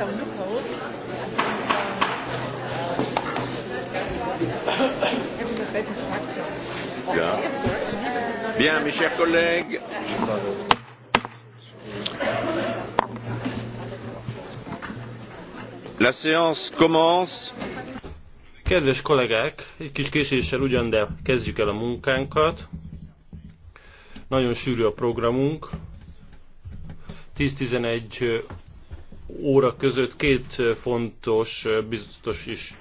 some loopholes. Bien. Bien, mes chers collègues. La séance commence. Kedves kollégák, egy kis késéssel ugyan, de kezdjük el a munkánkat. Nagyon sűrű a programunk. 10-11 óra között két fontos biztos is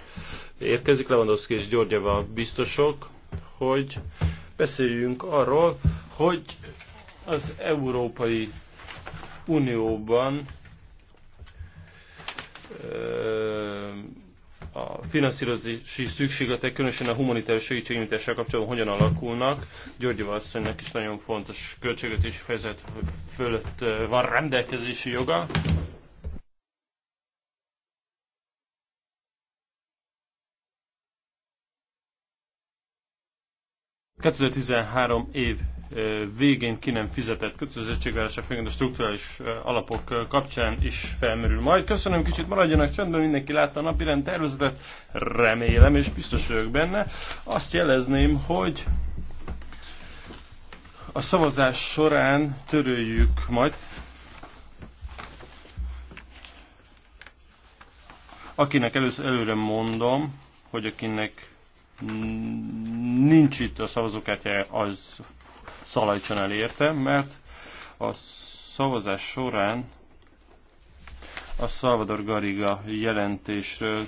érkezik, Lewandowski és Györgyeva biztosok, hogy beszéljünk arról, hogy az Európai Unióban a finanszírozási szükségletek, különösen a humanitárius segítségnyújtással kapcsolatban hogyan alakulnak. György asszonynak is nagyon fontos költségvetési fejezet fölött van rendelkezési joga. 2013 év végén ki nem fizetett kötelezettségvárások főként a strukturális alapok kapcsán is felmerül majd. Köszönöm, kicsit maradjanak csendben, mindenki látta a napirend tervezetet, remélem és biztos vagyok benne. Azt jelezném, hogy a szavazás során töröljük majd. Akinek először előre mondom, hogy akinek nincs itt a szavazókártya, az szalajtson el érte, mert a szavazás során a Salvador Gariga jelentésről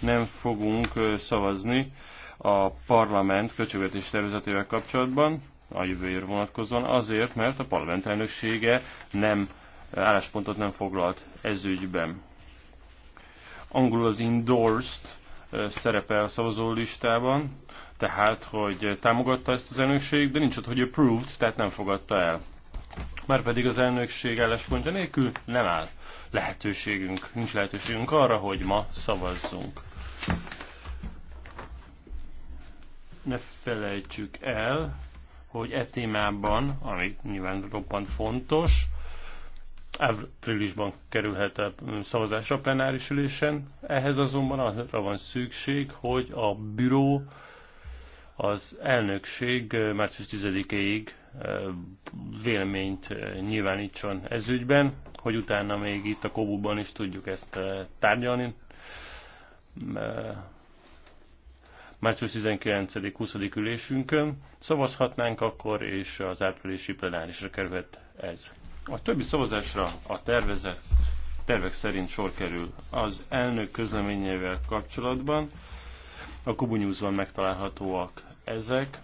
nem fogunk szavazni a parlament költségvetés tervezetével kapcsolatban a jövőjére vonatkozóan, azért, mert a parlament elnöksége nem álláspontot nem foglalt ez ügyben. Angolul az endorsed szerepe a szavazó listában, tehát, hogy támogatta ezt az elnökség, de nincs ott, hogy approved, tehát nem fogadta el. Márpedig az elnökség álláspontja nélkül nem áll lehetőségünk, nincs lehetőségünk arra, hogy ma szavazzunk. Ne felejtsük el, hogy e témában, ami nyilván roppant fontos, áprilisban kerülhet a szavazásra plenáris ülésen. Ehhez azonban arra van szükség, hogy a büró az elnökség március 10-ig véleményt nyilvánítson ezügyben, hogy utána még itt a Kobuban is tudjuk ezt tárgyalni. Március 19-20 ülésünkön szavazhatnánk akkor, és az áprilisi plenárisra kerülhet ez. A többi szavazásra a tervezet tervek szerint sor kerül. Az elnök közleményével kapcsolatban a Kubunyúzban megtalálhatóak ezek.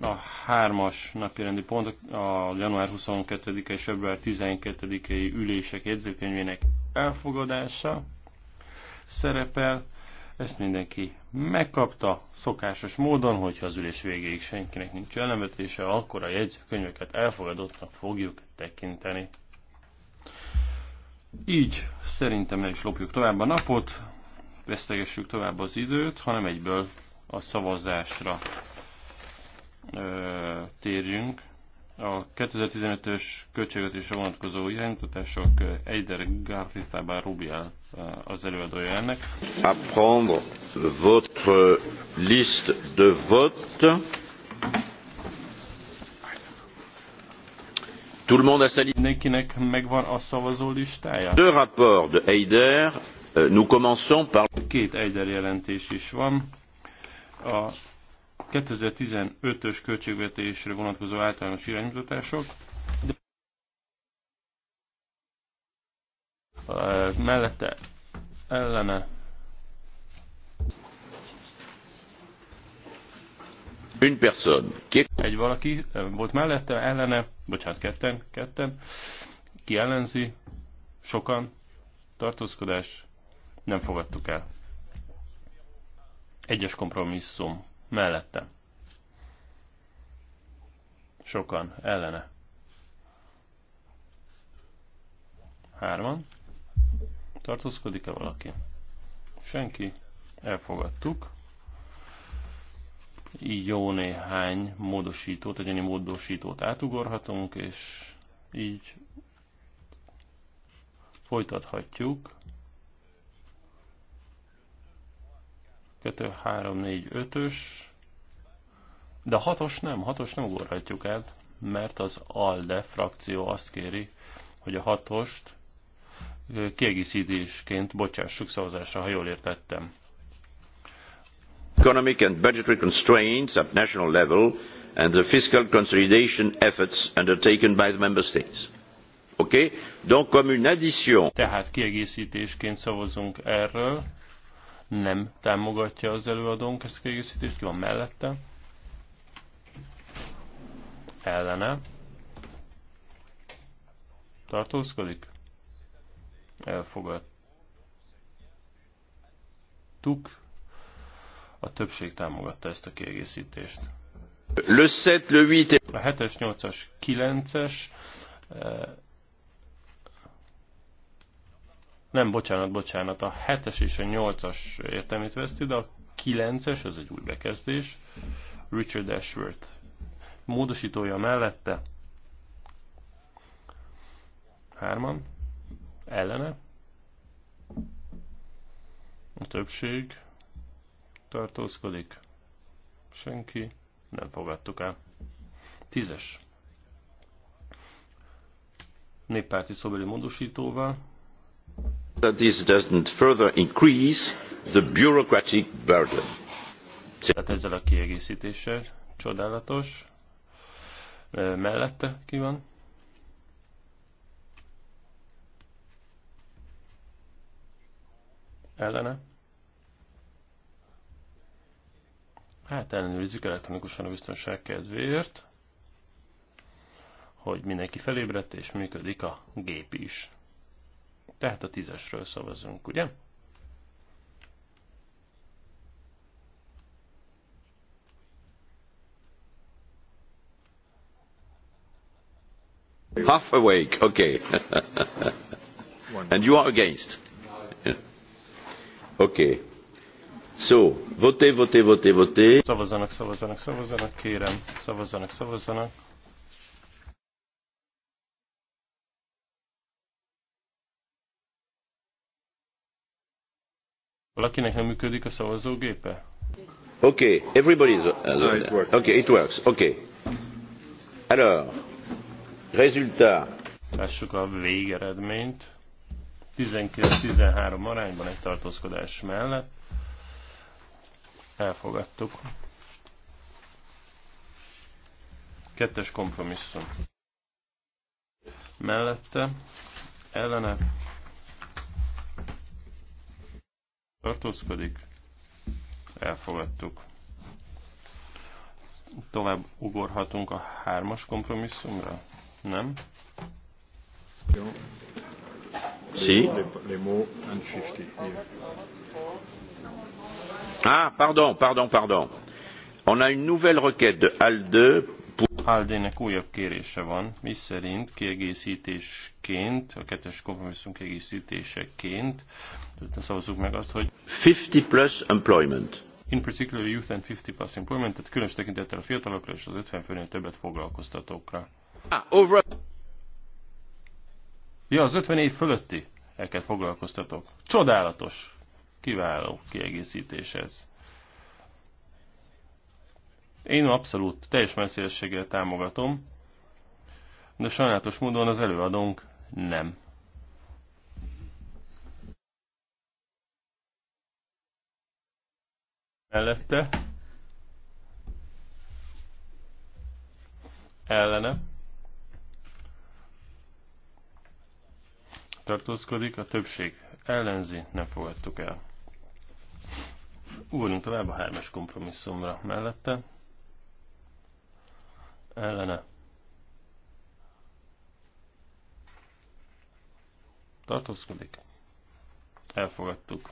A hármas napirendi pont a január 22 és február 12-i ülések jegyzőkönyvének elfogadása szerepel. Ezt mindenki megkapta szokásos módon, hogyha az ülés végéig senkinek nincs ellenvetése, akkor a jegyzőkönyveket elfogadottnak fogjuk tekinteni. Így szerintem ne is lopjuk tovább a napot, vesztegessük tovább az időt, hanem egyből a szavazásra ö, térjünk. A 2015-ös költségvetésre vonatkozó jelentetések eh, Eider Garfitában Rubia eh, az előadója ennek. A prendre votre liste de vote. Tout le monde a sa liste. megvan a szavazó listája. De rapport de Eider. Euh, nous commençons par... Két Eider jelentés is van. A 2015-ös költségvetésre vonatkozó általános De mellette ellene Une personne. Egy valaki volt mellette, ellene, bocsánat, ketten, ketten, ki ellenzi, sokan, tartózkodás, nem fogadtuk el. Egyes kompromisszum mellette. Sokan ellene. Hárman. Tartózkodik-e valaki? Senki. Elfogadtuk. Így jó néhány módosítót, egyéni módosítót átugorhatunk, és így folytathatjuk. 2, 3, 4, 5-ös de a hatos nem, hatos nem ugorhatjuk el, mert az ALDE frakció azt kéri, hogy a hatost kiegészítésként bocsássuk szavazásra, ha jól értettem. Economic and budgetary constraints at national level and the fiscal consolidation efforts undertaken by the member states. Okay? Donc comme une addition. Tehát kiegészítésként szavazunk erről. Nem támogatja az előadónk ezt a kiegészítést, ki van mellette? ellene tartózkodik, elfogadtuk, a többség támogatta ezt a kiegészítést. Le 7, le 8 A 7-es, 8-as, 9-es nem, bocsánat, bocsánat, a 7-es és a 8-as értelmét veszti, de a 9-es, az egy új bekezdés, Richard Ashworth módosítója mellette. Hárman. Ellene. A többség tartózkodik. Senki. Nem fogadtuk el. Tízes. Néppárti szóbeli módosítóval. That this doesn't further increase the bureaucratic burden. Tehát ezzel a kiegészítéssel csodálatos mellette ki van. Ellene. Hát ellenőrizzük elektronikusan a biztonság kedvéért, hogy mindenki felébredt és működik a gép is. Tehát a tízesről szavazunk, ugye? Half awake, okay. And you are against. Okay. So, vote, vote, vote. voté. szavazanak szavazanak szavazanak kérem. szavazanak szavazanak Valakinek nem működik a szavazógépe? Okay, everybody's... Uh, ah, okay, it works. Okay. Alors, Résultat. Lássuk a végeredményt. 19-13 arányban egy tartózkodás mellett. Elfogadtuk. Kettes kompromisszum. Mellette, ellene tartózkodik. Elfogadtuk. Tovább ugorhatunk a hármas kompromisszumra. Nem? Jó. Si. Les mots Ah, pardon, pardon, pardon. On a une nouvelle requête de ALDE Aldének újabb kérése van, miszerint kiegészítésként, a kettes kompromisszum kiegészítéseként szavazzuk meg azt, hogy 50 plus employment. In particular youth and 50 plus employment, tehát különös tekintettel a fiatalokra és az 50 főnél többet foglalkoztatókra. Ah, ja, az 50 év fölötti elket foglalkoztatok. Csodálatos, kiváló kiegészítés ez. Én abszolút teljes messzélességgel támogatom, de sajnálatos módon az előadónk nem. Mellette ellene tartózkodik, a többség ellenzi, nem fogadtuk el. Úrunk tovább a hármas kompromisszumra mellette. Ellene. Tartózkodik. Elfogadtuk.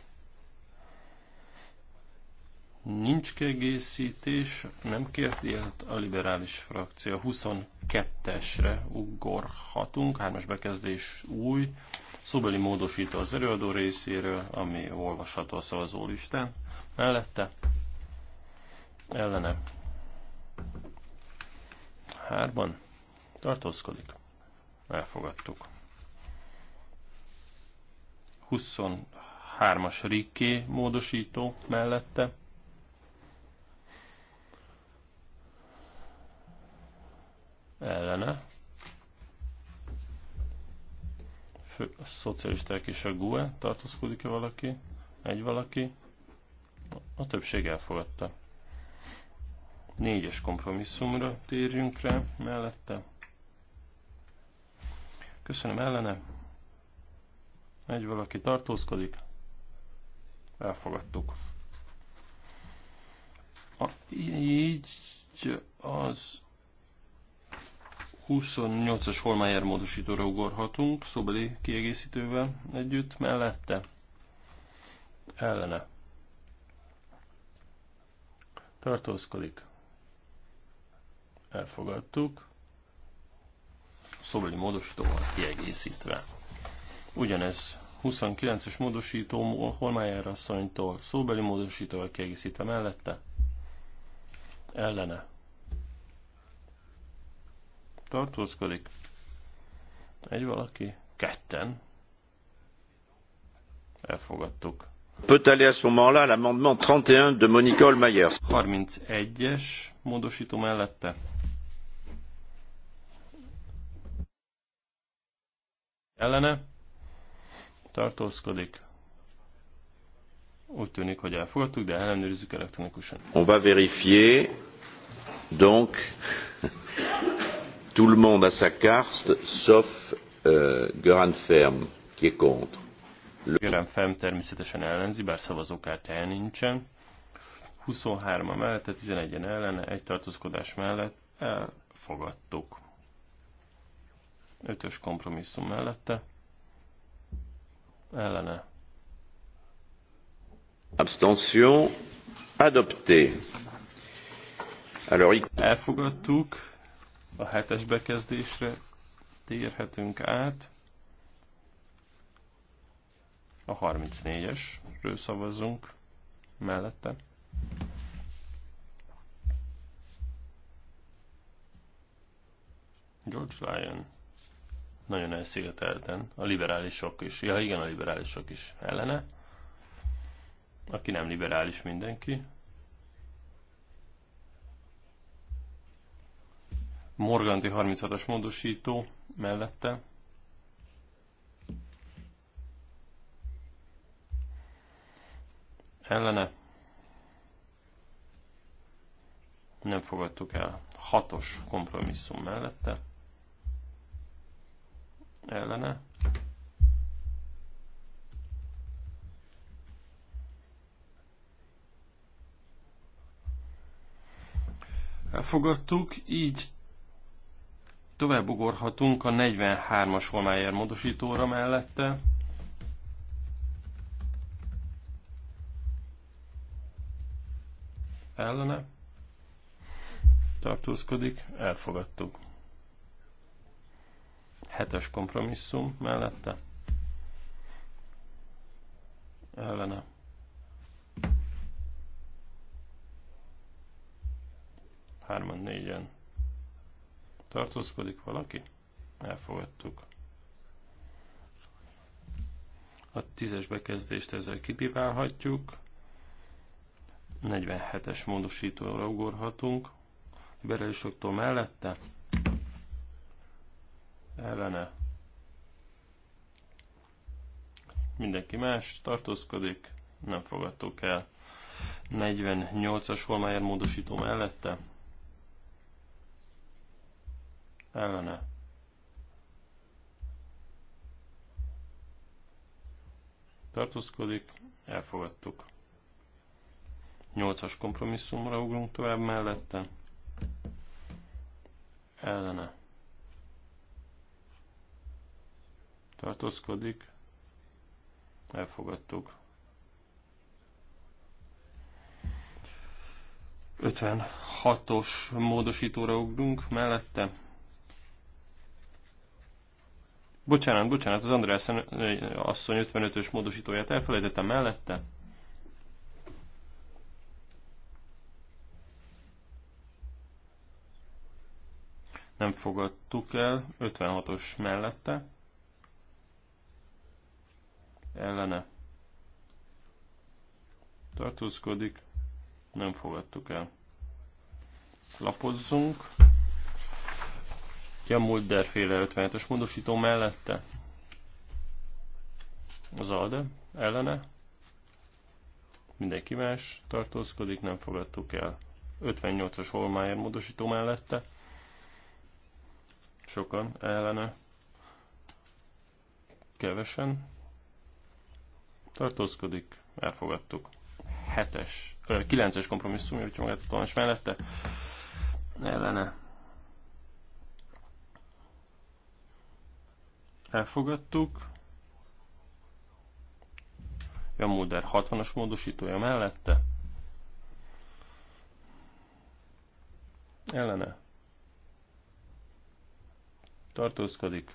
Nincs kiegészítés, nem kért ilyet a liberális frakció. 22-esre ugorhatunk, hármas bekezdés új, Szóbeli módosító az előadó részéről, ami olvasható a szavazólistán. Mellette ellene hárban tartózkodik. Elfogadtuk. 23-as Rikké módosító mellette. Ellene a szocialisták és a GUE tartózkodik-e valaki? Egy valaki? A többség elfogadta. Négyes kompromisszumra térjünk rá mellette. Köszönöm ellene. Egy valaki tartózkodik. Elfogadtuk. A, így az 28-as Holmeyer módosítóra ugorhatunk, szóbeli kiegészítővel együtt, mellette, ellene. Tartózkodik. Elfogadtuk. Szóbeli módosítóval kiegészítve. Ugyanez 29-es módosító Holmeyer asszonytól szóbeli módosítóval kiegészítve mellette, ellene tartózkodik. Egy valaki, ketten. Elfogadtuk. Peut aller à ce moment-là l'amendement 31 de Monica Olmayer. 31-es módosító mellette. Ellene tartózkodik. Úgy tűnik, hogy elfogadtuk, de ellenőrizzük elektronikusan. On va vérifier. Donc, Tout le monde a sa carte, sauf euh, Göran Ferm, qui est contre. Le... Göran Ferm természetesen ellenzi, bár szavazókártyája nincsen. 23-a mellette, 11-en ellen, egy tartózkodás mellett elfogadtuk. 5-ös kompromisszum mellette, ellene. Abstention adopté. Alors, Elfogadtuk. A hetes bekezdésre térhetünk át. A 34-esről szavazzunk mellette. George Lyon nagyon elszigetelten, a liberálisok is, ja igen, a liberálisok is ellene, aki nem liberális mindenki, Morganti 36-as módosító mellette. Ellene. Nem fogadtuk el. 6-os kompromisszum mellette. Ellene. elfogadtuk, így Tovább ugorhatunk a 43-as Holmeyer módosítóra mellette. Ellene tartózkodik, elfogadtuk. Hetes kompromisszum mellette. Ellene. Hárman, négyen Tartózkodik valaki? Elfogadtuk. A tízes bekezdést ezzel kipipálhatjuk. 47-es módosítóra ugorhatunk. Berelősoktól mellette. Ellene. Mindenki más tartózkodik. Nem fogadtuk el. 48-as holmájár módosító mellette ellene tartózkodik, elfogadtuk. Nyolcas kompromisszumra ugrunk tovább mellette, ellene tartózkodik, elfogadtuk. 56-os módosítóra ugrunk mellette, Bocsánat, bocsánat, az András asszony 55-ös módosítóját elfelejtettem mellette. Nem fogadtuk el, 56-os mellette. Ellene. Tartózkodik. Nem fogadtuk el. Lapozzunk a Mulder féle 57-es módosító mellette. Az ALDE ellene. Mindenki más tartózkodik, nem fogadtuk el. 58-as Holmeyer módosító mellette. Sokan ellene. Kevesen. Tartózkodik, elfogadtuk. 7-es, 9-es kompromisszum, hogyha magát a mellette. Ellene elfogadtuk. Mulder 60-as módosítója mellette. Ellene. Tartózkodik.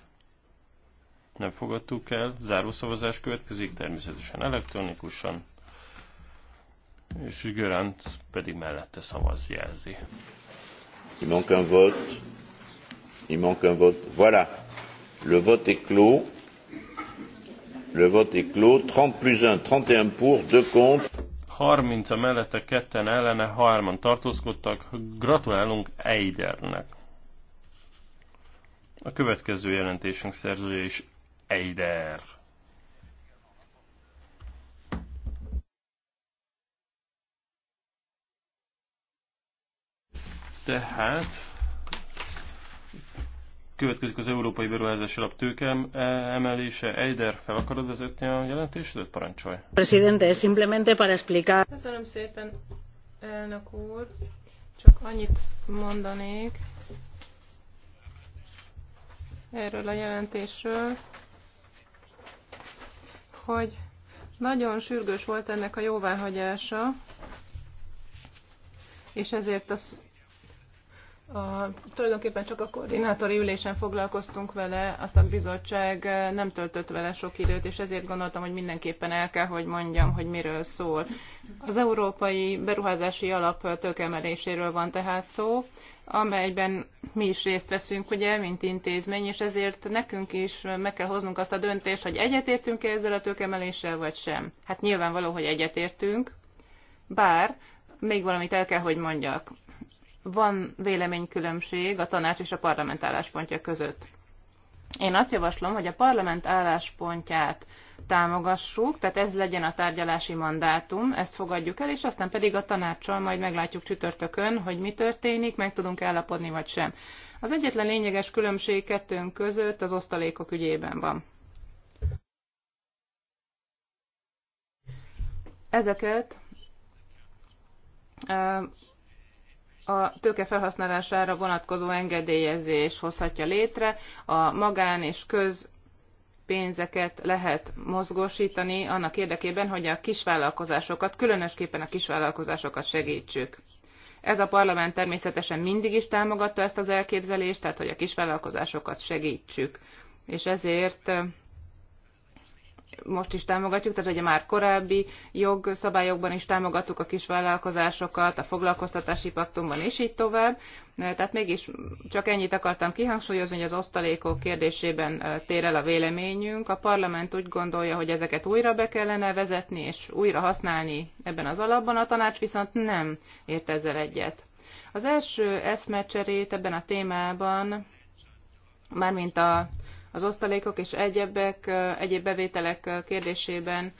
Nem fogadtuk el. Zárószavazás következik természetesen elektronikusan. És Görant pedig mellette szavaz jelzi. Il manque un vote. Il manque un vote. Voilà. Le vote est clos. Le vote est clos. 30 plus 1, 31 pour, 2 contre. 30 a mellette, ketten ellene, 3 hárman tartózkodtak. Gratulálunk Eidernek. A következő jelentésünk szerzője is Eider. Tehát következik az Európai Beruházás Alap tőke e-, emelése. Eider, fel akarod vezetni a jelentésedet? Parancsolj. Presidente, simplemente para explicar. Köszönöm szépen, elnök úr. Csak annyit mondanék erről a jelentésről, hogy nagyon sürgős volt ennek a jóváhagyása, és ezért az a, tulajdonképpen csak a koordinátori ülésen foglalkoztunk vele, a szakbizottság eh, nem töltött vele sok időt, és ezért gondoltam, hogy mindenképpen el kell, hogy mondjam, hogy miről szól. Az Európai Beruházási Alap tökemeléséről van tehát szó, amelyben mi is részt veszünk, ugye, mint intézmény, és ezért nekünk is meg kell hoznunk azt a döntést, hogy egyetértünk-e ezzel a tökemeléssel vagy sem. Hát nyilvánvaló, hogy egyetértünk, bár még valamit el kell, hogy mondjak van véleménykülönbség a tanács és a parlament álláspontja között. Én azt javaslom, hogy a parlament álláspontját támogassuk, tehát ez legyen a tárgyalási mandátum, ezt fogadjuk el, és aztán pedig a tanácssal majd meglátjuk csütörtökön, hogy mi történik, meg tudunk állapodni vagy sem. Az egyetlen lényeges különbség kettőnk között az osztalékok ügyében van. Ezeket a tőke felhasználására vonatkozó engedélyezés hozhatja létre, a magán és köz pénzeket lehet mozgósítani annak érdekében, hogy a kisvállalkozásokat, különösképpen a kisvállalkozásokat segítsük. Ez a parlament természetesen mindig is támogatta ezt az elképzelést, tehát hogy a kisvállalkozásokat segítsük. És ezért most is támogatjuk, tehát ugye már korábbi jogszabályokban is támogattuk a kisvállalkozásokat, a foglalkoztatási paktumban is így tovább. Tehát mégis csak ennyit akartam kihangsúlyozni, hogy az osztalékok kérdésében tér el a véleményünk. A parlament úgy gondolja, hogy ezeket újra be kellene vezetni és újra használni ebben az alapban, a tanács viszont nem ért ezzel egyet. Az első eszmecserét ebben a témában, mármint a az osztalékok és egyebek, egyéb bevételek kérdésében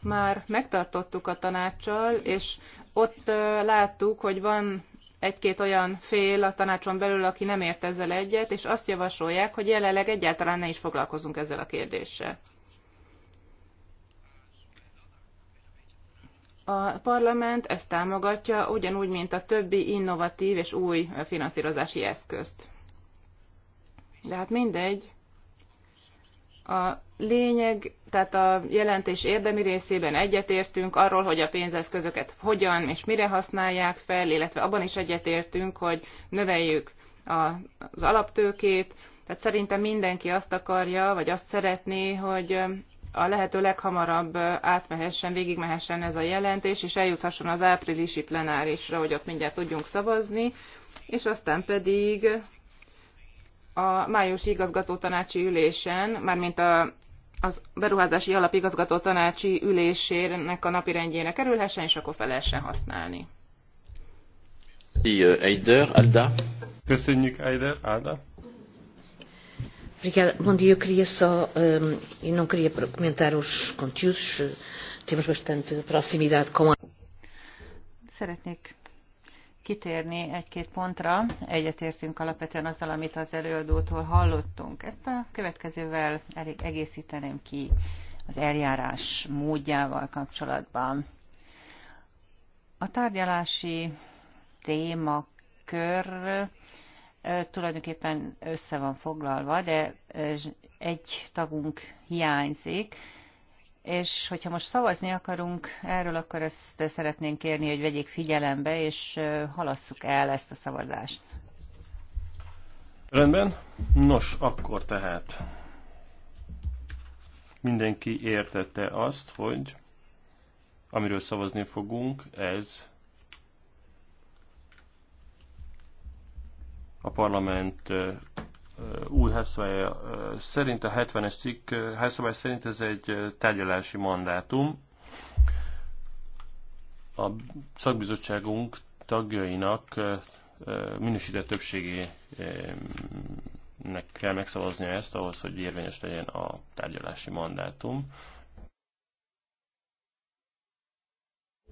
már megtartottuk a tanácssal, és ott láttuk, hogy van egy-két olyan fél a tanácson belül, aki nem ért ezzel egyet, és azt javasolják, hogy jelenleg egyáltalán ne is foglalkozunk ezzel a kérdéssel. A parlament ezt támogatja, ugyanúgy, mint a többi innovatív és új finanszírozási eszközt. De hát mindegy. A lényeg, tehát a jelentés érdemi részében egyetértünk arról, hogy a pénzeszközöket hogyan és mire használják fel, illetve abban is egyetértünk, hogy növeljük az alaptőkét. Tehát szerintem mindenki azt akarja, vagy azt szeretné, hogy a lehető leghamarabb átmehessen, végigmehessen ez a jelentés, és eljuthasson az áprilisi plenárisra, hogy ott mindjárt tudjunk szavazni, és aztán pedig a májusi igazgatótanácsi ülésen, mármint a, az beruházási igazgató tanácsi ülésének a napirendjére kerülhessen, és akkor fel lehessen használni. Euh, Eider, Alda. Köszönjük, Eider, Alda. Obrigada. Bom dia. Eu queria só, um, eu não queria comentar os conteúdos, temos bastante proximidade com a. Szeretnék kitérni egy-két pontra. Egyetértünk alapvetően azzal, amit az előadótól hallottunk. Ezt a következővel elég egészíteném ki az eljárás módjával kapcsolatban. A tárgyalási témakör tulajdonképpen össze van foglalva, de egy tagunk hiányzik, és hogyha most szavazni akarunk erről, akkor ezt szeretnénk kérni, hogy vegyék figyelembe, és halasszuk el ezt a szavazást. Rendben. Nos, akkor tehát mindenki értette azt, hogy amiről szavazni fogunk, ez a parlament új házszabály szerint, a 70-es cikk házszabály szerint ez egy tárgyalási mandátum. A szakbizottságunk tagjainak minősített többségének kell megszavaznia ezt ahhoz, hogy érvényes legyen a tárgyalási mandátum.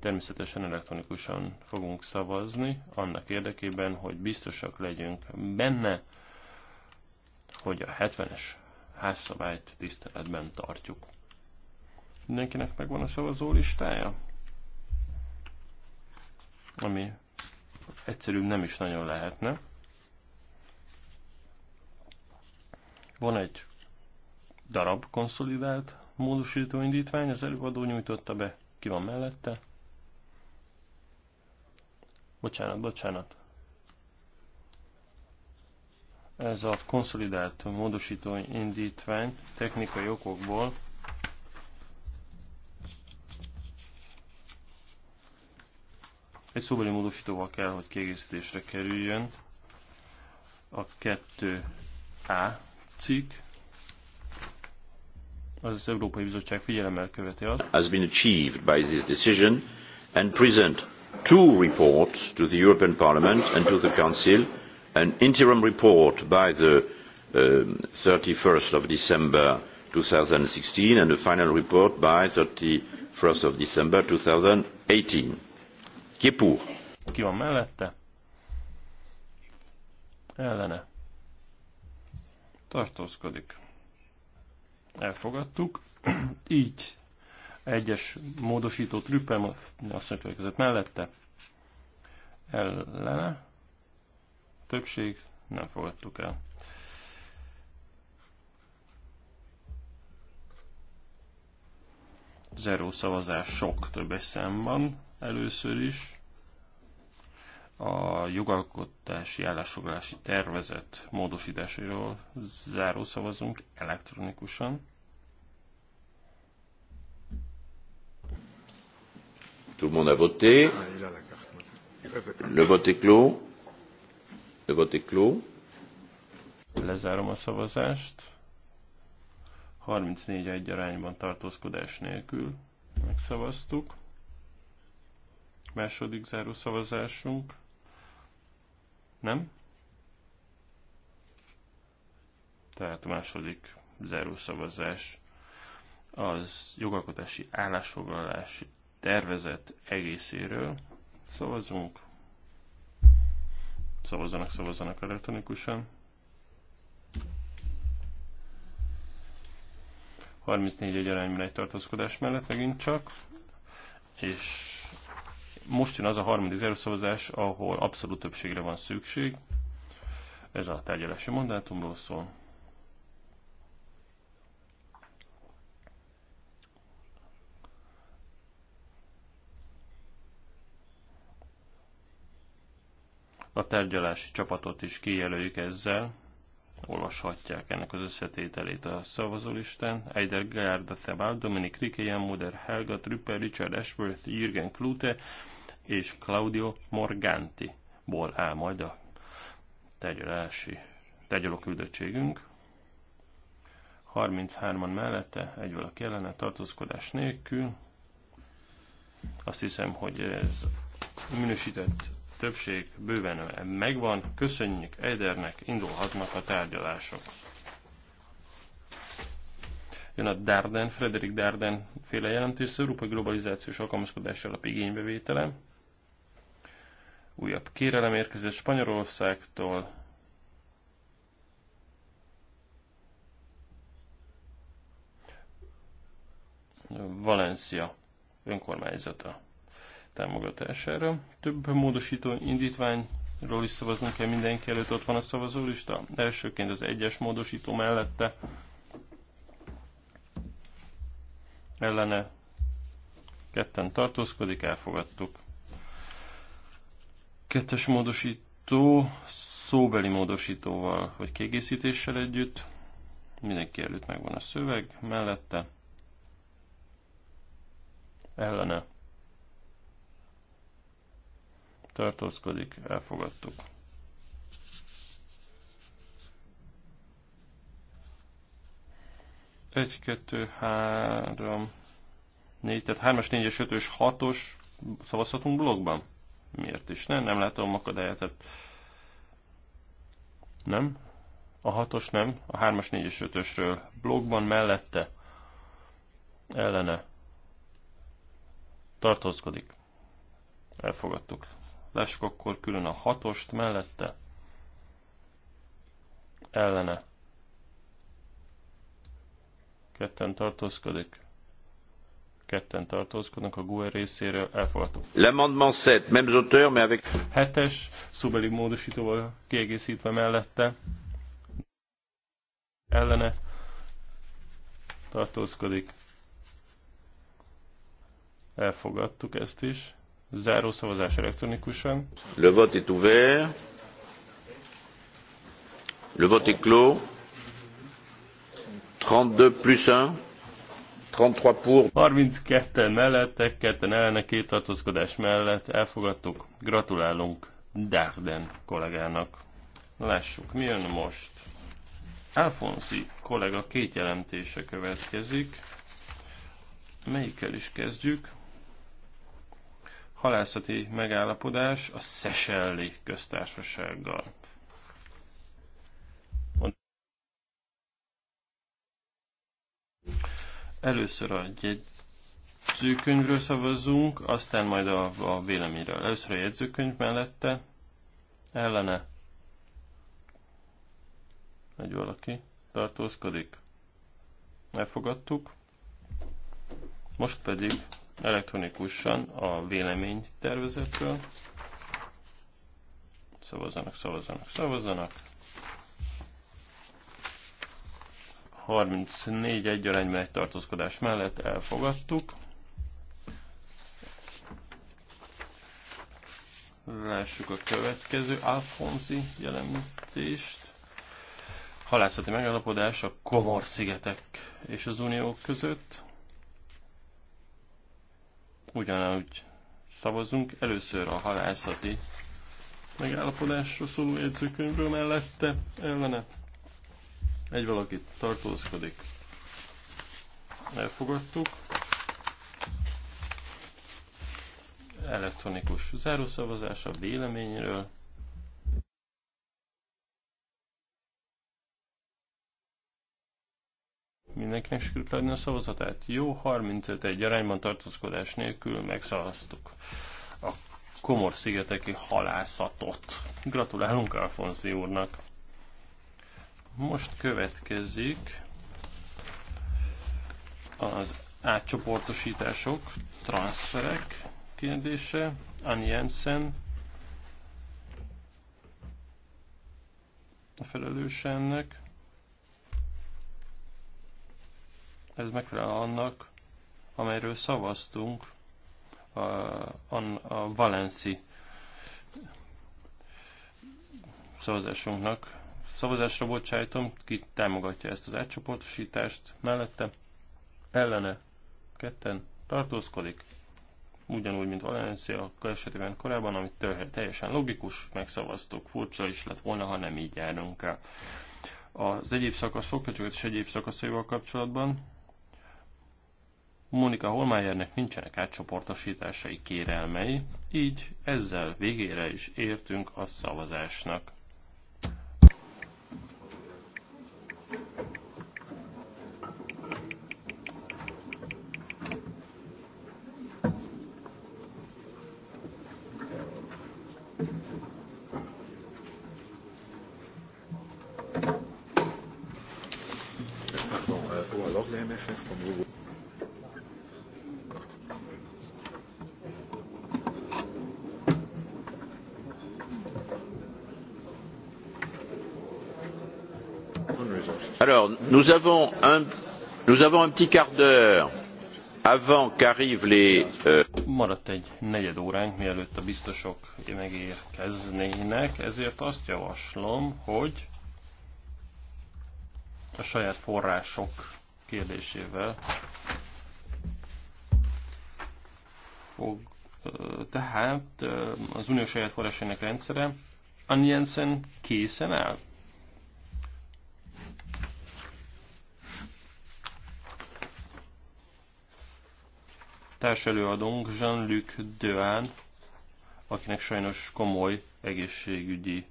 Természetesen elektronikusan fogunk szavazni, annak érdekében, hogy biztosak legyünk benne, hogy a 70-es házszabályt tiszteletben tartjuk. Mindenkinek megvan a szavazó listája? Ami egyszerűbb nem is nagyon lehetne. Van egy darab konszolidált módosító indítvány, az előadó nyújtotta be, ki van mellette. Bocsánat, bocsánat. Ez a konszolidált módosító indítvány technikai okokból egy szóbeli módosítóval kell, hogy kiegészítésre kerüljön a 2A cikk, az az Európai Bizottság figyelemmel követi az has been achieved by this decision and present two reports to the European Parliament and to the Council an interim report by the um, thirty uh, of december two thousand and sixteen and a final report by thirty of december. two thousand and eighteen ki pour? ki van mellette? ellene tartózkodik. Elfogadtuk. Így egyes módosító trüppel, azt mondjuk, mellette ellene többség, nem fogadtuk el. Zero szavazás sok többes számban először is. A jogalkotási állásfoglalási tervezet módosításairól záró szavazunk elektronikusan. Tout le monde a voté. Le vote est clos. Le vote Lezárom a szavazást. 34 egy arányban tartózkodás nélkül megszavaztuk. Második záró szavazásunk. Nem? Tehát a második záró szavazás az jogalkotási állásfoglalási tervezet egészéről szavazunk. Szavazzanak, szavazzanak elektronikusan. 34 egy arányban egy tartózkodás mellett megint csak, és most jön az a harmadik zárószavazás, ahol abszolút többségre van szükség. Ez a tárgyalási mandátumról szól. A tárgyalási csapatot is kijelöljük ezzel, olvashatják ennek az összetételét a szavazólistán. Eider Gárda Thebal, Dominik Rikeyen, Muder, Helga, Trüpper, Richard Ashworth, Jürgen Klute és Claudio Morganti ból áll majd a tárgyalási tegyeló küldöttségünk. 33-an mellette, egy valaki ellene, tartózkodás nélkül. Azt hiszem, hogy ez minősített többség bőven megvan. Köszönjük Eidernek, indulhatnak a tárgyalások. Jön a Darden, Frederik Darden féle jelentés, Európai Globalizációs Alkalmazkodás Alap igénybevétele. Újabb kérelem érkezett Spanyolországtól, Valencia önkormányzata támogatására. Több módosító indítványról is szavaznunk kell mindenki előtt, ott van a szavazólista. Elsőként az egyes módosító mellette ellene ketten tartózkodik, elfogadtuk. Kettes módosító szóbeli módosítóval vagy kiegészítéssel együtt. Mindenki előtt megvan a szöveg, mellette ellene tartózkodik, elfogadtuk. Egy, kettő, három, négy, tehát hármas, négyes, ötös, hatos szavazhatunk blogban? Miért is? Nem, nem látom akadályát. Tehát... Nem? A hatos nem, a hármas, négyes, ötösről blogban mellette ellene tartózkodik. Elfogadtuk. Lássuk akkor külön a hatost mellette. Ellene. Ketten tartózkodik. Ketten tartózkodnak a GUE részéről, elfogadtuk. L'amendement 7, même auteur, mais avec... Hetes, szubeli módosítóval kiegészítve mellette. Ellene tartózkodik. Elfogadtuk ezt is. Záró szavazás elektronikusan. Le vote est ouvert. Le vote est clos. 32 plus 1. 33 pour. 32 mellette, ketten ellene, két tartózkodás mellett elfogadtuk. Gratulálunk Darden kollégának. Lássuk, mi jön most. Alfonsi kollega két jelentése következik. Melyikkel is kezdjük? halászati megállapodás a Szeselli köztársasággal. Először a jegyzőkönyvről szavazzunk, aztán majd a, a véleményről. Először a jegyzőkönyv mellette, ellene egy valaki tartózkodik. Elfogadtuk. Most pedig elektronikusan a véleménytervezetről. Szavazzanak, szavazzanak, szavazzanak. 34 egy arányban egy tartózkodás mellett elfogadtuk. Lássuk a következő Alfonzi jelentést. Halászati megállapodás a Komor-szigetek és az Unió között ugyanúgy szavazunk Először a halászati megállapodásra szóló jegyzőkönyvről mellette ellene. Egy valaki tartózkodik. Elfogadtuk. Elektronikus zárószavazás a véleményről. Mindenkinek sikerült leadni a szavazatát? Jó, 35 egy arányban tartózkodás nélkül megszavaztuk a Komor-szigeteki halászatot. Gratulálunk Alfonzi úrnak! Most következik az átcsoportosítások, transferek kérdése. Annie Jensen a felelőse ennek. ez megfelel annak, amelyről szavaztunk a, a, a Valenci szavazásunknak. Szavazásra bocsájtom, ki támogatja ezt az átcsoportosítást mellette, ellene ketten tartózkodik, ugyanúgy, mint Valencia esetében korábban, amit teljesen logikus, megszavaztuk, furcsa is lett volna, ha nem így járunk el. Az egyéb szakaszok, csak az egyéb szakaszaival kapcsolatban Monika Holmájernek nincsenek átcsoportosításai kérelmei, így ezzel végére is értünk a szavazásnak. nous avons un petit quart d'heure avant qu'arrivent les... Euh, Maradt egy negyed óránk, mielőtt a biztosok megérkeznének, ezért azt javaslom, hogy a saját források kérdésével fog, tehát az unió saját forrásainak rendszere. Ann készen áll? Társelőadónk Jean-Luc Deán, akinek sajnos komoly egészségügyi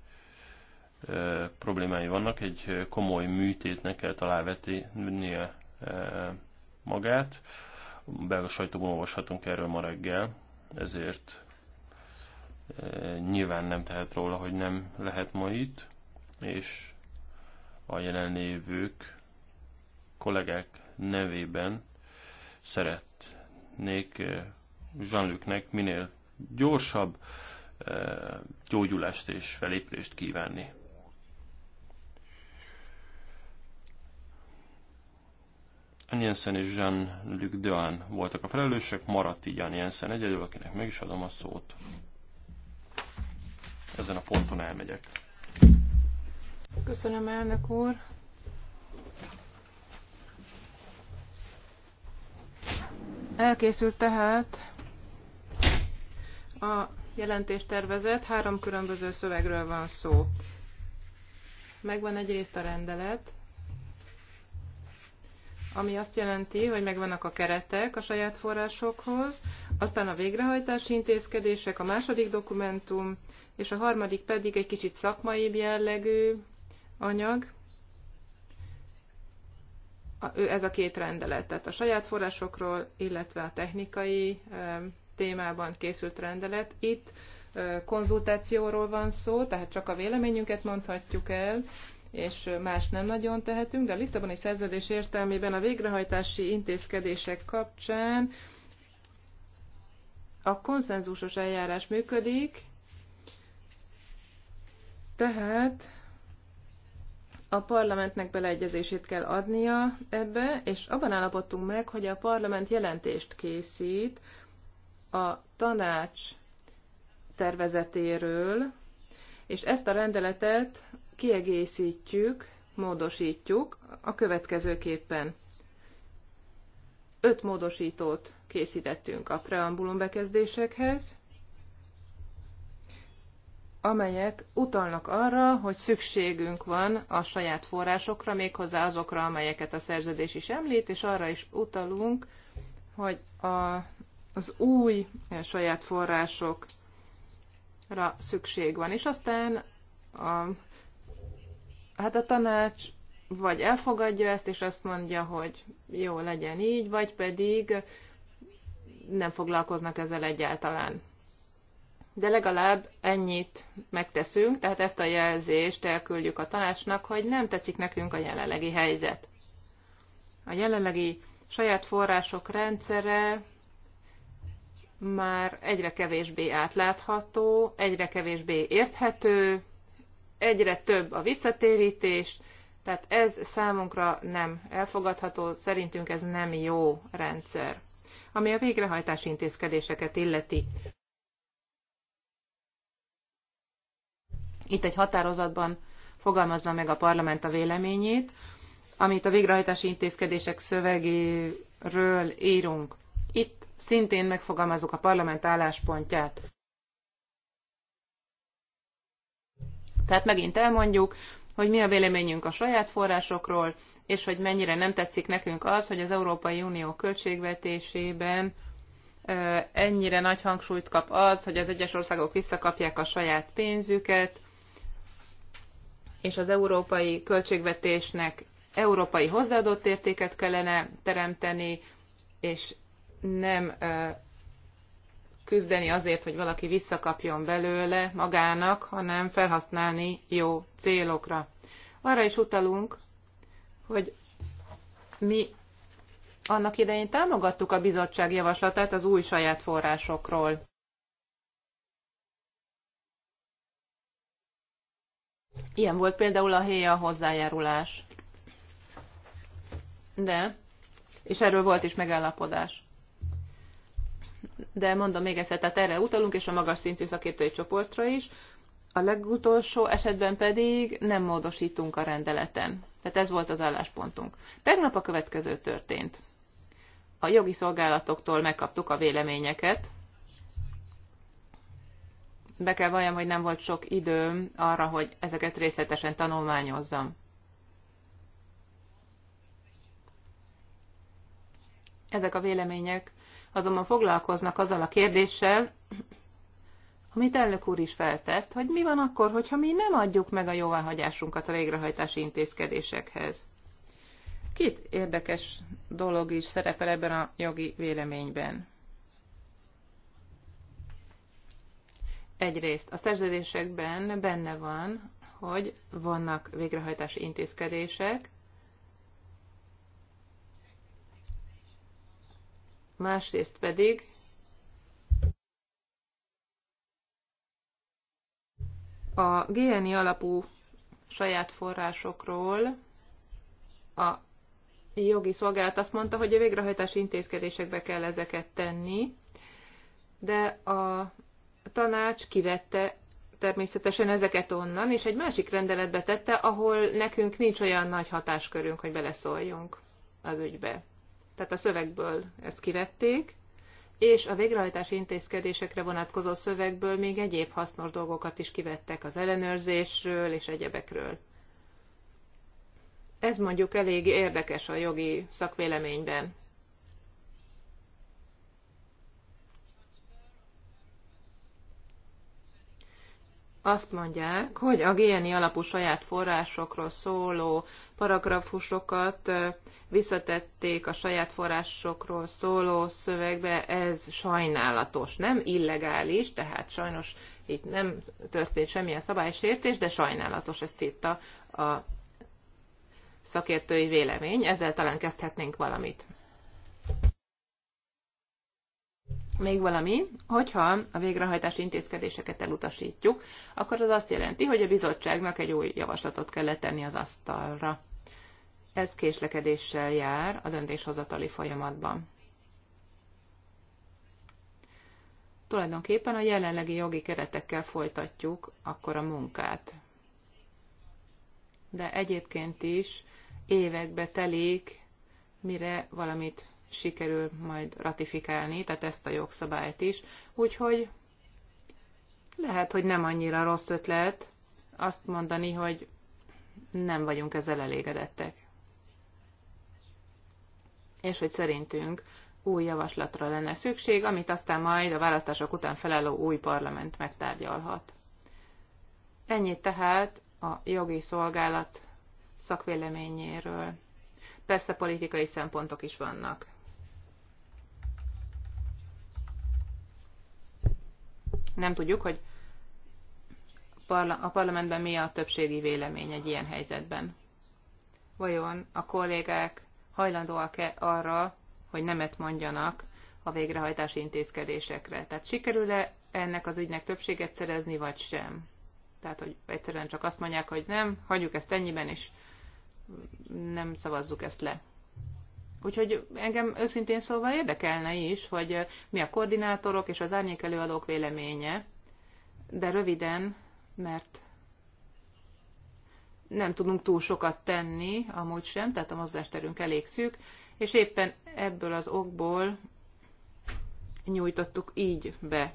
e, problémái vannak, egy komoly műtétnek kell alávetnie e, magát. Belga sajtóban olvashatunk erről ma reggel, ezért e, nyilván nem tehet róla, hogy nem lehet ma itt, és a jelenlévők kollégák nevében szeret szeretnék Zsanlüknek eh, minél gyorsabb eh, gyógyulást és felépülést kívánni. Anjensen és Jean-Luc Dehan voltak a felelősek, maradt így Anjensen egyedül, akinek meg is adom a szót. Ezen a ponton elmegyek. Köszönöm, elnök úr. Elkészült tehát a jelentéstervezet, három különböző szövegről van szó. Megvan egyrészt a rendelet, ami azt jelenti, hogy megvannak a keretek a saját forrásokhoz, aztán a végrehajtási intézkedések, a második dokumentum, és a harmadik pedig egy kicsit szakmaibb jellegű anyag, ez a két rendelet, tehát a saját forrásokról, illetve a technikai témában készült rendelet. Itt konzultációról van szó, tehát csak a véleményünket mondhatjuk el, és más nem nagyon tehetünk, de a Lisszaboni szerződés értelmében a végrehajtási intézkedések kapcsán a konszenzusos eljárás működik, tehát a parlamentnek beleegyezését kell adnia ebbe, és abban állapodtunk meg, hogy a parlament jelentést készít a tanács tervezetéről, és ezt a rendeletet kiegészítjük, módosítjuk a következőképpen. Öt módosítót készítettünk a preambulum bekezdésekhez, amelyek utalnak arra, hogy szükségünk van a saját forrásokra, méghozzá azokra, amelyeket a szerződés is említ, és arra is utalunk, hogy a, az új saját forrásokra szükség van. És aztán a, hát a tanács vagy elfogadja ezt, és azt mondja, hogy jó, legyen így, vagy pedig nem foglalkoznak ezzel egyáltalán de legalább ennyit megteszünk, tehát ezt a jelzést elküldjük a tanácsnak, hogy nem tetszik nekünk a jelenlegi helyzet. A jelenlegi saját források rendszere már egyre kevésbé átlátható, egyre kevésbé érthető, egyre több a visszatérítés, tehát ez számunkra nem elfogadható, szerintünk ez nem jó rendszer, ami a végrehajtási intézkedéseket illeti. Itt egy határozatban fogalmazza meg a parlament a véleményét, amit a végrehajtási intézkedések szövegéről írunk. Itt szintén megfogalmazok a parlament álláspontját. Tehát megint elmondjuk, hogy mi a véleményünk a saját forrásokról, és hogy mennyire nem tetszik nekünk az, hogy az Európai Unió költségvetésében ennyire nagy hangsúlyt kap az, hogy az egyes országok visszakapják a saját pénzüket, és az európai költségvetésnek európai hozzáadott értéket kellene teremteni, és nem küzdeni azért, hogy valaki visszakapjon belőle magának, hanem felhasználni jó célokra. Arra is utalunk, hogy mi annak idején támogattuk a bizottság javaslatát az új saját forrásokról. Ilyen volt például a héja hozzájárulás. De, és erről volt is megállapodás. De mondom még egyszer, tehát erre utalunk, és a magas szintű szakértői csoportra is. A legutolsó esetben pedig nem módosítunk a rendeleten. Tehát ez volt az álláspontunk. Tegnap a következő történt. A jogi szolgálatoktól megkaptuk a véleményeket, be kell valljam, hogy nem volt sok időm arra, hogy ezeket részletesen tanulmányozzam. Ezek a vélemények azonban foglalkoznak azzal a kérdéssel, amit elnök úr is feltett, hogy mi van akkor, hogyha mi nem adjuk meg a jóváhagyásunkat a végrehajtási intézkedésekhez. Két érdekes dolog is szerepel ebben a jogi véleményben. Egyrészt a szerződésekben benne van, hogy vannak végrehajtási intézkedések, másrészt pedig a GNI alapú saját forrásokról a jogi szolgálat azt mondta, hogy a végrehajtási intézkedésekbe kell ezeket tenni, de a tanács kivette természetesen ezeket onnan, és egy másik rendeletbe tette, ahol nekünk nincs olyan nagy hatáskörünk, hogy beleszóljunk az ügybe. Tehát a szövegből ezt kivették, és a végrehajtási intézkedésekre vonatkozó szövegből még egyéb hasznos dolgokat is kivettek az ellenőrzésről és egyebekről. Ez mondjuk elég érdekes a jogi szakvéleményben. azt mondják, hogy a géni alapú saját forrásokról szóló paragrafusokat visszatették a saját forrásokról szóló szövegbe, ez sajnálatos, nem illegális, tehát sajnos itt nem történt semmilyen szabálysértés, de sajnálatos ezt itt a, a szakértői vélemény, ezzel talán kezdhetnénk valamit. Még valami, hogyha a végrehajtási intézkedéseket elutasítjuk, akkor az azt jelenti, hogy a bizottságnak egy új javaslatot kell letenni az asztalra. Ez késlekedéssel jár a döntéshozatali folyamatban. Tulajdonképpen a jelenlegi jogi keretekkel folytatjuk akkor a munkát. De egyébként is évekbe telik, mire valamit sikerül majd ratifikálni, tehát ezt a jogszabályt is. Úgyhogy lehet, hogy nem annyira rossz ötlet azt mondani, hogy nem vagyunk ezzel elégedettek. És hogy szerintünk új javaslatra lenne szükség, amit aztán majd a választások után felálló új parlament megtárgyalhat. Ennyit tehát a jogi szolgálat szakvéleményéről. Persze politikai szempontok is vannak. Nem tudjuk, hogy a parlamentben mi a többségi vélemény egy ilyen helyzetben. Vajon a kollégák hajlandóak-e arra, hogy nemet mondjanak a végrehajtási intézkedésekre? Tehát sikerül-e ennek az ügynek többséget szerezni, vagy sem? Tehát, hogy egyszerűen csak azt mondják, hogy nem, hagyjuk ezt ennyiben, és nem szavazzuk ezt le. Úgyhogy engem őszintén szólva érdekelne is, hogy mi a koordinátorok és az árnyékelőadók véleménye, de röviden, mert nem tudunk túl sokat tenni, amúgy sem, tehát a mozgásterünk elég szűk, és éppen ebből az okból nyújtottuk így be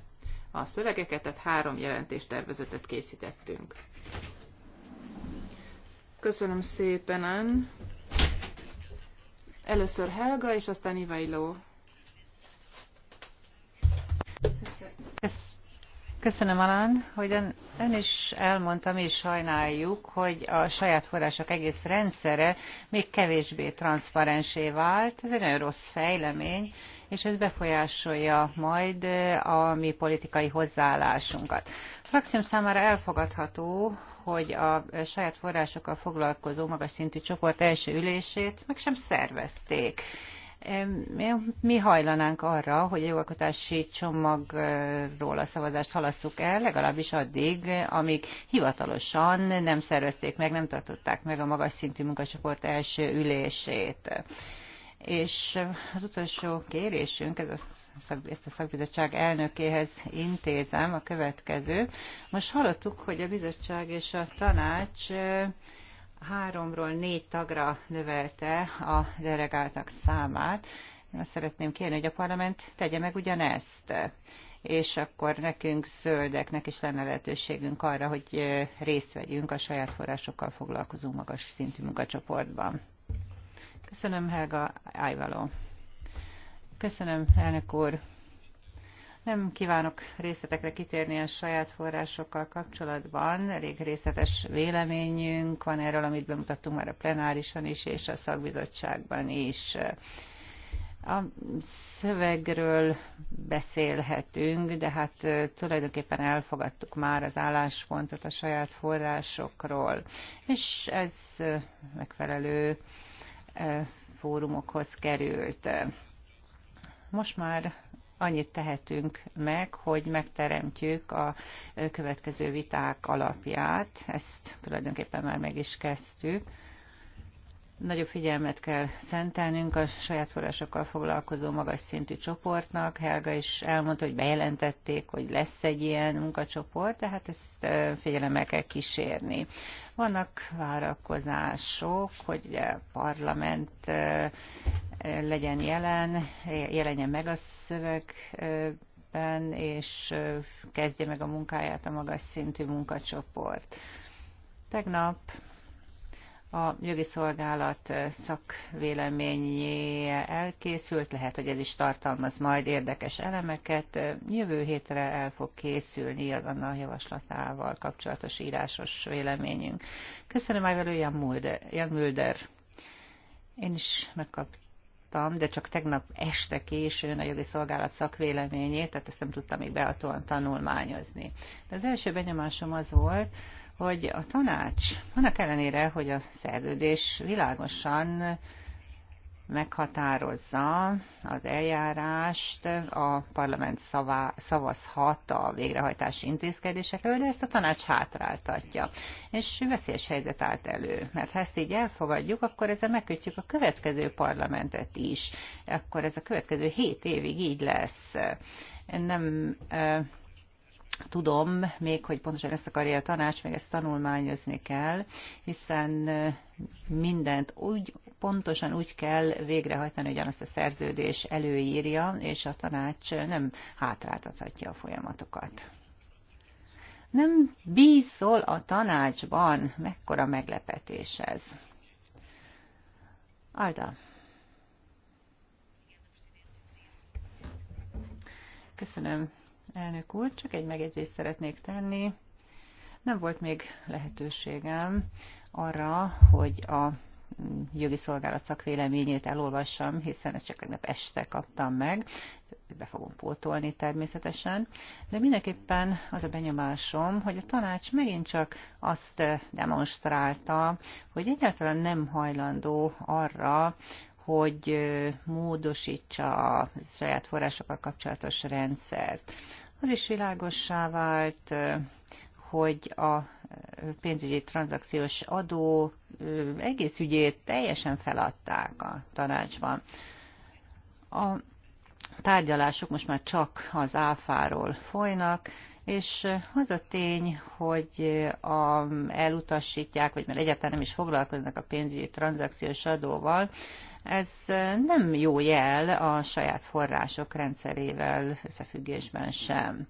a szövegeket, tehát három jelentéstervezetet készítettünk. Köszönöm szépen, Ann. Először Helga, és aztán Ivailó. Köszönöm, Alan, hogy ön is elmondta, mi is sajnáljuk, hogy a saját források egész rendszere még kevésbé transzparensé vált. Ez egy nagyon rossz fejlemény, és ez befolyásolja majd eh, a mi politikai hozzáállásunkat. Frakcióm számára elfogadható, hogy a saját forrásokkal foglalkozó magas szintű csoport első ülését meg sem szervezték. Mi hajlanánk arra, hogy a jogalkotási csomagról a szavazást halasszuk el, legalábbis addig, amíg hivatalosan nem szervezték meg, nem tartották meg a magas szintű munkacsoport első ülését. És az utolsó kérésünk, ez a szak, ezt a szakbizottság elnökéhez intézem, a következő. Most hallottuk, hogy a bizottság és a tanács háromról négy tagra növelte a delegáltak számát. Én azt szeretném kérni, hogy a parlament tegye meg ugyanezt és akkor nekünk zöldeknek is lenne lehetőségünk arra, hogy részt vegyünk a saját forrásokkal foglalkozó magas szintű munkacsoportban. Köszönöm, Helga Ájvaló. Köszönöm, elnök úr. Nem kívánok részletekre kitérni a saját forrásokkal kapcsolatban. Elég részletes véleményünk van erről, amit bemutattunk már a plenárisan is, és a szakbizottságban is. A szövegről beszélhetünk, de hát tulajdonképpen elfogadtuk már az álláspontot a saját forrásokról, és ez megfelelő fórumokhoz került. Most már annyit tehetünk meg, hogy megteremtjük a következő viták alapját, ezt tulajdonképpen már meg is kezdtük, Nagyobb figyelmet kell szentelnünk a saját forrásokkal foglalkozó magas szintű csoportnak. Helga is elmondta, hogy bejelentették, hogy lesz egy ilyen munkacsoport, tehát ezt figyelemmel kell kísérni. Vannak várakozások, hogy a parlament legyen jelen, jelenjen meg a szövegben, és kezdje meg a munkáját a magas szintű munkacsoport. Tegnap a jogi szolgálat szakvéleményé elkészült, lehet, hogy ez is tartalmaz majd érdekes elemeket. Jövő hétre el fog készülni az Anna javaslatával kapcsolatos írásos véleményünk. Köszönöm velő Jan Jan Mulder. Én is megkaptam, de csak tegnap este későn a jogi szolgálat szakvéleményét, tehát ezt nem tudtam még behatóan tanulmányozni. De az első benyomásom az volt, hogy a tanács, annak ellenére, hogy a szerződés világosan meghatározza az eljárást, a parlament szavá, szavazhat a végrehajtási intézkedésekről, de ezt a tanács hátráltatja. És veszélyes helyzet állt elő, mert ha ezt így elfogadjuk, akkor ezzel megkötjük a következő parlamentet is. Akkor ez a következő hét évig így lesz. Nem tudom még, hogy pontosan ezt akarja a tanács, meg ezt tanulmányozni kell, hiszen mindent úgy, pontosan úgy kell végrehajtani, hogy azt a szerződés előírja, és a tanács nem hátráltathatja a folyamatokat. Nem bízol a tanácsban, mekkora meglepetés ez. Alda. Köszönöm, elnök úr. Csak egy megjegyzést szeretnék tenni. Nem volt még lehetőségem arra, hogy a jogi szolgálat szakvéleményét elolvassam, hiszen ezt csak tegnap este kaptam meg, be fogom pótolni természetesen, de mindenképpen az a benyomásom, hogy a tanács megint csak azt demonstrálta, hogy egyáltalán nem hajlandó arra, hogy módosítsa a saját forrásokkal kapcsolatos rendszert. Az is világossá vált, hogy a pénzügyi tranzakciós adó egész ügyét teljesen feladták a tanácsban. A tárgyalások most már csak az áfáról folynak, és az a tény, hogy a, elutasítják, vagy mert egyáltalán nem is foglalkoznak a pénzügyi tranzakciós adóval, ez nem jó jel a saját források rendszerével összefüggésben sem.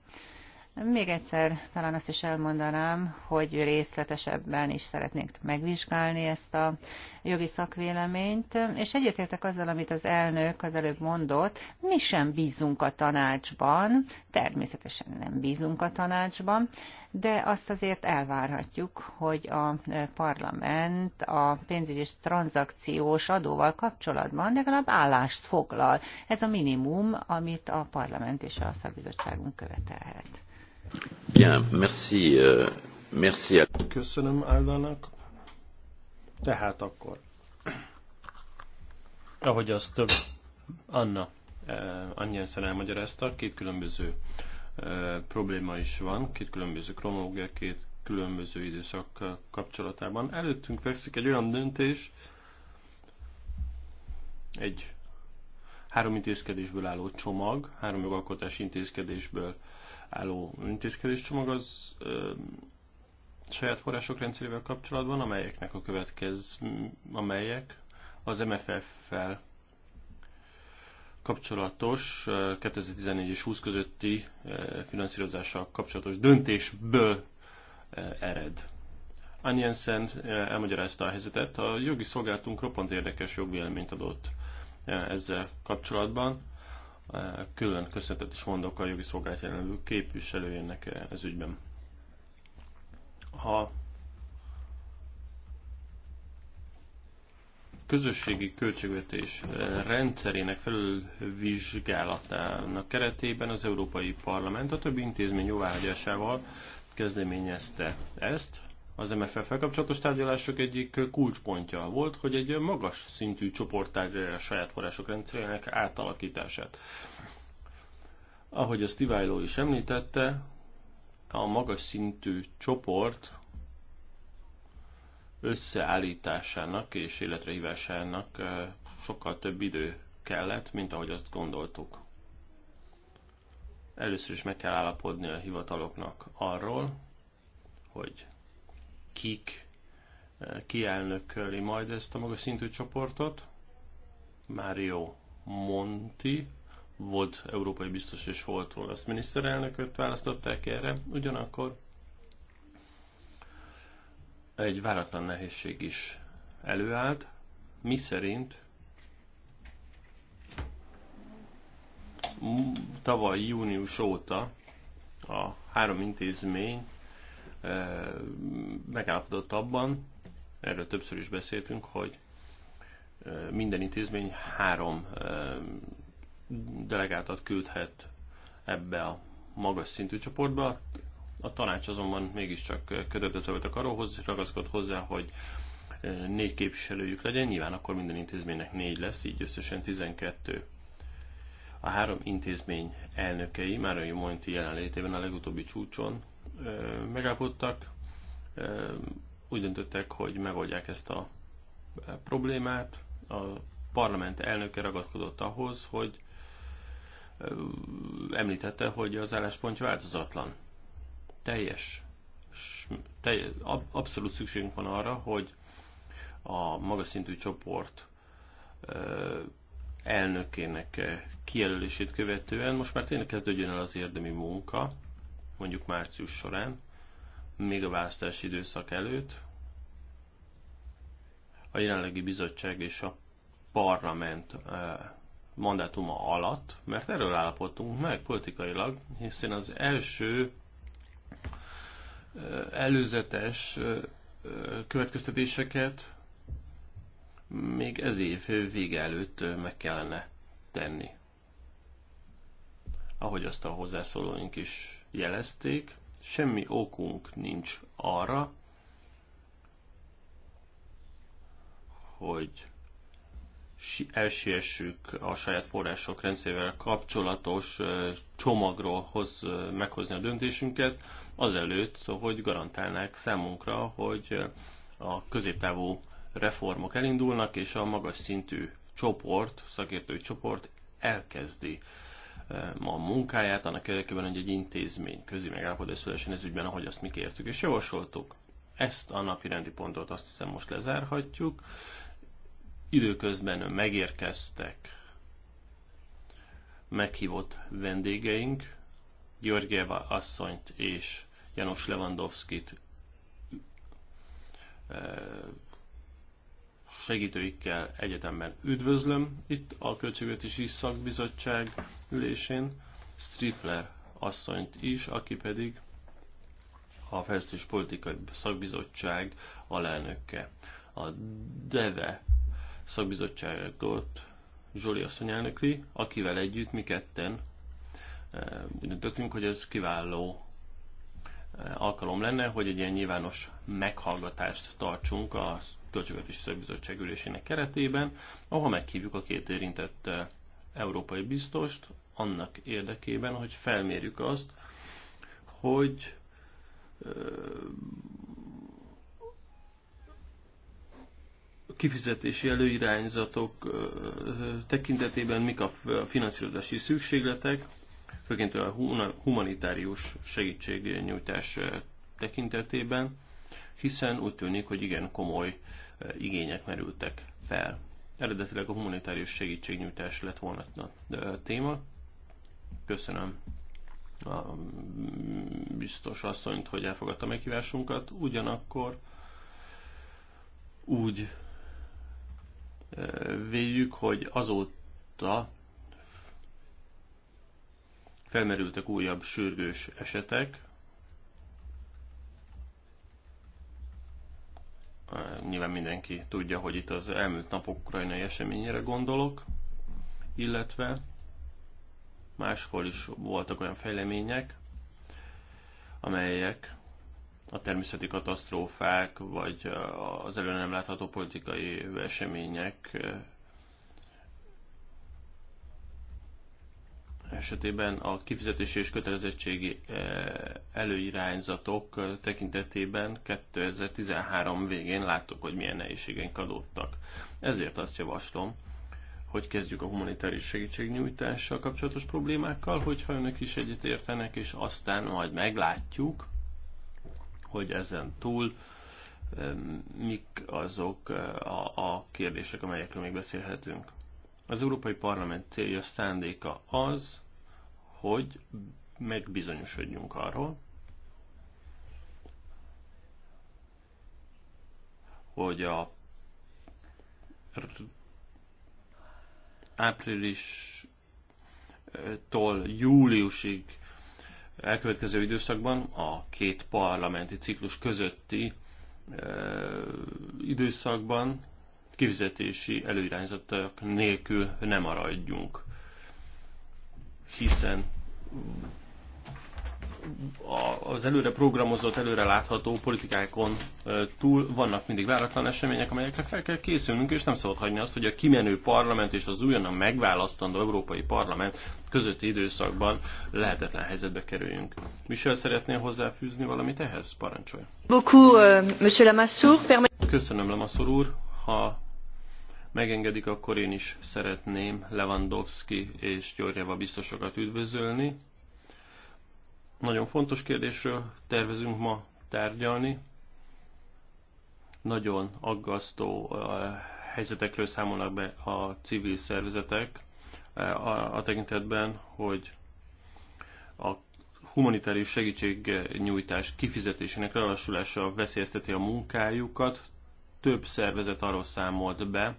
Még egyszer talán azt is elmondanám, hogy részletesebben is szeretnénk megvizsgálni ezt a jogi szakvéleményt, és egyetértek azzal, amit az elnök az előbb mondott, mi sem bízunk a tanácsban, természetesen nem bízunk a tanácsban, de azt azért elvárhatjuk, hogy a parlament a pénzügyi és tranzakciós adóval kapcsolatban legalább állást foglal. Ez a minimum, amit a parlament és a szakbizottságunk követelhet. Bien, merci, euh, merci. Köszönöm Áldának. Tehát akkor, ahogy azt Anna eh, Anjensen elmagyarázta, két különböző eh, probléma is van, két különböző kronológia, két különböző időszak kapcsolatában. Előttünk fekszik egy olyan döntés, egy három intézkedésből álló csomag, három jogalkotási intézkedésből álló intézkedéscsomag az ö, saját források rendszerével kapcsolatban, amelyeknek a következ, amelyek az MFF-fel kapcsolatos 2014 és 20 közötti finanszírozással kapcsolatos döntésből ered. Anjensen elmagyarázta a helyzetet, a jogi szolgálatunk roppant érdekes jogvéleményt adott ezzel kapcsolatban. Külön köszöntet is mondok a jogi szolgálat jelenlő képviselőjének ez ügyben. Ha közösségi költségvetés rendszerének felülvizsgálatának keretében az Európai Parlament a többi intézmény jóváhagyásával kezdeményezte ezt. Az mff felkapcsolatos tárgyalások egyik kulcspontja volt, hogy egy magas szintű csoport a saját források rendszerének átalakítását. Ahogy a Iváló is említette, a magas szintű csoport összeállításának és életrehívásának eh, sokkal több idő kellett, mint ahogy azt gondoltuk. Először is meg kell állapodni a hivataloknak arról, hogy Kik eh, kielnököli majd ezt a magas szintű csoportot. Mário Monti volt európai biztos és volt róla miniszterelnököt választották erre, ugyanakkor egy váratlan nehézség is előállt, mi szerint tavaly június óta a három intézmény megállapodott abban, erről többször is beszéltünk, hogy minden intézmény három delegátat küldhet ebbe a magas szintű csoportba. A tanács azonban mégiscsak kötődözve volt a karóhoz, ragaszkodott hozzá, hogy négy képviselőjük legyen, nyilván akkor minden intézménynek négy lesz, így összesen 12. A három intézmény elnökei, már a Monti jelenlétében a legutóbbi csúcson megállapodtak, úgy döntöttek, hogy megoldják ezt a e, problémát. A parlament elnöke ragaszkodott ahhoz, hogy említette, hogy az álláspont változatlan. Teljes. teljes abszolút szükségünk van arra, hogy a magas szintű csoport elnökének kijelölését követően most már tényleg kezdődjön el az érdemi munka, mondjuk március során, még a választási időszak előtt, a jelenlegi bizottság és a parlament eh, mandátuma alatt, mert erről állapodtunk meg politikailag, hiszen az első eh, előzetes eh, következtetéseket még ez év vége előtt meg kellene tenni. Ahogy azt a hozzászólóink is jelezték, semmi okunk nincs arra, hogy elsiessük a saját források rendszerével kapcsolatos csomagról hoz, meghozni a döntésünket, azelőtt, hogy garantálnák számunkra, hogy a középtávú reformok elindulnak, és a magas szintű csoport, szakértői csoport elkezdi ma a munkáját, annak érdekében, hogy egy intézmény közi megállapodás szülesen ez ügyben, ahogy azt mi kértük és javasoltuk. Ezt a napi rendi pontot azt hiszem most lezárhatjuk. Időközben megérkeztek meghívott vendégeink, Györgyeva asszonyt és Janos Lewandowskit segítőikkel egyetemben üdvözlöm itt a Költségvetési Szakbizottság ülésén Strifler asszonyt is, aki pedig a Fejlesztés Politikai Szakbizottság alelnöke. A DEVE szakbizottságot Zsoli asszony elnökli, akivel együtt mi ketten eh, úgy döntöttünk, hogy ez kiváló eh, alkalom lenne, hogy egy ilyen nyilvános meghallgatást tartsunk az Költségvetési Szakbizottság ülésének keretében, ahol meghívjuk a két érintett eh, európai biztost annak érdekében, hogy felmérjük azt, hogy eh, kifizetési előirányzatok eh, tekintetében mik a finanszírozási szükségletek, főként a humanitárius segítségnyújtás tekintetében, hiszen úgy tűnik, hogy igen komoly e, igények merültek fel. Eredetileg a humanitárius segítségnyújtás lett volna a e, téma. Köszönöm a mm, biztos asszonyt, hogy elfogadta meghívásunkat. Ugyanakkor úgy e, véljük, hogy azóta felmerültek újabb sürgős esetek, nyilván mindenki tudja, hogy itt az elmúlt napok ukrajnai eseményére gondolok, illetve máshol is voltak olyan fejlemények, amelyek a természeti katasztrófák, vagy az előre nem látható politikai események esetében a kifizetési és kötelezettségi eh, előirányzatok eh, tekintetében 2013 végén láttuk, hogy milyen nehézségeink adódtak. Ezért azt javaslom, hogy kezdjük a humanitárius segítségnyújtással kapcsolatos problémákkal, hogyha önök is egyet értenek, és aztán majd meglátjuk, hogy ezen túl eh, mik azok a, a kérdések, amelyekről még beszélhetünk. Az Európai Parlament célja szándéka az, hogy megbizonyosodjunk arról, hogy a áprilistól júliusig elkövetkező időszakban a két parlamenti ciklus közötti e, időszakban kifizetési előirányzatok nélkül nem maradjunk hiszen az előre programozott, előre látható politikákon túl vannak mindig váratlan események, amelyekre fel kell készülnünk, és nem szabad hagyni azt, hogy a kimenő parlament és az újonnan megválasztandó Európai Parlament közötti időszakban lehetetlen helyzetbe kerüljünk. Michel szeretnél hozzáfűzni valamit ehhez? Parancsolj! Euh, Köszönöm, Lamassur úr! Ha megengedik, akkor én is szeretném Lewandowski és Györgyeva biztosokat üdvözölni. Nagyon fontos kérdésről tervezünk ma tárgyalni. Nagyon aggasztó eh, helyzetekről számolnak be a civil szervezetek eh, a tekintetben, hogy a humanitárius segítségnyújtás kifizetésének lelassulása veszélyezteti a munkájukat. Több szervezet arról számolt be,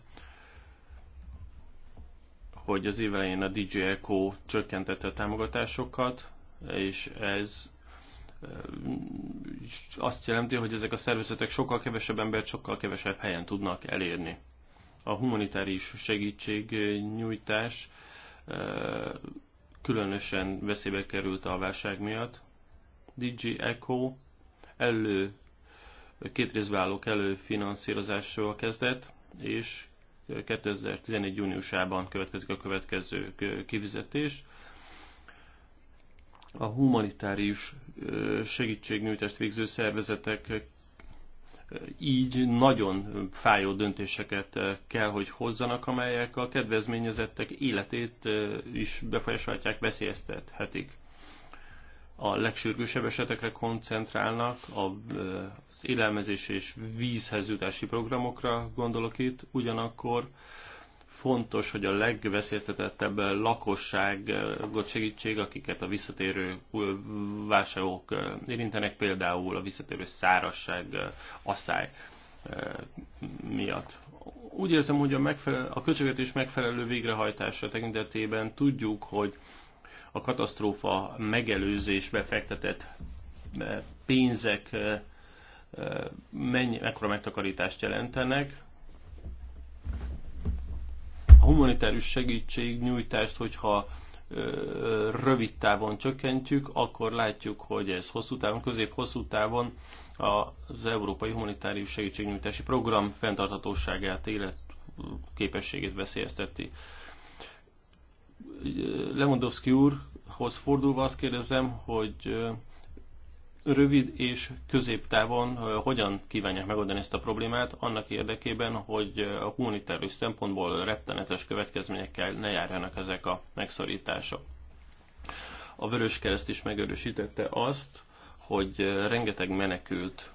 hogy az elején a DJ Echo csökkentette a támogatásokat, és ez azt jelenti, hogy ezek a szervezetek sokkal kevesebb embert, sokkal kevesebb helyen tudnak elérni. A humanitáris segítségnyújtás különösen veszélybe került a válság miatt. DJ Echo elő két részbe állók előfinanszírozásról kezdett, és 2014. júniusában következik a következő kivizetés. A humanitárius segítségnyújtást végző szervezetek így nagyon fájó döntéseket kell, hogy hozzanak, amelyek a kedvezményezettek életét is befolyásolhatják, veszélyeztethetik a legsürgősebb esetekre koncentrálnak, az élelmezés és vízhez jutási programokra gondolok itt, ugyanakkor fontos, hogy a legveszélyeztetettebb lakosságot segítség, akiket a visszatérő vásárok érintenek, például a visszatérő szárasság, asszály eh, miatt. Úgy érzem, hogy a, megfelel, a költségvetés megfelelő végrehajtása tekintetében tudjuk, hogy a katasztrófa megelőzésbe fektetett eh, pénzek eh, eh, mennyi, mekkora megtakarítást jelentenek. A humanitárius segítségnyújtást, hogyha rövid távon csökkentjük, akkor látjuk, hogy ez hosszú távon, közép-hosszú távon az Európai Humanitárius Segítségnyújtási Program fenntarthatóságát, élet képességét veszélyezteti. Lewandowski úrhoz fordulva azt kérdezem, hogy rövid és középtávon hogyan kívánják megoldani ezt a problémát, annak érdekében, hogy a humanitárius szempontból rettenetes következményekkel ne járjanak ezek a megszorítások. A Vörös Kereszt is megerősítette azt, hogy rengeteg menekült,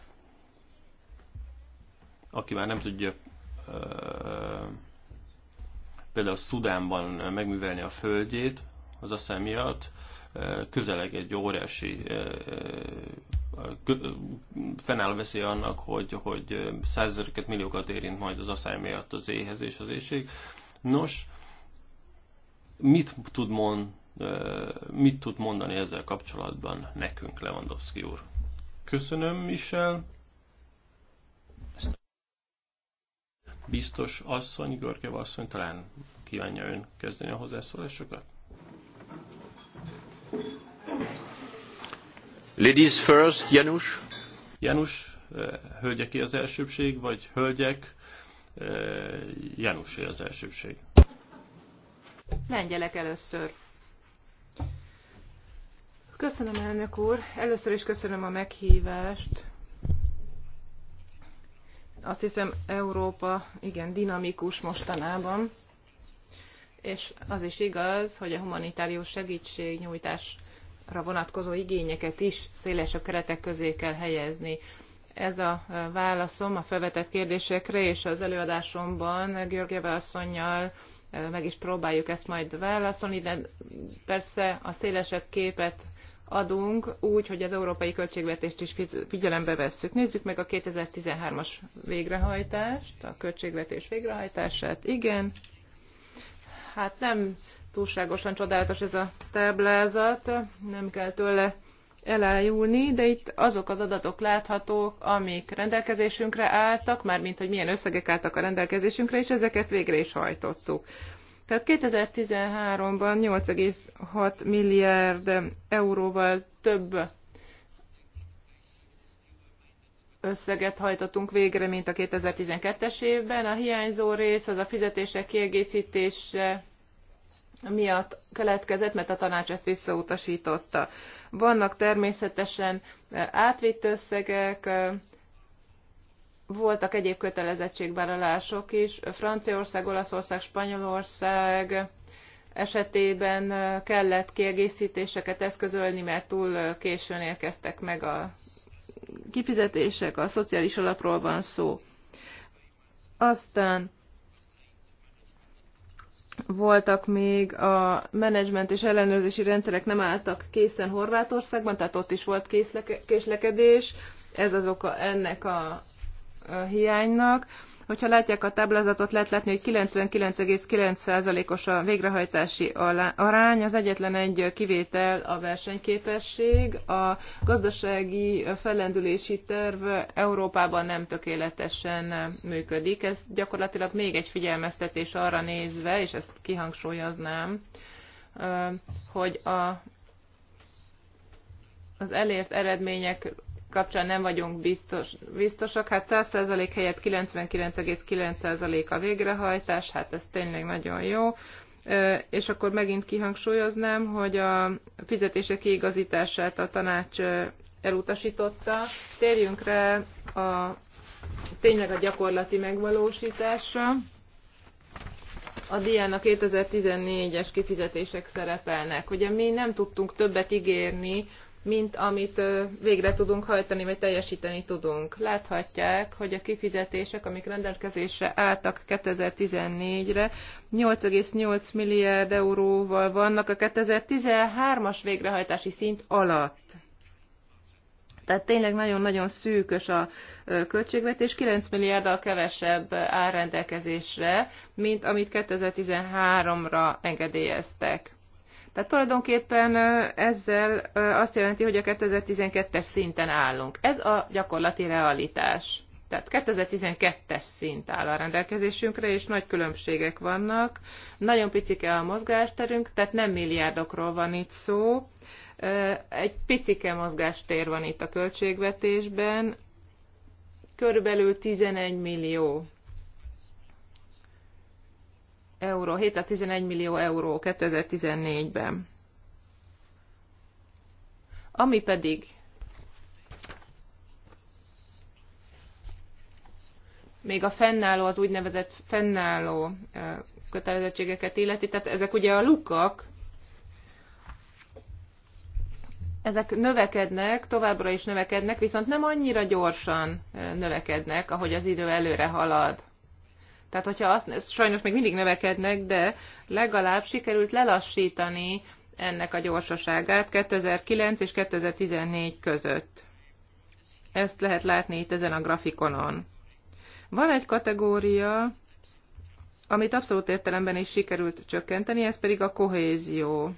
aki már nem tudja például Szudánban megművelni a földjét, az szem miatt közeleg egy óriási fennáll veszély annak, hogy, hogy százezereket, milliókat érint majd az asszály miatt az éhezés, az éjség. Nos, mit tud, mond, mit tud mondani ezzel kapcsolatban nekünk Lewandowski úr? Köszönöm, Michel. Biztos asszony, Görkev asszony, talán kívánja ön kezdeni a hozzászólásokat? Ladies first, Janus. Janus, eh, hölgyeké az elsőbség, vagy hölgyek, eh, Janusé az elsőbség. Lengyelek először. Köszönöm, elnök úr. Először is köszönöm a meghívást azt hiszem Európa igen dinamikus mostanában, és az is igaz, hogy a humanitárius segítségnyújtásra vonatkozó igényeket is a keretek közé kell helyezni ez a válaszom a felvetett kérdésekre, és az előadásomban Györgyevel asszonynal meg is próbáljuk ezt majd válaszolni, de persze a szélesebb képet adunk úgy, hogy az európai költségvetést is figyelembe vesszük. Nézzük meg a 2013-as végrehajtást, a költségvetés végrehajtását. Igen, hát nem túlságosan csodálatos ez a táblázat, nem kell tőle elájulni, de itt azok az adatok láthatók, amik rendelkezésünkre álltak, mármint hogy milyen összegek álltak a rendelkezésünkre, és ezeket végre is hajtottuk. Tehát 2013-ban 8,6 milliárd euróval több összeget hajtottunk végre, mint a 2012-es évben. A hiányzó rész az a fizetések kiegészítése miatt keletkezett, mert a tanács ezt visszautasította. Vannak természetesen eh, átvitt összegek, eh, voltak egyéb kötelezettségvállalások is. Franciaország, Olaszország, Spanyolország esetében eh, kellett kiegészítéseket eszközölni, mert túl későn érkeztek meg a kifizetések, a szociális alapról van szó. Aztán voltak még a menedzsment és ellenőrzési rendszerek nem álltak készen Horvátországban, tehát ott is volt késleke, késlekedés, ez az oka ennek a, a hiánynak. Hogyha látják a táblázatot, lehet látni, hogy 99,9%-os a végrehajtási arány. Az egyetlen egy kivétel a versenyképesség. A gazdasági fellendülési terv Európában nem tökéletesen működik. Ez gyakorlatilag még egy figyelmeztetés arra nézve, és ezt kihangsúlyoznám, hogy a az elért eredmények kapcsán nem vagyunk biztos, biztosak. Hát 100% helyett 99,9% a végrehajtás, hát ez tényleg nagyon jó. És akkor megint kihangsúlyoznám, hogy a fizetések kiigazítását a tanács elutasította. Térjünk rá a, tényleg a gyakorlati megvalósításra. A dián a 2014-es kifizetések szerepelnek. Ugye mi nem tudtunk többet ígérni mint amit végre tudunk hajtani, vagy teljesíteni tudunk. Láthatják, hogy a kifizetések, amik rendelkezésre álltak 2014-re, 8,8 milliárd euróval vannak a 2013-as végrehajtási szint alatt. Tehát tényleg nagyon-nagyon szűkös a költségvetés, 9 milliárddal kevesebb áll rendelkezésre, mint amit 2013-ra engedélyeztek. Tehát tulajdonképpen ezzel azt jelenti, hogy a 2012-es szinten állunk. Ez a gyakorlati realitás. Tehát 2012-es szint áll a rendelkezésünkre, és nagy különbségek vannak. Nagyon picike a mozgásterünk, tehát nem milliárdokról van itt szó. Egy picike mozgástér van itt a költségvetésben, körülbelül 11 millió euró, 711 millió euró 2014-ben. Ami pedig még a fennálló, az úgynevezett fennálló kötelezettségeket illeti, tehát ezek ugye a lukak, ezek növekednek, továbbra is növekednek, viszont nem annyira gyorsan növekednek, ahogy az idő előre halad. Tehát, hogyha azt, ez sajnos még mindig növekednek, de legalább sikerült lelassítani ennek a gyorsaságát 2009 és 2014 között. Ezt lehet látni itt ezen a grafikonon. Van egy kategória, amit abszolút értelemben is sikerült csökkenteni, ez pedig a kohézió.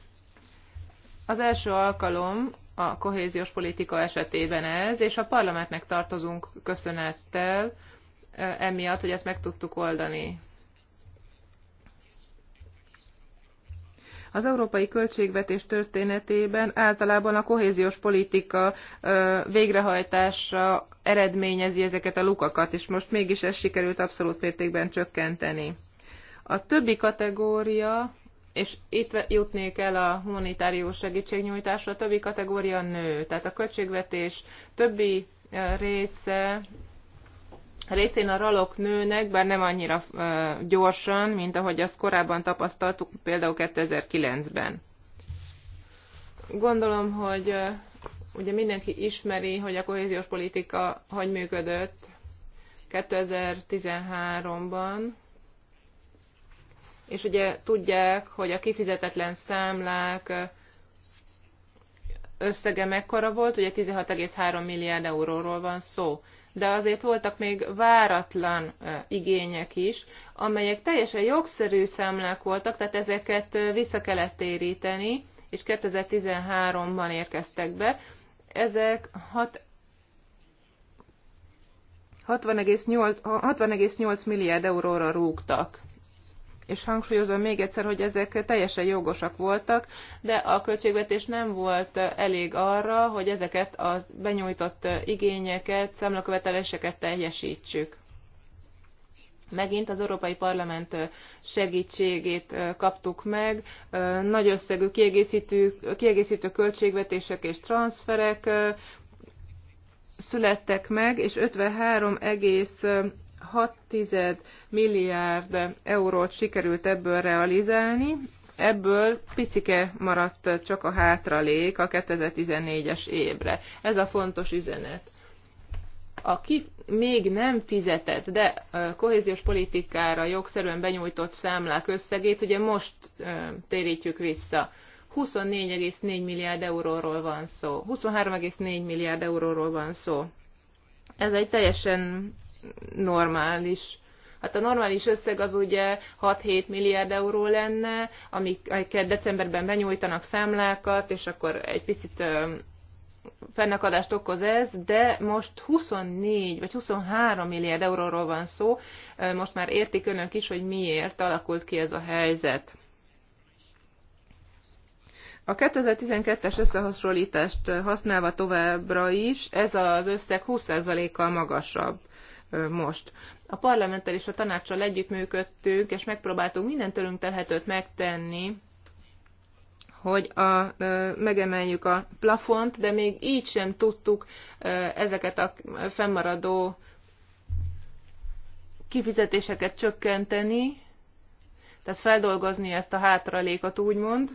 Az első alkalom a kohéziós politika esetében ez, és a parlamentnek tartozunk köszönettel, emiatt, hogy ezt meg tudtuk oldani. Az európai költségvetés történetében általában a kohéziós politika végrehajtása eredményezi ezeket a lukakat, és most mégis ezt sikerült abszolút mértékben csökkenteni. A többi kategória, és itt jutnék el a humanitárius segítségnyújtásra, a többi kategória nő. Tehát a költségvetés többi része részén a ralok nőnek, bár nem annyira gyorsan, mint ahogy azt korábban tapasztaltuk, például 2009-ben. Gondolom, hogy ugye mindenki ismeri, hogy a kohéziós politika hogy működött 2013-ban, és ugye tudják, hogy a kifizetetlen számlák összege mekkora volt, ugye 16,3 milliárd euróról van szó de azért voltak még váratlan igények is, amelyek teljesen jogszerű számlák voltak, tehát ezeket vissza kellett téríteni, és 2013-ban érkeztek be. Ezek 60,8 60 milliárd euróra rúgtak és hangsúlyozom még egyszer, hogy ezek teljesen jogosak voltak, de a költségvetés nem volt elég arra, hogy ezeket az benyújtott igényeket, számlaköveteléseket teljesítsük. Megint az Európai Parlament segítségét kaptuk meg, nagy összegű kiegészítő, kiegészítő költségvetések és transferek születtek meg, és 53,1 6 milliárd eurót sikerült ebből realizálni, ebből picike maradt csak a hátralék a 2014-es évre. Ez a fontos üzenet. Aki még nem fizetett, de kohéziós politikára jogszerűen benyújtott számlák összegét, ugye most térítjük vissza. 24,4 milliárd euróról van szó. 23,4 milliárd euróról van szó. Ez egy teljesen normális. Hát a normális összeg az ugye 6-7 milliárd euró lenne, amiket decemberben benyújtanak számlákat, és akkor egy picit fennakadást okoz ez, de most 24 vagy 23 milliárd euróról van szó, most már értik önök is, hogy miért alakult ki ez a helyzet. A 2012-es összehasonlítást használva továbbra is, ez az összeg 20%-kal magasabb most. A parlamenttel és a tanácssal együttműködtünk, és megpróbáltunk minden tőlünk telhetőt megtenni, hogy a, megemeljük a plafont, de még így sem tudtuk ezeket a fennmaradó kifizetéseket csökkenteni, tehát feldolgozni ezt a hátralékot úgymond.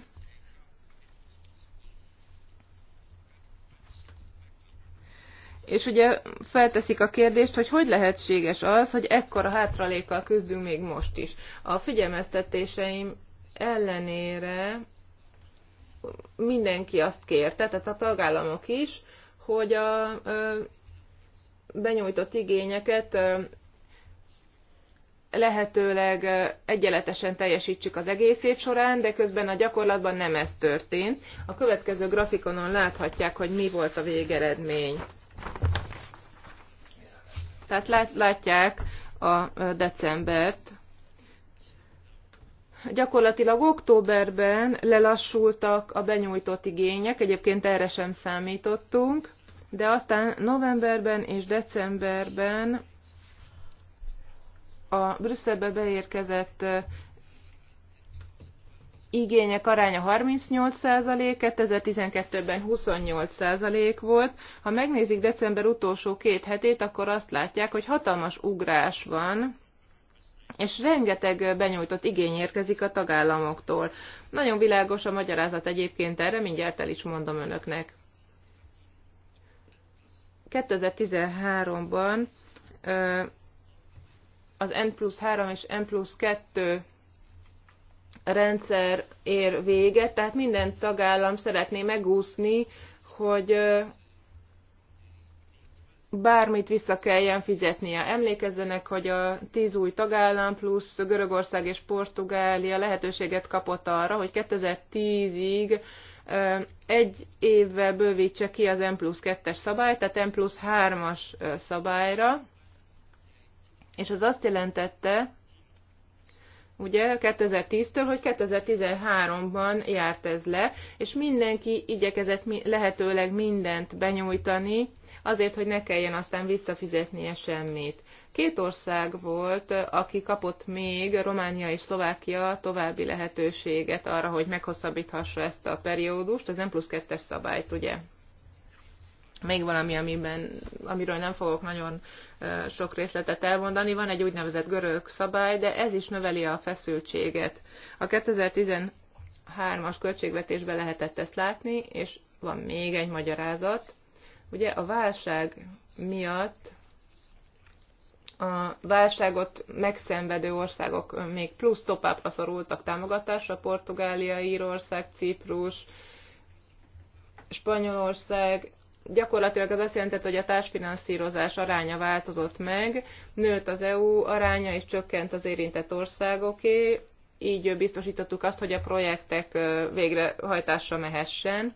És ugye felteszik a kérdést, hogy hogy lehetséges az, hogy ekkora hátralékkal küzdünk még most is. A figyelmeztetéseim ellenére mindenki azt kérte, tehát a tagállamok is, hogy a benyújtott igényeket lehetőleg egyenletesen teljesítsük az egész év során, de közben a gyakorlatban nem ez történt. A következő grafikonon láthatják, hogy mi volt a végeredmény. Tehát lát, látják a decembert. Gyakorlatilag októberben lelassultak a benyújtott igények, egyébként erre sem számítottunk, de aztán novemberben és decemberben a Brüsszelbe beérkezett igények aránya 38 százalék, 2012-ben 28 százalék volt. Ha megnézik december utolsó két hetét, akkor azt látják, hogy hatalmas ugrás van, és rengeteg benyújtott igény érkezik a tagállamoktól. Nagyon világos a magyarázat egyébként erre, mindjárt el is mondom önöknek. 2013-ban az N plusz 3 és N plusz 2 rendszer ér véget, tehát minden tagállam szeretné megúszni, hogy bármit vissza kelljen fizetnie. Emlékezzenek, hogy a tíz új tagállam plusz Görögország és Portugália lehetőséget kapott arra, hogy 2010-ig egy évvel bővítse ki az M plusz 2-es szabályt, tehát M plusz 3-as szabályra, és az azt jelentette, ugye 2010-től, hogy 2013-ban járt ez le, és mindenki igyekezett lehetőleg mindent benyújtani, azért, hogy ne kelljen aztán visszafizetnie semmit. Két ország volt, aki kapott még, Románia és Szlovákia további lehetőséget arra, hogy meghosszabbíthassa ezt a periódust, az M plusz 2-es szabályt, ugye. Még valami, amiben, amiről nem fogok nagyon sok részletet elmondani, van egy úgynevezett görög szabály, de ez is növeli a feszültséget. A 2013-as költségvetésben lehetett ezt látni, és van még egy magyarázat. Ugye a válság miatt a válságot megszenvedő országok még plusz topápra szorultak támogatásra, Portugália, Írország, Ciprus, Spanyolország, gyakorlatilag az azt jelentett, hogy a társfinanszírozás aránya változott meg, nőtt az EU aránya és csökkent az érintett országoké, így biztosítottuk azt, hogy a projektek végrehajtásra mehessen.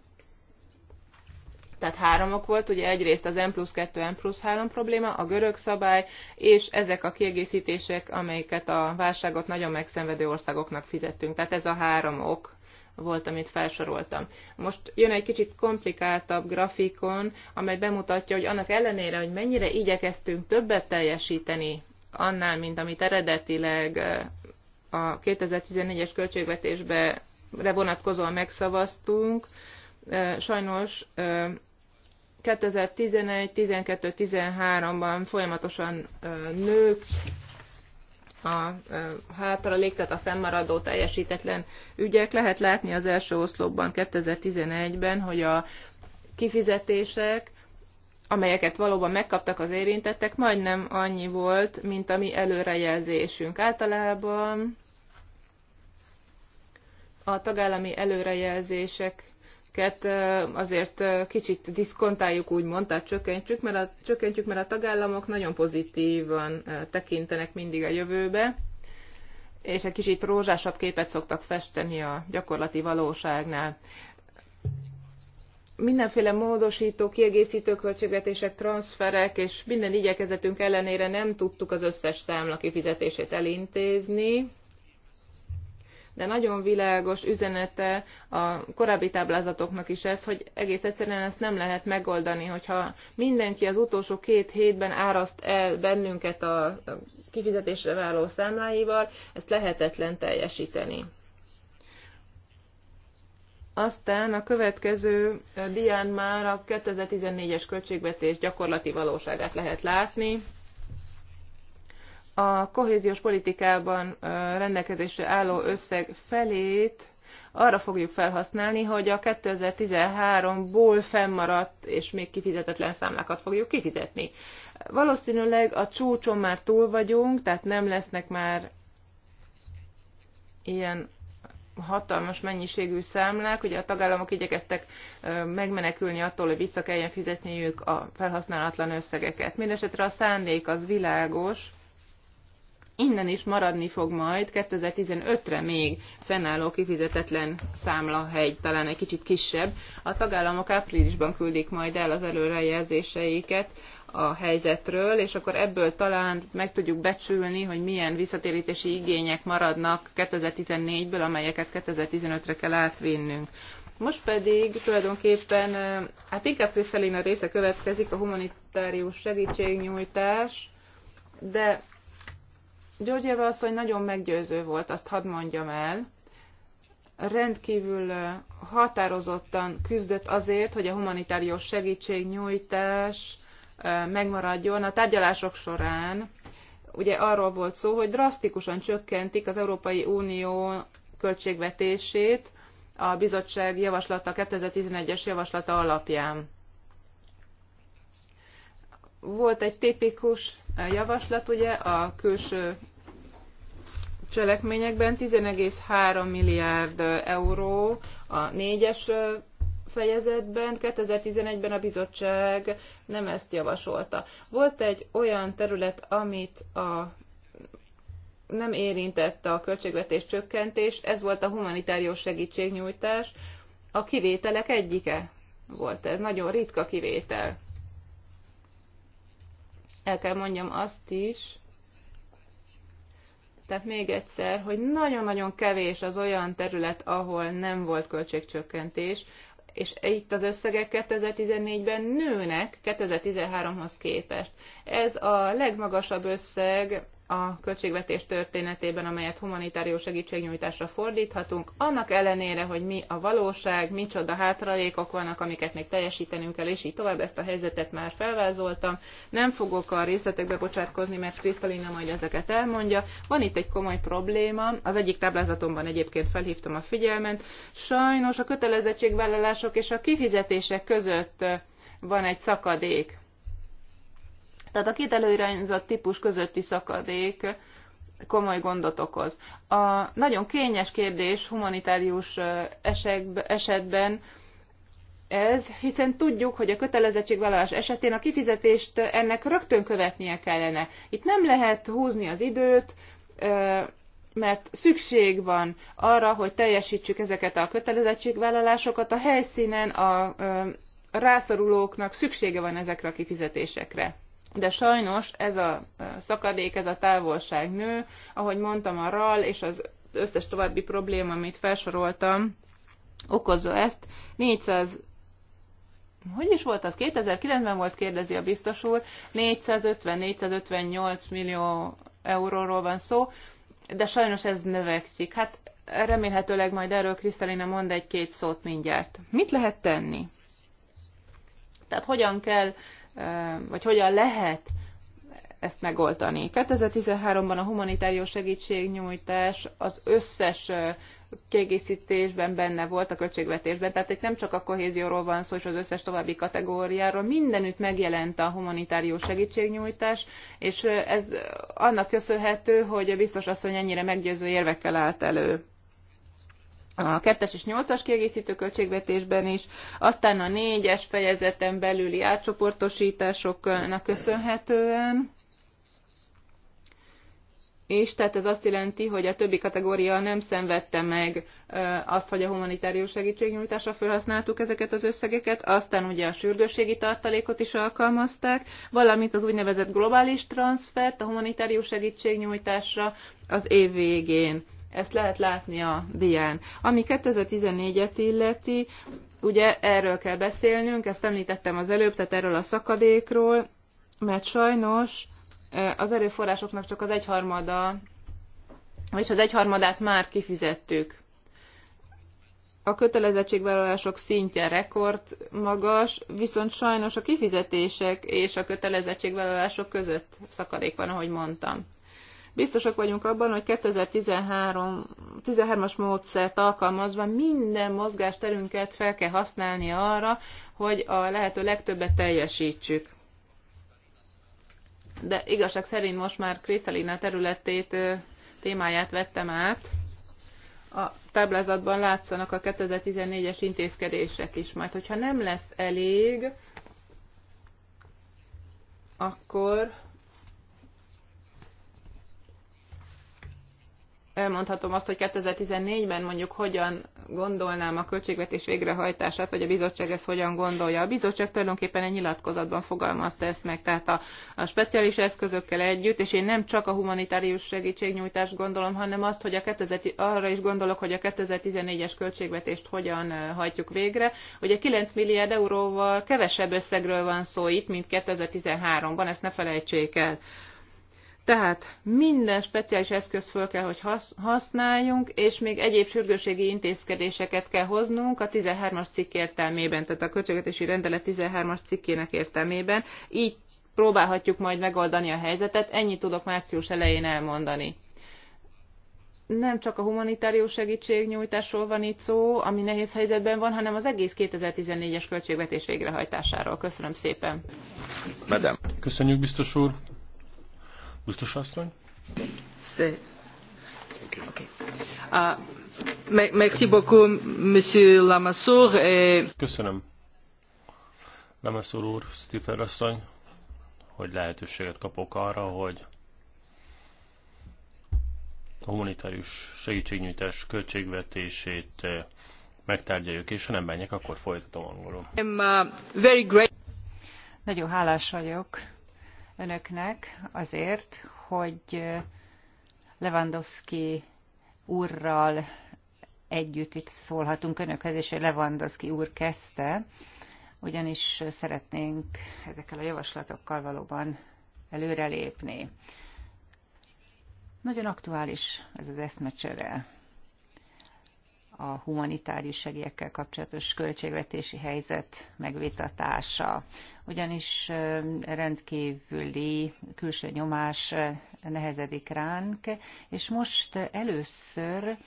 Tehát három ok volt, ugye egyrészt az M plusz 2, M plusz 3 probléma, a görög szabály, és ezek a kiegészítések, amelyeket a válságot nagyon megszenvedő országoknak fizettünk. Tehát ez a három ok volt, amit felsoroltam. Most jön egy kicsit komplikáltabb grafikon, amely bemutatja, hogy annak ellenére, hogy mennyire igyekeztünk többet teljesíteni annál, mint amit eredetileg eh, a 2014-es költségvetésbe vonatkozóan megszavaztunk, eh, sajnos 2011, 12, 13-ban folyamatosan eh, nők a hátralék, tehát a fennmaradó teljesítetlen ügyek. Lehet látni az első oszlopban 2011-ben, hogy a kifizetések amelyeket valóban megkaptak az érintettek, majdnem annyi volt, mint a mi előrejelzésünk. Általában a tagállami előrejelzések ezeket azért kicsit diszkontáljuk, úgymond, tehát csökkentjük, mert a, csökkentjük, mert a tagállamok nagyon pozitívan tekintenek mindig a jövőbe, és egy kicsit rózsásabb képet szoktak festeni a gyakorlati valóságnál. Mindenféle módosító, kiegészítő költségvetések, transferek és minden igyekezetünk ellenére nem tudtuk az összes számla kifizetését elintézni de nagyon világos üzenete a korábbi táblázatoknak is ez, hogy egész egyszerűen ezt nem lehet megoldani, hogyha mindenki az utolsó két hétben áraszt el bennünket a kifizetésre váló számláival, ezt lehetetlen teljesíteni. Aztán a következő eh, dián már a 2014-es költségvetés gyakorlati valóságát lehet látni a kohéziós politikában rendelkezésre álló összeg felét arra fogjuk felhasználni, hogy a 2013-ból fennmaradt és még kifizetetlen számlákat fogjuk kifizetni. Valószínűleg a csúcson már túl vagyunk, tehát nem lesznek már ilyen hatalmas mennyiségű számlák. Ugye a tagállamok igyekeztek megmenekülni attól, hogy vissza kelljen fizetniük a felhasználatlan összegeket. Mindenesetre a szándék az világos, innen is maradni fog majd 2015-re még fennálló kifizetetlen számlahegy, talán egy kicsit kisebb. A tagállamok áprilisban küldik majd el az előrejelzéseiket a helyzetről, és akkor ebből talán meg tudjuk becsülni, hogy milyen visszatérítési igények maradnak 2014-ből, amelyeket 2015-re kell átvinnünk. Most pedig tulajdonképpen, eh, hát inkább Kriszelina része következik, a humanitárius segítségnyújtás, de Györgyeva asszony nagyon meggyőző volt, azt hadd mondjam el. Rendkívül határozottan küzdött azért, hogy a humanitárius segítségnyújtás megmaradjon. A tárgyalások során ugye arról volt szó, hogy drasztikusan csökkentik az Európai Unió költségvetését a bizottság javaslata, 2011-es javaslata alapján. Volt egy tipikus eh, javaslat, ugye, a külső cselekményekben 10,3 milliárd eh, euró a négyes eh, fejezetben 2011-ben a bizottság nem ezt javasolta. Volt egy olyan terület, amit a nem érintette a költségvetés csökkentés, ez volt a humanitárius segítségnyújtás. A kivételek egyike volt ez, nagyon ritka kivétel el kell mondjam azt is, tehát még egyszer, hogy nagyon-nagyon kevés az olyan terület, ahol nem volt költségcsökkentés, és itt az összegek 2014-ben nőnek 2013-hoz képest. Ez a legmagasabb összeg a költségvetés történetében, amelyet humanitárius segítségnyújtásra fordíthatunk, annak ellenére, hogy mi a valóság, micsoda hátralékok vannak, amiket még teljesítenünk kell, és így tovább ezt a helyzetet már felvázoltam. Nem fogok a részletekbe bocsátkozni, mert Krisztalina majd ezeket elmondja. Van itt egy komoly probléma, az egyik táblázatomban egyébként felhívtam a figyelmet. Sajnos a kötelezettségvállalások és a kifizetések között van egy szakadék tehát a két előirányzat típus közötti szakadék komoly gondot okoz. A nagyon kényes kérdés humanitárius esetben ez, hiszen tudjuk, hogy a kötelezettségvállalás esetén a kifizetést ennek rögtön követnie kellene. Itt nem lehet húzni az időt, mert szükség van arra, hogy teljesítsük ezeket a kötelezettségvállalásokat a helyszínen, a rászorulóknak szüksége van ezekre a kifizetésekre de sajnos ez a szakadék, ez a távolság nő, ahogy mondtam, a RAL és az összes további probléma, amit felsoroltam, okozza ezt. 400 hogy is volt az? 2009-ben volt, kérdezi a biztos úr. 450-458 millió euróról van szó, de sajnos ez növekszik. Hát remélhetőleg majd erről Krisztelina mond egy-két szót mindjárt. Mit lehet tenni? Tehát hogyan kell vagy hogyan lehet ezt megoldani. 2013-ban a humanitárius segítségnyújtás az összes kiegészítésben benne volt a költségvetésben, tehát itt nem csak a kohézióról van szó, és az összes további kategóriáról, mindenütt megjelent a humanitárius segítségnyújtás, és ez annak köszönhető, hogy a biztos asszony ennyire meggyőző érvekkel állt elő a 2-es és 8-as kiegészítő költségvetésben is, aztán a 4-es fejezeten belüli átcsoportosításoknak köszönhetően, és tehát ez azt jelenti, hogy a többi kategória nem szenvedte meg azt, hogy a humanitárius segítségnyújtásra felhasználtuk ezeket az összegeket, aztán ugye a sürgősségi tartalékot is alkalmazták, valamint az úgynevezett globális transfert a humanitárius segítségnyújtásra az év végén. Ezt lehet látni a dián. Ami 2014-et illeti, ugye erről kell beszélnünk, ezt említettem az előbb, tehát erről a szakadékról, mert sajnos az erőforrásoknak csak az egyharmada, vagyis az egyharmadát már kifizettük. A kötelezettségvállalások szintje rekord magas, viszont sajnos a kifizetések és a kötelezettségvállalások között szakadék van, ahogy mondtam. Biztosak vagyunk abban, hogy 2013, as módszert alkalmazva minden mozgásterünket fel kell használni arra, hogy a lehető legtöbbet teljesítsük. De igazság szerint most már Krisztalina területét, témáját vettem át. A táblázatban látszanak a 2014-es intézkedések is. Majd, hogyha nem lesz elég, akkor elmondhatom azt, hogy 2014-ben mondjuk hogyan gondolnám a költségvetés végrehajtását, vagy a bizottság ezt hogyan gondolja. A bizottság tulajdonképpen egy nyilatkozatban fogalmazta ezt meg, tehát a, a speciális eszközökkel együtt, és én nem csak a humanitárius segítségnyújtást gondolom, hanem azt, hogy a 2000, arra is gondolok, hogy a 2014-es költségvetést hogyan eh, hajtjuk végre. Ugye 9 milliárd euróval kevesebb összegről van szó itt, mint 2013-ban, ezt ne felejtsék el. Tehát minden speciális eszköz föl kell, hogy használjunk, és még egyéb sürgőségi intézkedéseket kell hoznunk a 13-as cikk értelmében, tehát a költségvetési rendelet 13-as cikkének értelmében. Így próbálhatjuk majd megoldani a helyzetet, ennyit tudok március elején elmondani. Nem csak a humanitárius segítségnyújtásról van itt szó, ami nehéz helyzetben van, hanem az egész 2014-es költségvetés végrehajtásáról. Köszönöm szépen. Medem. Köszönjük, biztos úr. Biztos asszony? Okay. Ah, uh, Lamassur. Köszönöm, Lamassur úr, Stifler asszony, hogy lehetőséget kapok arra, hogy a humanitárius segítségnyújtás költségvetését eh, megtárgyaljuk, és ha nem menjek, akkor folytatom angolul. uh, very great. Nagyon hálás vagyok önöknek azért, hogy Lewandowski úrral együtt itt szólhatunk önökhez, és Lewandowski úr kezdte, ugyanis szeretnénk ezekkel a javaslatokkal valóban előrelépni. Nagyon aktuális ez az eszmecsere a humanitárius segélyekkel kapcsolatos költségvetési helyzet megvitatása. Ugyanis rendkívüli külső nyomás nehezedik ránk, és most először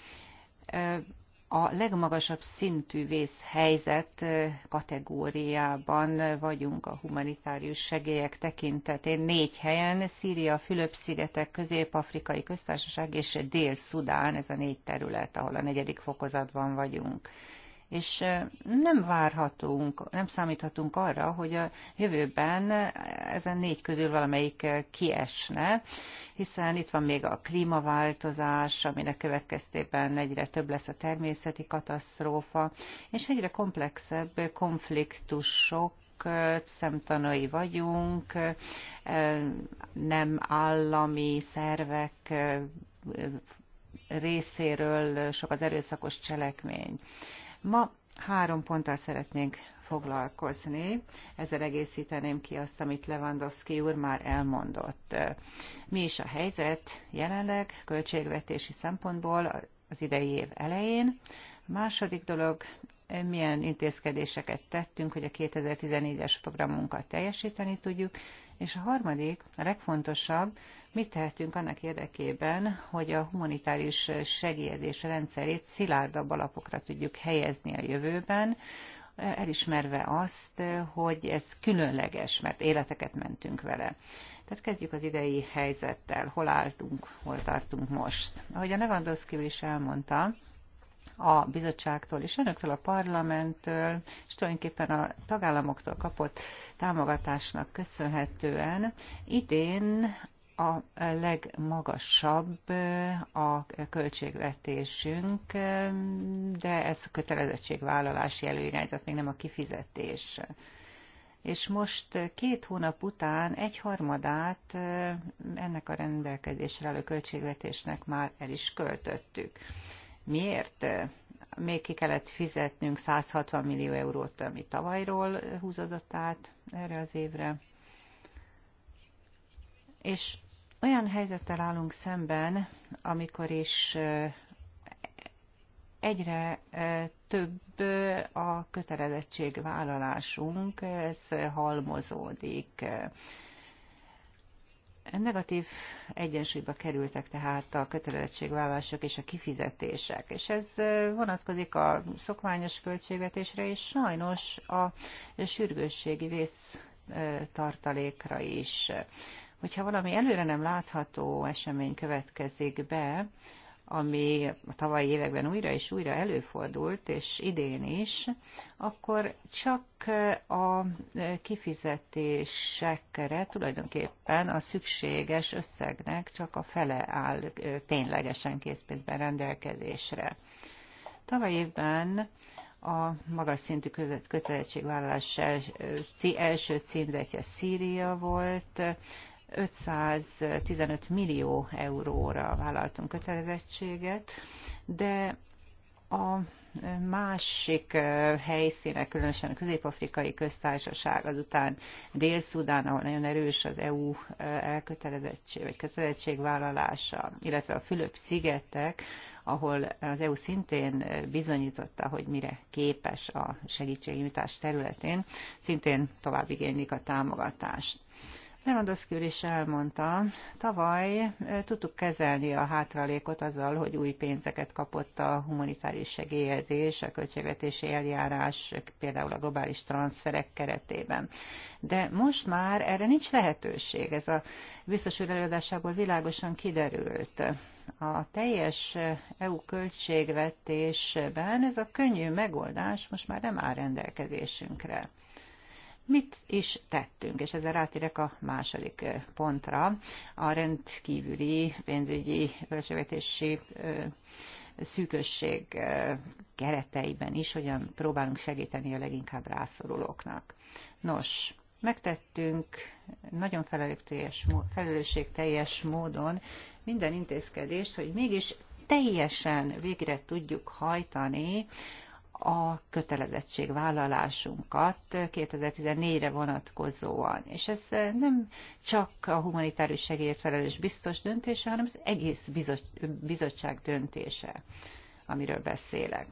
a legmagasabb szintű vészhelyzet kategóriában vagyunk a humanitárius segélyek tekintetén. Négy helyen, Szíria, Fülöp-szigetek, Közép-Afrikai Köztársaság és Dél-Szudán, ez a négy terület, ahol a negyedik fokozatban vagyunk és nem várhatunk, nem számíthatunk arra, hogy a jövőben ezen négy közül valamelyik kiesne, hiszen itt van még a klímaváltozás, aminek következtében egyre több lesz a természeti katasztrófa, és egyre komplexebb konfliktusok szemtanai vagyunk, nem állami szervek részéről sok az erőszakos cselekmény. Ma három ponttal szeretnénk foglalkozni. Ezzel egészíteném ki azt, amit Lewandowski úr már elmondott. Mi is a helyzet jelenleg költségvetési szempontból az idei év elején? A második dolog, milyen intézkedéseket tettünk, hogy a 2014-es programunkat teljesíteni tudjuk, és a harmadik, a legfontosabb, mit tehetünk annak érdekében, hogy a humanitárius segélyezés rendszerét szilárdabb alapokra tudjuk helyezni a jövőben, elismerve azt, hogy ez különleges, mert életeket mentünk vele. Tehát kezdjük az idei helyzettel, hol álltunk, hol tartunk most. Ahogy a Lewandowski is elmondta, a bizottságtól és önöktől, a parlamenttől, és tulajdonképpen a tagállamoktól kapott támogatásnak köszönhetően idén a legmagasabb eh, a költségvetésünk, eh, de ez a kötelezettségvállalási előirányzat, még nem a kifizetés. És most két hónap után egy harmadát eh, ennek a rendelkezésre álló költségvetésnek már el is költöttük miért még ki kellett fizetnünk 160 millió eurót, ami tavalyról húzódott át erre az évre. És olyan helyzettel állunk szemben, amikor is egyre több a kötelezettségvállalásunk, ez halmozódik Negatív egyensúlyba kerültek tehát a kötelezettségvállások és a kifizetések, és ez vonatkozik a szokványos költségvetésre, és sajnos a sürgősségi vész tartalékra is. Hogyha valami előre nem látható esemény következik be, ami a tavalyi években újra és újra előfordult, és idén is, akkor csak a kifizetésekre tulajdonképpen a szükséges összegnek csak a fele áll ténylegesen készpénzben rendelkezésre. Tavaly évben a magas szintű kötelezettségvállalás első címzetje Szíria volt, 515 millió euróra vállaltunk kötelezettséget, de a másik helyszínek, különösen a közép-afrikai köztársaság, azután Dél-Szudán, ahol nagyon erős az EU eh, elkötelezettség, vagy kötelezettségvállalása, illetve a Fülöp-szigetek, ahol az EU szintén bizonyította, hogy mire képes a segítségnyújtás területén, szintén tovább igénylik a támogatást. Lewandowski úr is elmondta, tavaly tudtuk kezelni a hátralékot azzal, hogy új pénzeket kapott a humanitárius segélyezés, a költségvetési eljárás, például a globális transferek keretében. De most már erre nincs lehetőség, ez a biztos úr előadásából világosan kiderült. A teljes EU költségvetésben ez a könnyű megoldás most már nem áll rendelkezésünkre. Mit is tettünk? És ezzel rátérek a második pontra, a rendkívüli pénzügyi költségvetési szűkösség kereteiben is, hogyan próbálunk segíteni a leginkább rászorulóknak. Nos, megtettünk nagyon felelősségteljes módon minden intézkedést, hogy mégis teljesen végre tudjuk hajtani a kötelezettségvállalásunkat 2014-re vonatkozóan. És ez nem csak a humanitárius segélyért felelős biztos döntése, hanem az egész bizottság döntése, amiről beszélek.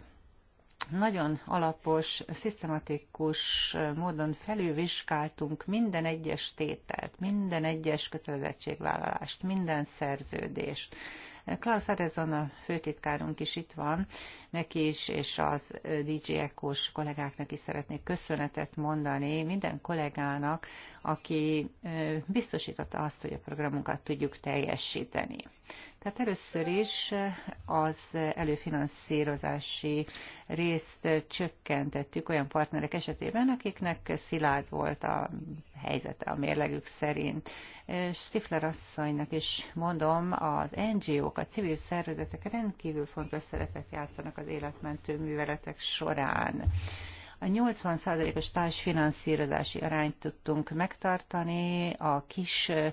Nagyon alapos, szisztematikus módon felülvizsgáltunk minden egyes tételt, minden egyes kötelezettségvállalást, minden szerződést. Klaus Adezon, a főtitkárunk is itt van, neki is, és az DJ Ekos kollégáknak is szeretnék köszönetet mondani minden kollégának, aki biztosította azt, hogy a programunkat tudjuk teljesíteni. Tehát először is az előfinanszírozási részt csökkentettük olyan partnerek esetében, akiknek szilárd volt a helyzete a mérlegük szerint. Stifler asszonynak is mondom, az NGO-k, a civil szervezetek rendkívül fontos szerepet játszanak az életmentő műveletek során. A 80%-os társfinanszírozási arányt tudtunk megtartani a kis eh,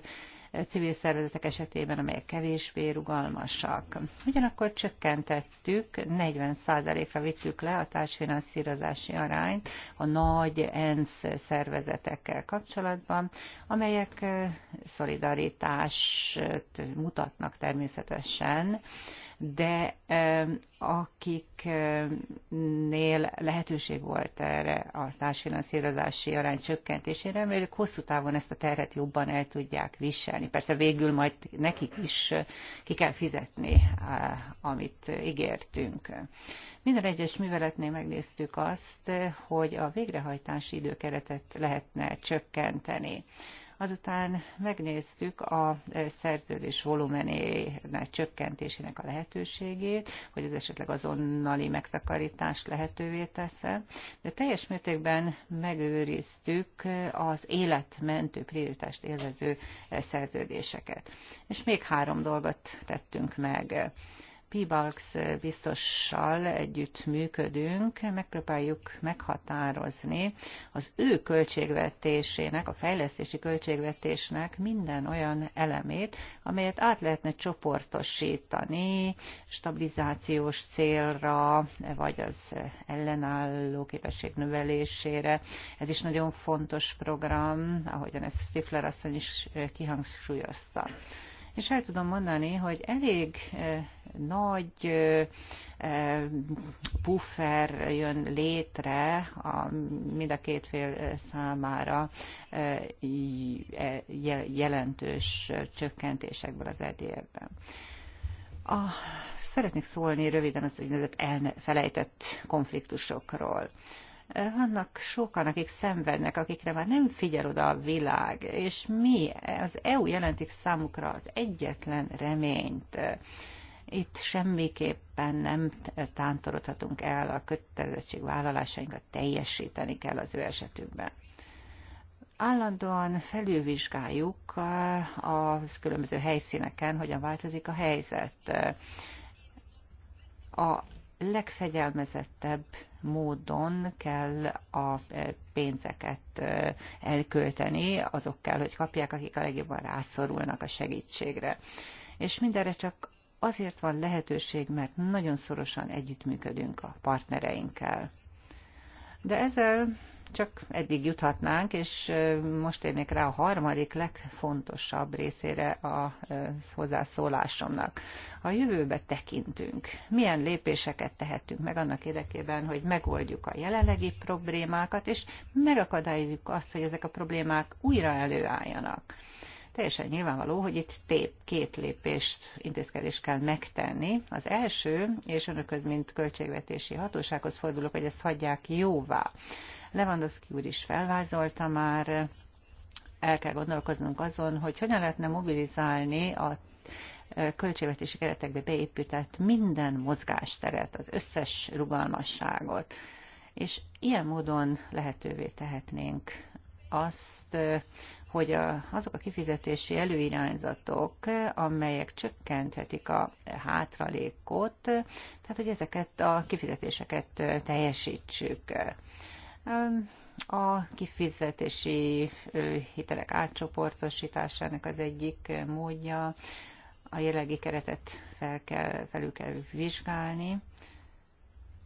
civil szervezetek esetében, amelyek kevésbé rugalmasak. Ugyanakkor csökkentettük, 40%-ra vittük le a társfinanszírozási arányt a nagy ENSZ szervezetekkel kapcsolatban, amelyek eh, szolidaritást mutatnak természetesen, de akiknél lehetőség volt erre a társfinanszírozási arány csökkentésére, mert hosszú távon ezt a terhet jobban el tudják viselni. Persze végül majd nekik is ki kell fizetni, amit ígértünk. Minden egyes műveletnél megnéztük azt, hogy a végrehajtási időkeretet lehetne csökkenteni. Azután megnéztük a szerződés volumenének csökkentésének a lehetőségét, hogy ez esetleg azonnali megtakarítást lehetővé tesz de teljes mértékben megőriztük az életmentő prioritást élvező szerződéseket. És még három dolgot tettünk meg Pibalks eh, biztossal együtt működünk, megpróbáljuk meghatározni az ő költségvetésének, a fejlesztési költségvetésnek minden olyan elemét, amelyet át lehetne csoportosítani stabilizációs célra, vagy az ellenálló képesség növelésére. Ez is nagyon fontos program, ahogyan ezt Stifler asszony is eh, kihangsúlyozta és el tudom mondani, hogy elég nagy puffer jön létre a, mind a két fél számára e, jelentős csökkentésekből az edérben. A, szeretnék szólni röviden az úgynevezett elfelejtett konfliktusokról vannak sokan, akik szenvednek, akikre már nem figyel oda a világ, és mi, az EU jelentik számukra az egyetlen reményt. Itt semmiképpen nem tántorodhatunk el, a vállalásainkat, teljesíteni kell az ő esetükben állandóan felülvizsgáljuk eh, az különböző helyszíneken, hogyan változik a helyzet. A legfegyelmezettebb módon kell a e, pénzeket e, elkölteni, azok kell, hogy kapják, akik a legjobban rászorulnak a segítségre. És mindenre csak azért van lehetőség, mert nagyon szorosan együttműködünk a partnereinkkel. De ezzel csak eddig juthatnánk, és most érnék rá a harmadik legfontosabb részére a hozzászólásomnak. A jövőbe tekintünk. Milyen lépéseket tehetünk meg annak érdekében, hogy megoldjuk a jelenlegi problémákat, és megakadályozjuk azt, hogy ezek a problémák újra előálljanak teljesen nyilvánvaló, hogy itt tép, két lépést, intézkedést kell megtenni. Az első, és önököz, mint költségvetési hatósághoz fordulok, hogy ezt hagyják jóvá. Lewandowski úr is felvázolta már, el kell gondolkoznunk azon, hogy hogyan lehetne mobilizálni a költségvetési keretekbe beépített minden mozgásteret, az összes rugalmasságot. És ilyen módon lehetővé tehetnénk azt, hogy a, azok a kifizetési előirányzatok, amelyek csökkenthetik a hátralékot, tehát hogy ezeket a kifizetéseket teljesítsük. A kifizetési hitelek átcsoportosításának az egyik módja a jelenlegi keretet fel kell, felül kell vizsgálni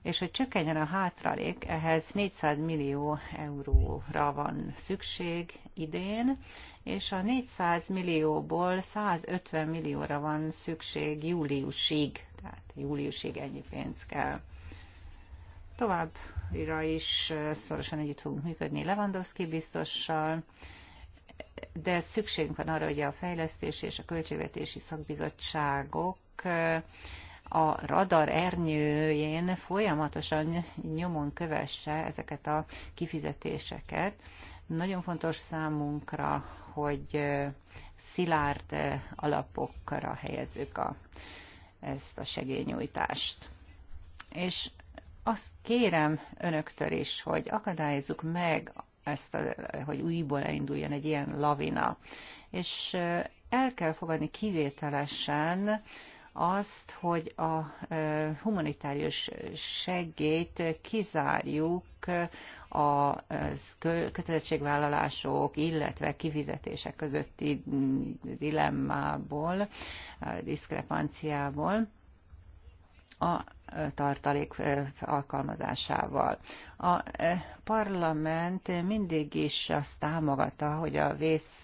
és hogy csökkenjen a hátralék, ehhez 400 millió euróra van szükség idén, és a 400 millióból 150 millióra van szükség júliusig, tehát júliusig ennyi pénz kell. Továbbra is szorosan együtt fogunk működni Lewandowski biztossal, de szükségünk van arra, hogy a fejlesztési és a költségvetési szakbizottságok a radar ernyőjén folyamatosan nyomon kövesse ezeket a kifizetéseket. Nagyon fontos számunkra, hogy szilárd alapokra helyezzük a, ezt a segélynyújtást. És azt kérem önöktől is, hogy akadályozzuk meg ezt, a, hogy újból elinduljon egy ilyen lavina. És el kell fogadni kivételesen, azt, hogy a humanitárius segélyt kizárjuk a kötelezettségvállalások, illetve kifizetések közötti mm, dilemmából, diszkrepanciából a tartalék alkalmazásával. A parlament mindig is azt támogatta, hogy a vész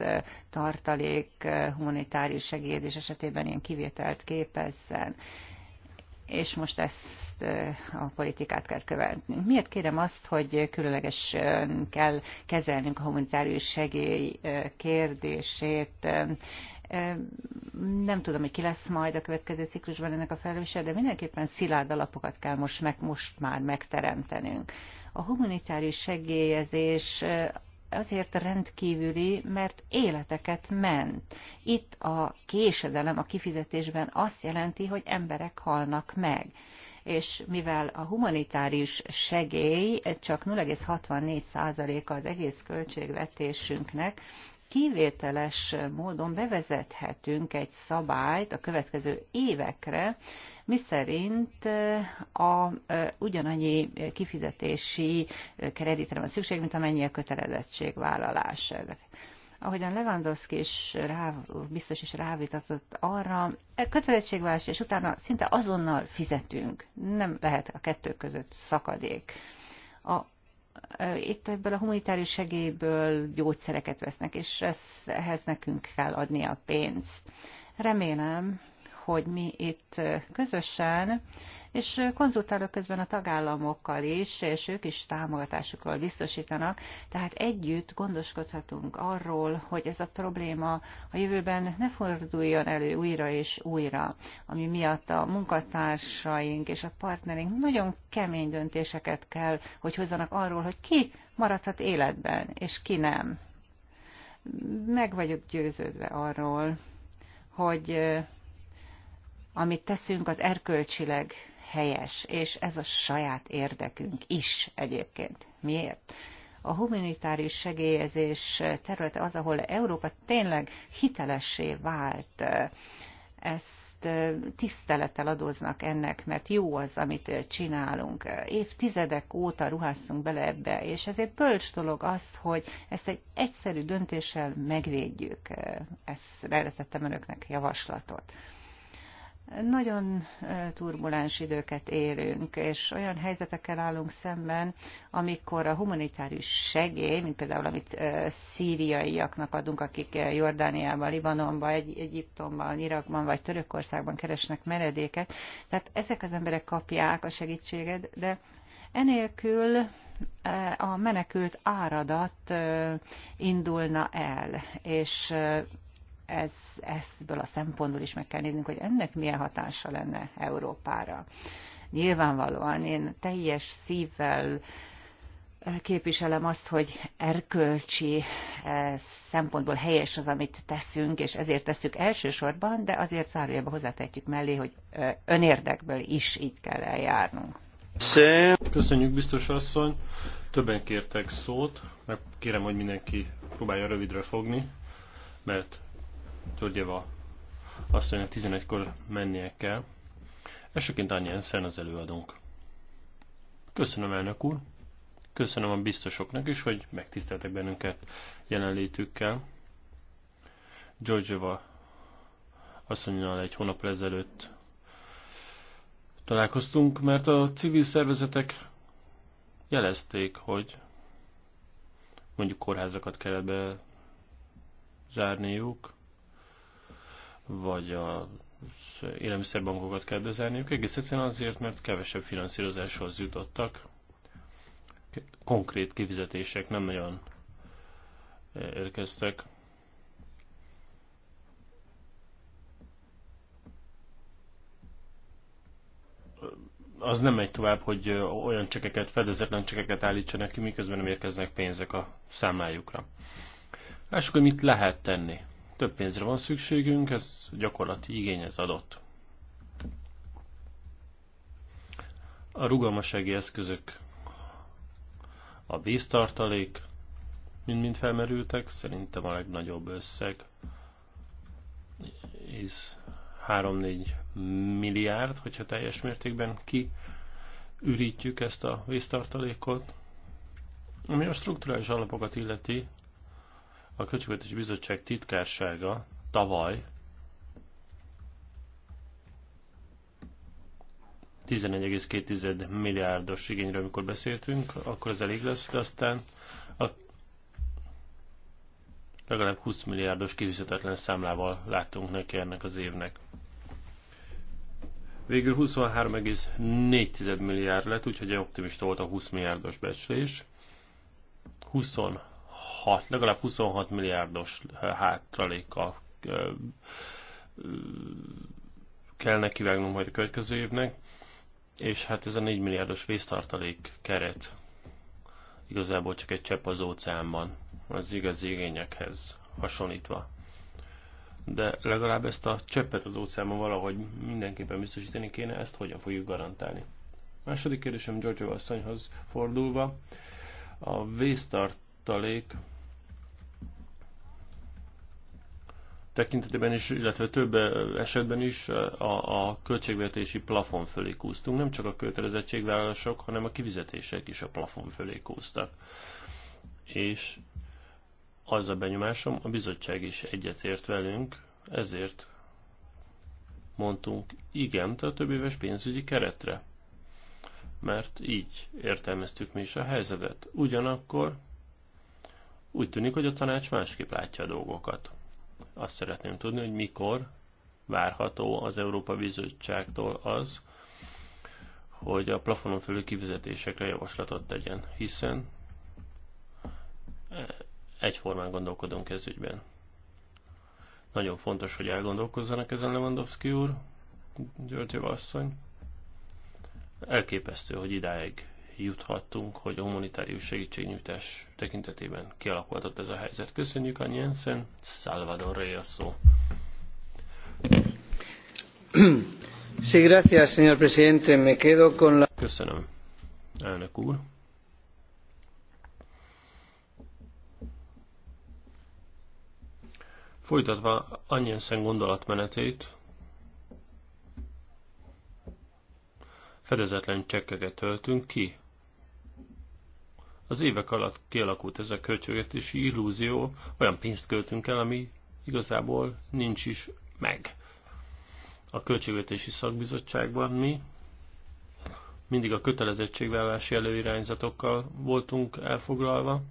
tartalék humanitárius segédés esetében ilyen kivételt képezzen és most ezt a politikát kell követni. Miért kérem azt, hogy különlegesen kell kezelnünk a humanitárius segély kérdését? Nem tudom, hogy ki lesz majd a következő ciklusban ennek a felelőse, de mindenképpen szilárd alapokat kell most, meg, most már megteremtenünk. A humanitárius segélyezés azért rendkívüli, mert életeket ment. Itt a késedelem a kifizetésben azt jelenti, hogy emberek halnak meg és mivel a humanitárius segély csak 0,64%-a az egész költségvetésünknek, kivételes módon bevezethetünk egy szabályt a következő évekre, miszerint a ugyanannyi kifizetési kreditre van szükség, mint amennyi a kötelezettségvállalás. Ahogyan Lewandowski is rá, biztos is rávitatott arra, e kötelezettségvállalás, és utána szinte azonnal fizetünk. Nem lehet a kettő között szakadék. A itt ebből a humanitárius segélyből gyógyszereket vesznek, és ez, ehhez nekünk kell adni a pénzt. Remélem, hogy mi itt közösen, és konzultálok közben a tagállamokkal is, és ők is támogatásukról biztosítanak, tehát együtt gondoskodhatunk arról, hogy ez a probléma a jövőben ne forduljon elő újra és újra, ami miatt a munkatársaink és a partnerink nagyon kemény döntéseket kell, hogy hozzanak arról, hogy ki maradhat életben, és ki nem. Meg vagyok győződve arról, hogy amit teszünk, az erkölcsileg helyes, és ez a saját érdekünk is egyébként. Miért? A humanitárius segélyezés területe az, ahol Európa tényleg hitelessé vált. Ezt tisztelettel adóznak ennek, mert jó az, amit csinálunk. Évtizedek óta ruházzunk bele ebbe, és ezért bölcs dolog azt, hogy ezt egy egyszerű döntéssel megvédjük. Ezt lehetettem önöknek javaslatot. Nagyon turbulens időket élünk, és olyan helyzetekkel állunk szemben, amikor a humanitárius segély, mint például amit szíriaiaknak adunk, akik Jordániában, Libanonban, Egy- Egyiptomban, Irakban vagy Törökországban keresnek meredéket, tehát ezek az emberek kapják a segítséget, de Enélkül a menekült áradat indulna el, és ez, ezből a szempontból is meg kell néznünk, hogy ennek milyen hatása lenne Európára. Nyilvánvalóan én teljes szívvel képviselem azt, hogy erkölcsi eh, szempontból helyes az, amit teszünk, és ezért tesszük elsősorban, de azért zárójelben hozzátehetjük mellé, hogy eh, önérdekből is így kell eljárnunk. Köszönjük, biztos asszony! Többen kértek szót, meg kérem, hogy mindenki próbálja rövidre fogni, mert mondja, hogy 11-kor mennie kell. Esőként annyian szen az előadónk. Köszönöm elnök úr, köszönöm a biztosoknak is, hogy megtiszteltek bennünket jelenlétükkel. Georgieva asszonynal egy hónap ezelőtt találkoztunk, mert a civil szervezetek jelezték, hogy mondjuk kórházakat kellett zárniuk vagy a élelmiszerbankokat kell bezárniuk, egész egyszerűen azért, mert kevesebb finanszírozáshoz jutottak. Konkrét kifizetések nem nagyon e, érkeztek. Az nem megy tovább, hogy olyan csekeket, fedezetlen csekeket állítsanak ki, miközben nem érkeznek pénzek a számlájukra. Lássuk, hogy mit lehet tenni. Több pénzre van szükségünk, ez gyakorlati igény, ez adott. A rugalmasági eszközök, a víztartalék, mind-mind felmerültek, szerintem a legnagyobb összeg ez 3-4 milliárd, hogyha teljes mértékben ki ürítjük ezt a víztartalékot. Ami a strukturális alapokat illeti, a Költségvetési Bizottság titkársága tavaly 11,2 milliárdos igényről, amikor beszéltünk, akkor ez elég lesz, de aztán a legalább 20 milliárdos kifizetetlen számlával láttunk neki ennek az évnek. Végül 23,4 milliárd lett, úgyhogy optimista volt a 20 milliárdos becslés. 20. 26, legalább 26 milliárdos hátralékkal kell nekivágnunk majd a következő évnek, és hát ez a 4 milliárdos vésztartalék keret igazából csak egy csepp az óceánban, az igazi igényekhez hasonlítva. De legalább ezt a cseppet az óceánban valahogy mindenképpen biztosítani kéne, ezt hogyan fogjuk garantálni. Második kérdésem Giorgio asszonyhoz fordulva. A vésztartalék tekintetében is, illetve több esetben is a, a költségvetési plafon fölé kúztunk. Nem csak a kötelezettségvállalások, hanem a kivizetések is a plafon fölé kúztak. És az a benyomásom, a bizottság is egyetért velünk, ezért mondtunk igen a több éves pénzügyi keretre. Mert így értelmeztük mi is a helyzetet. Ugyanakkor úgy tűnik, hogy a tanács másképp látja a dolgokat. Azt szeretném tudni, hogy mikor várható az Európa Bizottságtól az, hogy a plafonon fölül kivizetésekre javaslatot tegyen, hiszen eh, egyformán gondolkodunk ez ügyben. Nagyon fontos, hogy elgondolkozzanak ezen Lewandowski úr, György asszony. Elképesztő, hogy idáig juthattunk, hogy a humanitárius segítségnyújtás tekintetében kialakultott ez a helyzet. Köszönjük, a Jensen, Salvador Rey szó. Sí, gracias, señor presidente. Me quedo con la... Köszönöm, elnök úr. Folytatva Jensen gondolatmenetét, fedezetlen csekkeket töltünk ki az évek alatt kialakult ez a költségvetési illúzió, olyan pénzt költünk el, ami igazából nincs is meg. A költségvetési szakbizottságban mi mindig a kötelezettségvállalási előirányzatokkal voltunk elfoglalva,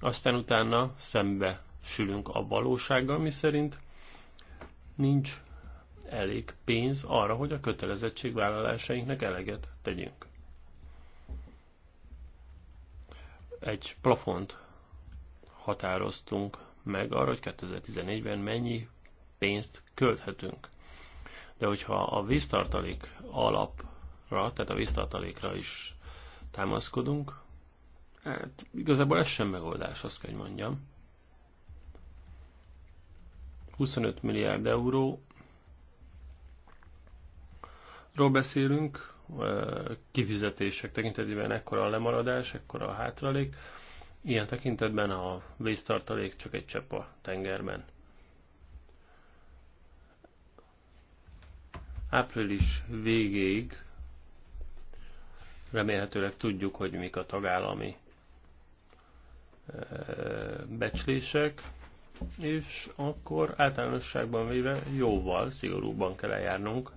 aztán utána szembe sülünk a valósággal, mi szerint nincs elég pénz arra, hogy a kötelezettségvállalásainknak eleget tegyünk. egy plafont határoztunk meg arra, hogy 2014-ben mennyi pénzt költhetünk. De hogyha a víztartalék alapra, tehát a víztartalékra is támaszkodunk, hát igazából ez sem megoldás, azt kell, hogy mondjam. 25 milliárd euró ról beszélünk, kifizetések tekintetében ekkora a lemaradás, ekkora a hátralék. Ilyen tekintetben a víztartalék csak egy csepp a tengerben. Április végéig remélhetőleg tudjuk, hogy mik a tagállami becslések, és akkor általánosságban véve jóval szigorúban kell eljárnunk.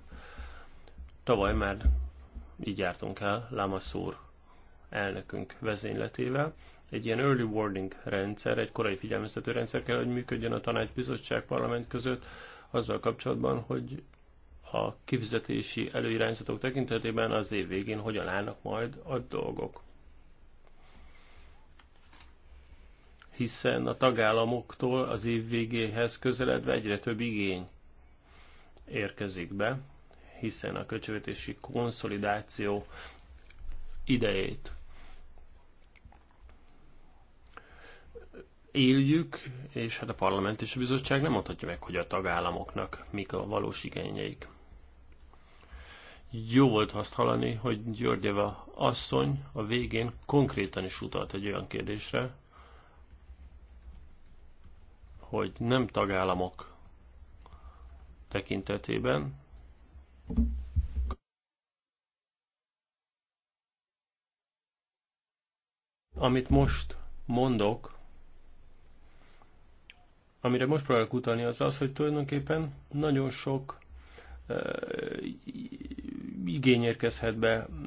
Tavaly már így jártunk el Lamaszúr elnökünk vezényletével. Egy ilyen early warning rendszer, egy korai figyelmeztető rendszer kell, hogy működjön a tanács parlament között azzal kapcsolatban, hogy a kifizetési előirányzatok tekintetében az év végén hogyan állnak majd a dolgok. Hiszen a tagállamoktól az év végéhez közeledve egyre több igény érkezik be, hiszen a költségvetési konszolidáció idejét éljük, és hát a parlament és a bizottság nem mondhatja meg, hogy a tagállamoknak mik a valós igényeik. Jó volt azt hallani, hogy Györgyeva asszony a végén konkrétan is utalt egy olyan kérdésre, hogy nem tagállamok tekintetében, amit most mondok, amire most próbálok utalni, az az, hogy tulajdonképpen nagyon sok e, igény érkezhet be mm,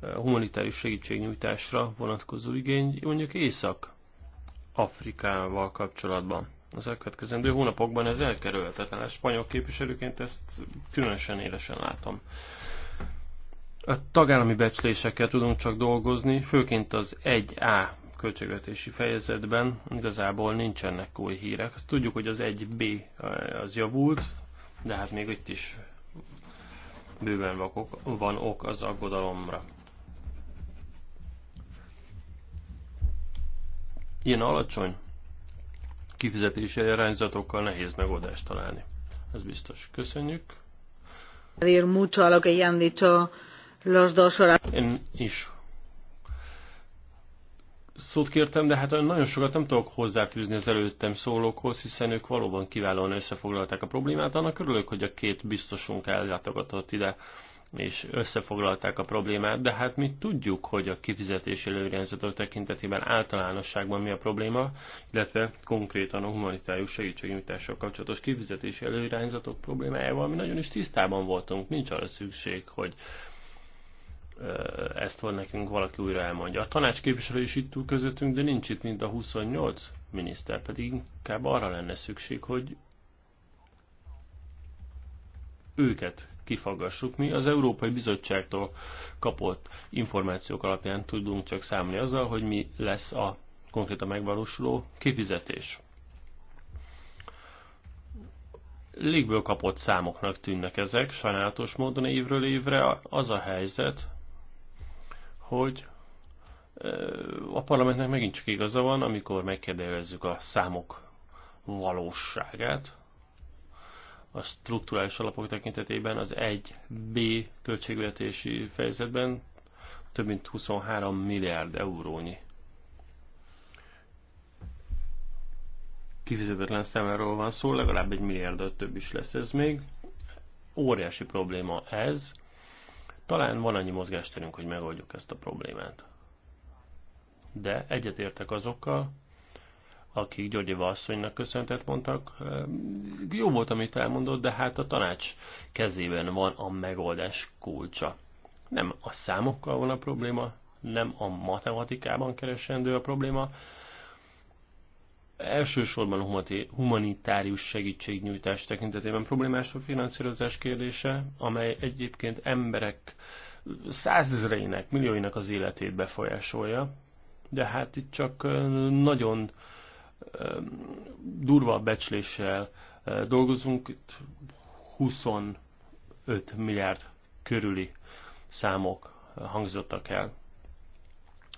e, humanitárius segítségnyújtásra vonatkozó igény, mondjuk Észak-Afrikával kapcsolatban az elkövetkezendő hónapokban ez elkerülhetetlen. A spanyol képviselőként ezt különösen élesen látom. A tagállami becslésekkel tudunk csak dolgozni, főként az 1A költségvetési fejezetben igazából nincsenek új hírek. Azt tudjuk, hogy az 1B eh, az javult, de hát még itt is bőven vakok, van ok az aggodalomra. Ilyen alacsony kifizetési irányzatokkal nehéz megoldást találni. Ez biztos. Köszönjük. Én is szót kértem, de hát nagyon sokat nem tudok hozzáfűzni az előttem szólókhoz, hiszen ők valóban kiválóan összefoglalták a problémát. Annak örülök, hogy a két biztosunk ellátogatott ide és összefoglalták a problémát, de hát mi tudjuk, hogy a kifizetési előirányzatok tekintetében általánosságban mi a probléma, illetve konkrétan a humanitárius segítségnyújtással kapcsolatos kifizetési előirányzatok problémájával mi nagyon is tisztában voltunk, nincs arra szükség, hogy ezt van nekünk valaki újra elmondja. A tanács képviselő is itt túl közöttünk, de nincs itt mint a 28 miniszter, pedig inkább arra lenne szükség, hogy őket kifaggassuk. Mi az Európai Bizottságtól kapott információk alapján tudunk csak számolni azzal, hogy mi lesz a konkrétan megvalósuló kifizetés. Légből kapott számoknak tűnnek ezek, sajnálatos módon évről évre az a helyzet, hogy a parlamentnek megint csak igaza van, amikor megkérdezzük a számok valóságát, a strukturális alapok tekintetében az 1B költségvetési fejezetben több mint 23 milliárd eurónyi kifizetetlen szemről van szó, legalább egy milliárdot több is lesz ez még. Óriási probléma ez. Talán van annyi mozgásterünk, hogy megoldjuk ezt a problémát. De egyetértek azokkal, akik Györgyeva asszonynak köszöntet mondtak. Jó volt, amit elmondott, de hát a tanács kezében van a megoldás kulcsa. Nem a számokkal van a probléma, nem a matematikában keresendő a probléma. Elsősorban humanitárius segítségnyújtás tekintetében problémás a finanszírozás kérdése, amely egyébként emberek százezreinek, millióinak az életét befolyásolja. De hát itt csak nagyon durva becsléssel dolgozunk, 25 milliárd körüli számok hangzottak el.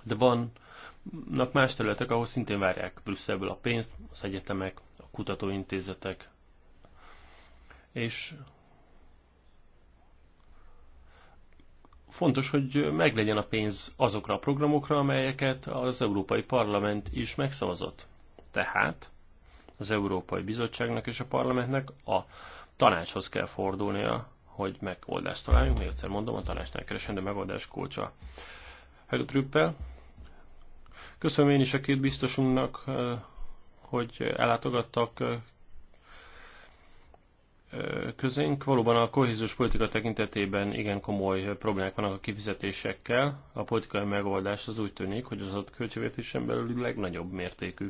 De vannak más területek, ahol szintén várják Brüsszelből a pénzt, az egyetemek, a kutatóintézetek, és fontos, hogy meglegyen a pénz azokra a programokra, amelyeket az Európai Parlament is megszavazott. Tehát az Európai Bizottságnak és a Parlamentnek a tanácshoz kell fordulnia, hogy megoldást találjunk. Még egyszer mondom, a tanácsnál keresendő megoldás kulcsa. Hello Trüppel. Köszönöm én is a két biztosunknak, eh, hogy ellátogattak eh, közénk. Valóban a kohéziós politika tekintetében igen komoly problémák vannak a kifizetésekkel. A politikai megoldás az úgy tűnik, hogy az adott költségvetésen belül legnagyobb mértékű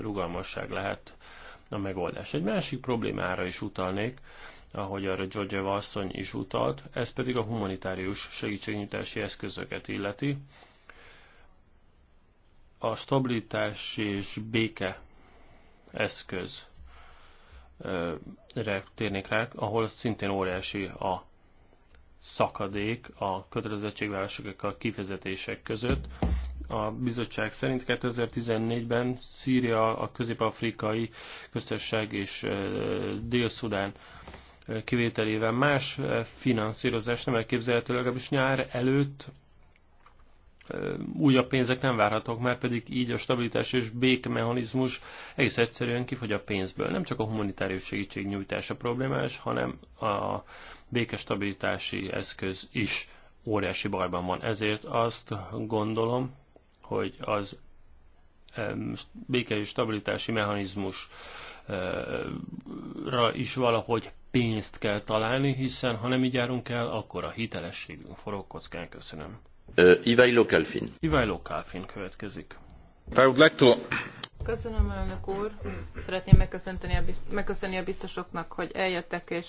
rugalmasság lehet a megoldás. Egy másik problémára is utalnék, ahogy arra Georgieva asszony is utalt, ez pedig a humanitárius segítségnyújtási eszközöket illeti. A stabilitás és béke eszköz térnék rá, ahol szintén óriási a szakadék a a kifizetések között. A bizottság szerint 2014-ben Szíria, a közép-afrikai köztesség és Dél-Szudán kivételével más finanszírozás nem elképzelhető, legalábbis nyár előtt újabb pénzek nem várhatók, mert pedig így a stabilitás és békmechanizmus egész egyszerűen kifogy a pénzből. Nem csak a humanitárius nyújtása problémás, hanem a stabilitási eszköz is óriási bajban van. Ezért azt gondolom, hogy az béke és stabilitási mechanizmusra is valahogy pénzt kell találni, hiszen ha nem így járunk el, akkor a hitelességünk forog kockán. Köszönöm. Uh, Ivailo Kalfin. Ivailo Kalfin következik. I would like to... Köszönöm, elnök úr. Szeretném megköszönteni a bizt- megköszönni a biztosoknak, hogy eljöttek és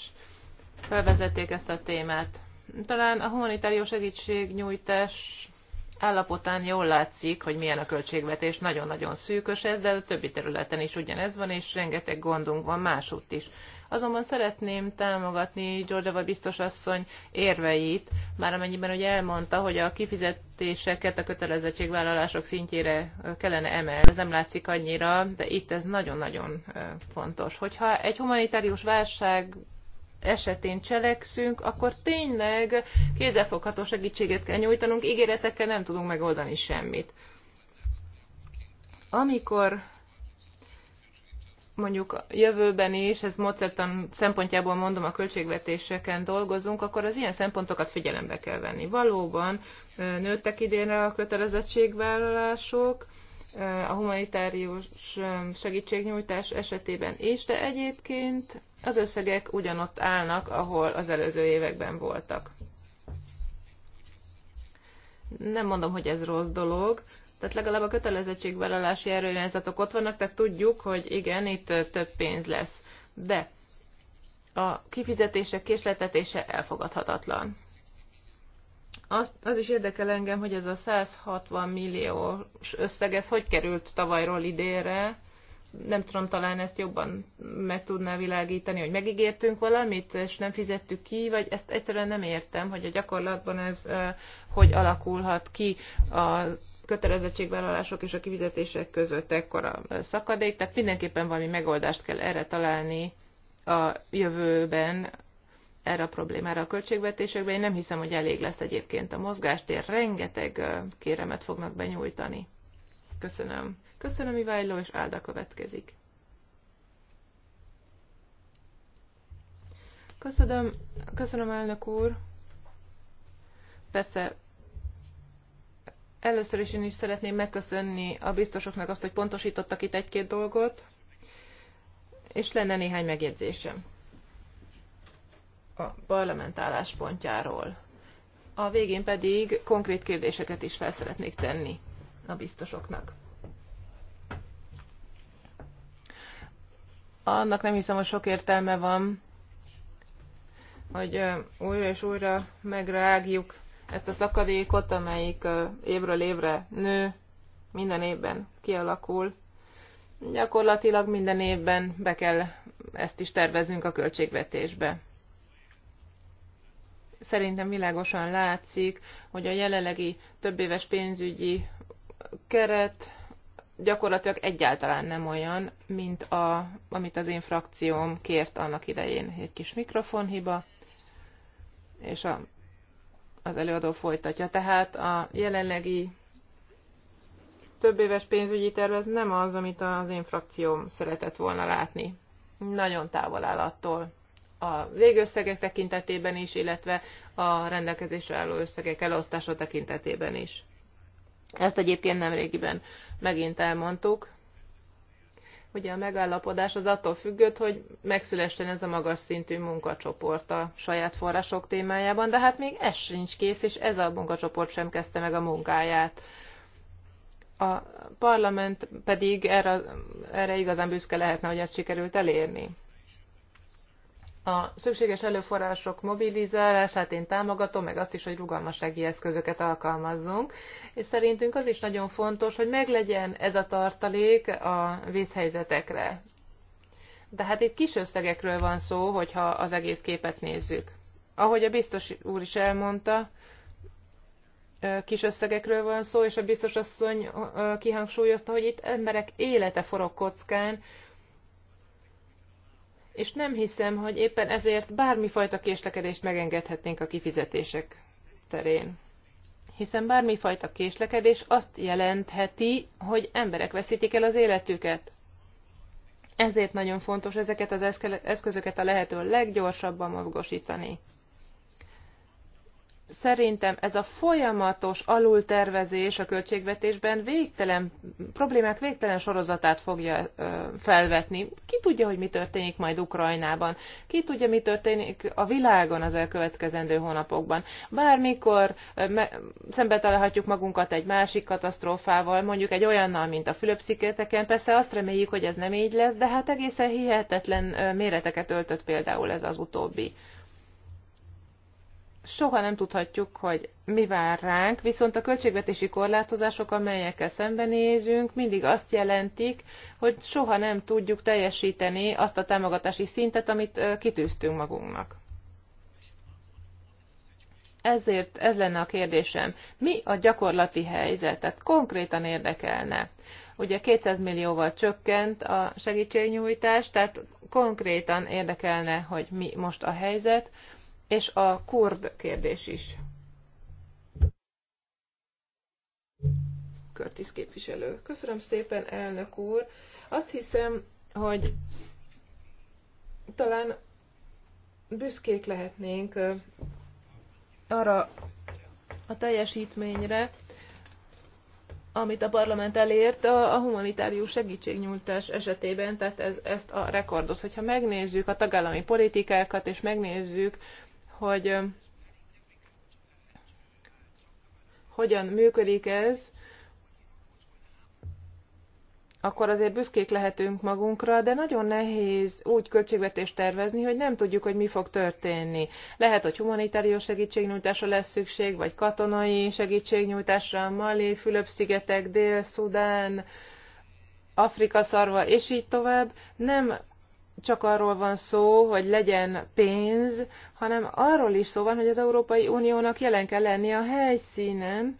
felvezették ezt a témát. Talán a humanitárius segítségnyújtás állapotán jól látszik, hogy milyen a költségvetés, nagyon-nagyon szűkös ez, de a többi területen is ugyanez van, és rengeteg gondunk van másutt is. Azonban szeretném támogatni Georgiava biztos asszony érveit, már amennyiben ugye elmondta, hogy a kifizetéseket a kötelezettségvállalások szintjére kellene emelni. Ez nem látszik annyira, de itt ez nagyon-nagyon fontos. Hogyha egy humanitárius válság esetén cselekszünk, akkor tényleg kézzelfogható segítséget kell nyújtanunk, ígéretekkel nem tudunk megoldani semmit. Amikor mondjuk jövőben is, ez módszertan szempontjából mondom, a költségvetéseken dolgozunk, akkor az ilyen szempontokat figyelembe kell venni. Valóban nőttek idénre a kötelezettségvállalások, a humanitárius segítségnyújtás esetében is, de egyébként az összegek ugyanott állnak, ahol az előző években voltak. Nem mondom, hogy ez rossz dolog, tehát legalább a kötelezettségvállalási erőirányzatok ott vannak, tehát tudjuk, hogy igen, itt több pénz lesz. De a kifizetések késletetése elfogadhatatlan. Az, az is érdekel engem, hogy ez a 160 milliós összeg, ez hogy került tavalyról idénre, nem tudom, talán ezt jobban meg tudná világítani, hogy megígértünk valamit, és nem fizettük ki, vagy ezt egyszerűen nem értem, hogy a gyakorlatban ez hogy alakulhat ki a kötelezettségvállalások és a kifizetések között ekkora szakadék, tehát mindenképpen valami megoldást kell erre találni a jövőben, erre a problémára a költségvetésekben. Én nem hiszem, hogy elég lesz egyébként a mozgástér, rengeteg kéremet fognak benyújtani. Köszönöm. Köszönöm, Iványló, és Álda következik. Köszönöm, köszönöm elnök úr. Persze először is én is szeretném megköszönni a biztosoknak azt, hogy pontosítottak itt egy-két dolgot, és lenne néhány megjegyzésem a parlament álláspontjáról. A végén pedig konkrét kérdéseket is fel szeretnék tenni a biztosoknak. Annak nem hiszem, hogy sok értelme van, hogy újra és újra megrágjuk ezt a szakadékot, amelyik évről évre nő, minden évben kialakul. Gyakorlatilag minden évben be kell ezt is tervezünk a költségvetésbe. Szerintem világosan látszik, hogy a jelenlegi többéves pénzügyi keret gyakorlatilag egyáltalán nem olyan, mint a, amit az én frakcióm kért annak idején. Egy kis mikrofonhiba, és a, az előadó folytatja. Tehát a jelenlegi több éves pénzügyi terv nem az, amit az én frakcióm szeretett volna látni. Nagyon távol áll attól a végösszegek tekintetében is, illetve a rendelkezésre álló összegek elosztása tekintetében is. Ezt egyébként nemrégiben megint elmondtuk. Ugye a megállapodás az attól függött, hogy megszülessen ez a magas szintű munkacsoport a saját források témájában, de hát még ez sincs kész, és ez a munkacsoport sem kezdte meg a munkáját. A parlament pedig erre, erre igazán büszke lehetne, hogy ezt sikerült elérni a szükséges előforrások mobilizálását én támogatom, meg azt is, hogy rugalmassági eszközöket alkalmazzunk. És szerintünk az is nagyon fontos, hogy meglegyen ez a tartalék a vészhelyzetekre. De hát itt kis összegekről van szó, hogyha az egész képet nézzük. Ahogy a biztos úr is elmondta, kis összegekről van szó, és a biztos asszony kihangsúlyozta, hogy itt emberek élete forog kockán, és nem hiszem, hogy éppen ezért bármifajta késlekedést megengedhetnénk a kifizetések terén. Hiszen bármifajta késlekedés azt jelentheti, hogy emberek veszítik el az életüket. Ezért nagyon fontos ezeket az eszközöket a lehető leggyorsabban mozgosítani szerintem ez a folyamatos alultervezés a költségvetésben végtelen, problémák végtelen sorozatát fogja felvetni. Ki tudja, hogy mi történik majd Ukrajnában? Ki tudja, mi történik a világon az elkövetkezendő hónapokban? Bármikor szembe találhatjuk magunkat egy másik katasztrófával, mondjuk egy olyannal, mint a Fülöp-szigeteken. Persze azt reméljük, hogy ez nem így lesz, de hát egészen hihetetlen méreteket öltött például ez az utóbbi soha nem tudhatjuk, hogy mi vár ránk, viszont a költségvetési korlátozások, amelyekkel szembenézünk, mindig azt jelentik, hogy soha nem tudjuk teljesíteni azt a támogatási szintet, amit kitűztünk magunknak. Ezért ez lenne a kérdésem. Mi a gyakorlati helyzet? Tehát konkrétan érdekelne. Ugye 200 millióval csökkent a segítségnyújtás, tehát konkrétan érdekelne, hogy mi most a helyzet és a kurd kérdés is. Körtis képviselő. Köszönöm szépen, elnök úr. Azt hiszem, hogy talán büszkék lehetnénk arra a teljesítményre, amit a parlament elért a humanitárius segítségnyújtás esetében, tehát ez, ezt a rekordot. Hogyha megnézzük a tagállami politikákat, és megnézzük hogy hogyan működik ez, akkor azért büszkék lehetünk magunkra, de nagyon nehéz úgy költségvetést tervezni, hogy nem tudjuk, hogy mi fog történni. Lehet, hogy humanitárius segítségnyújtásra lesz szükség, vagy katonai segítségnyújtásra Mali, Fülöp-szigetek, Dél-Szudán, Afrika szarva, és így tovább. Nem csak arról van szó, hogy legyen pénz, hanem arról is szó van, hogy az Európai Uniónak jelen kell lennie a helyszínen,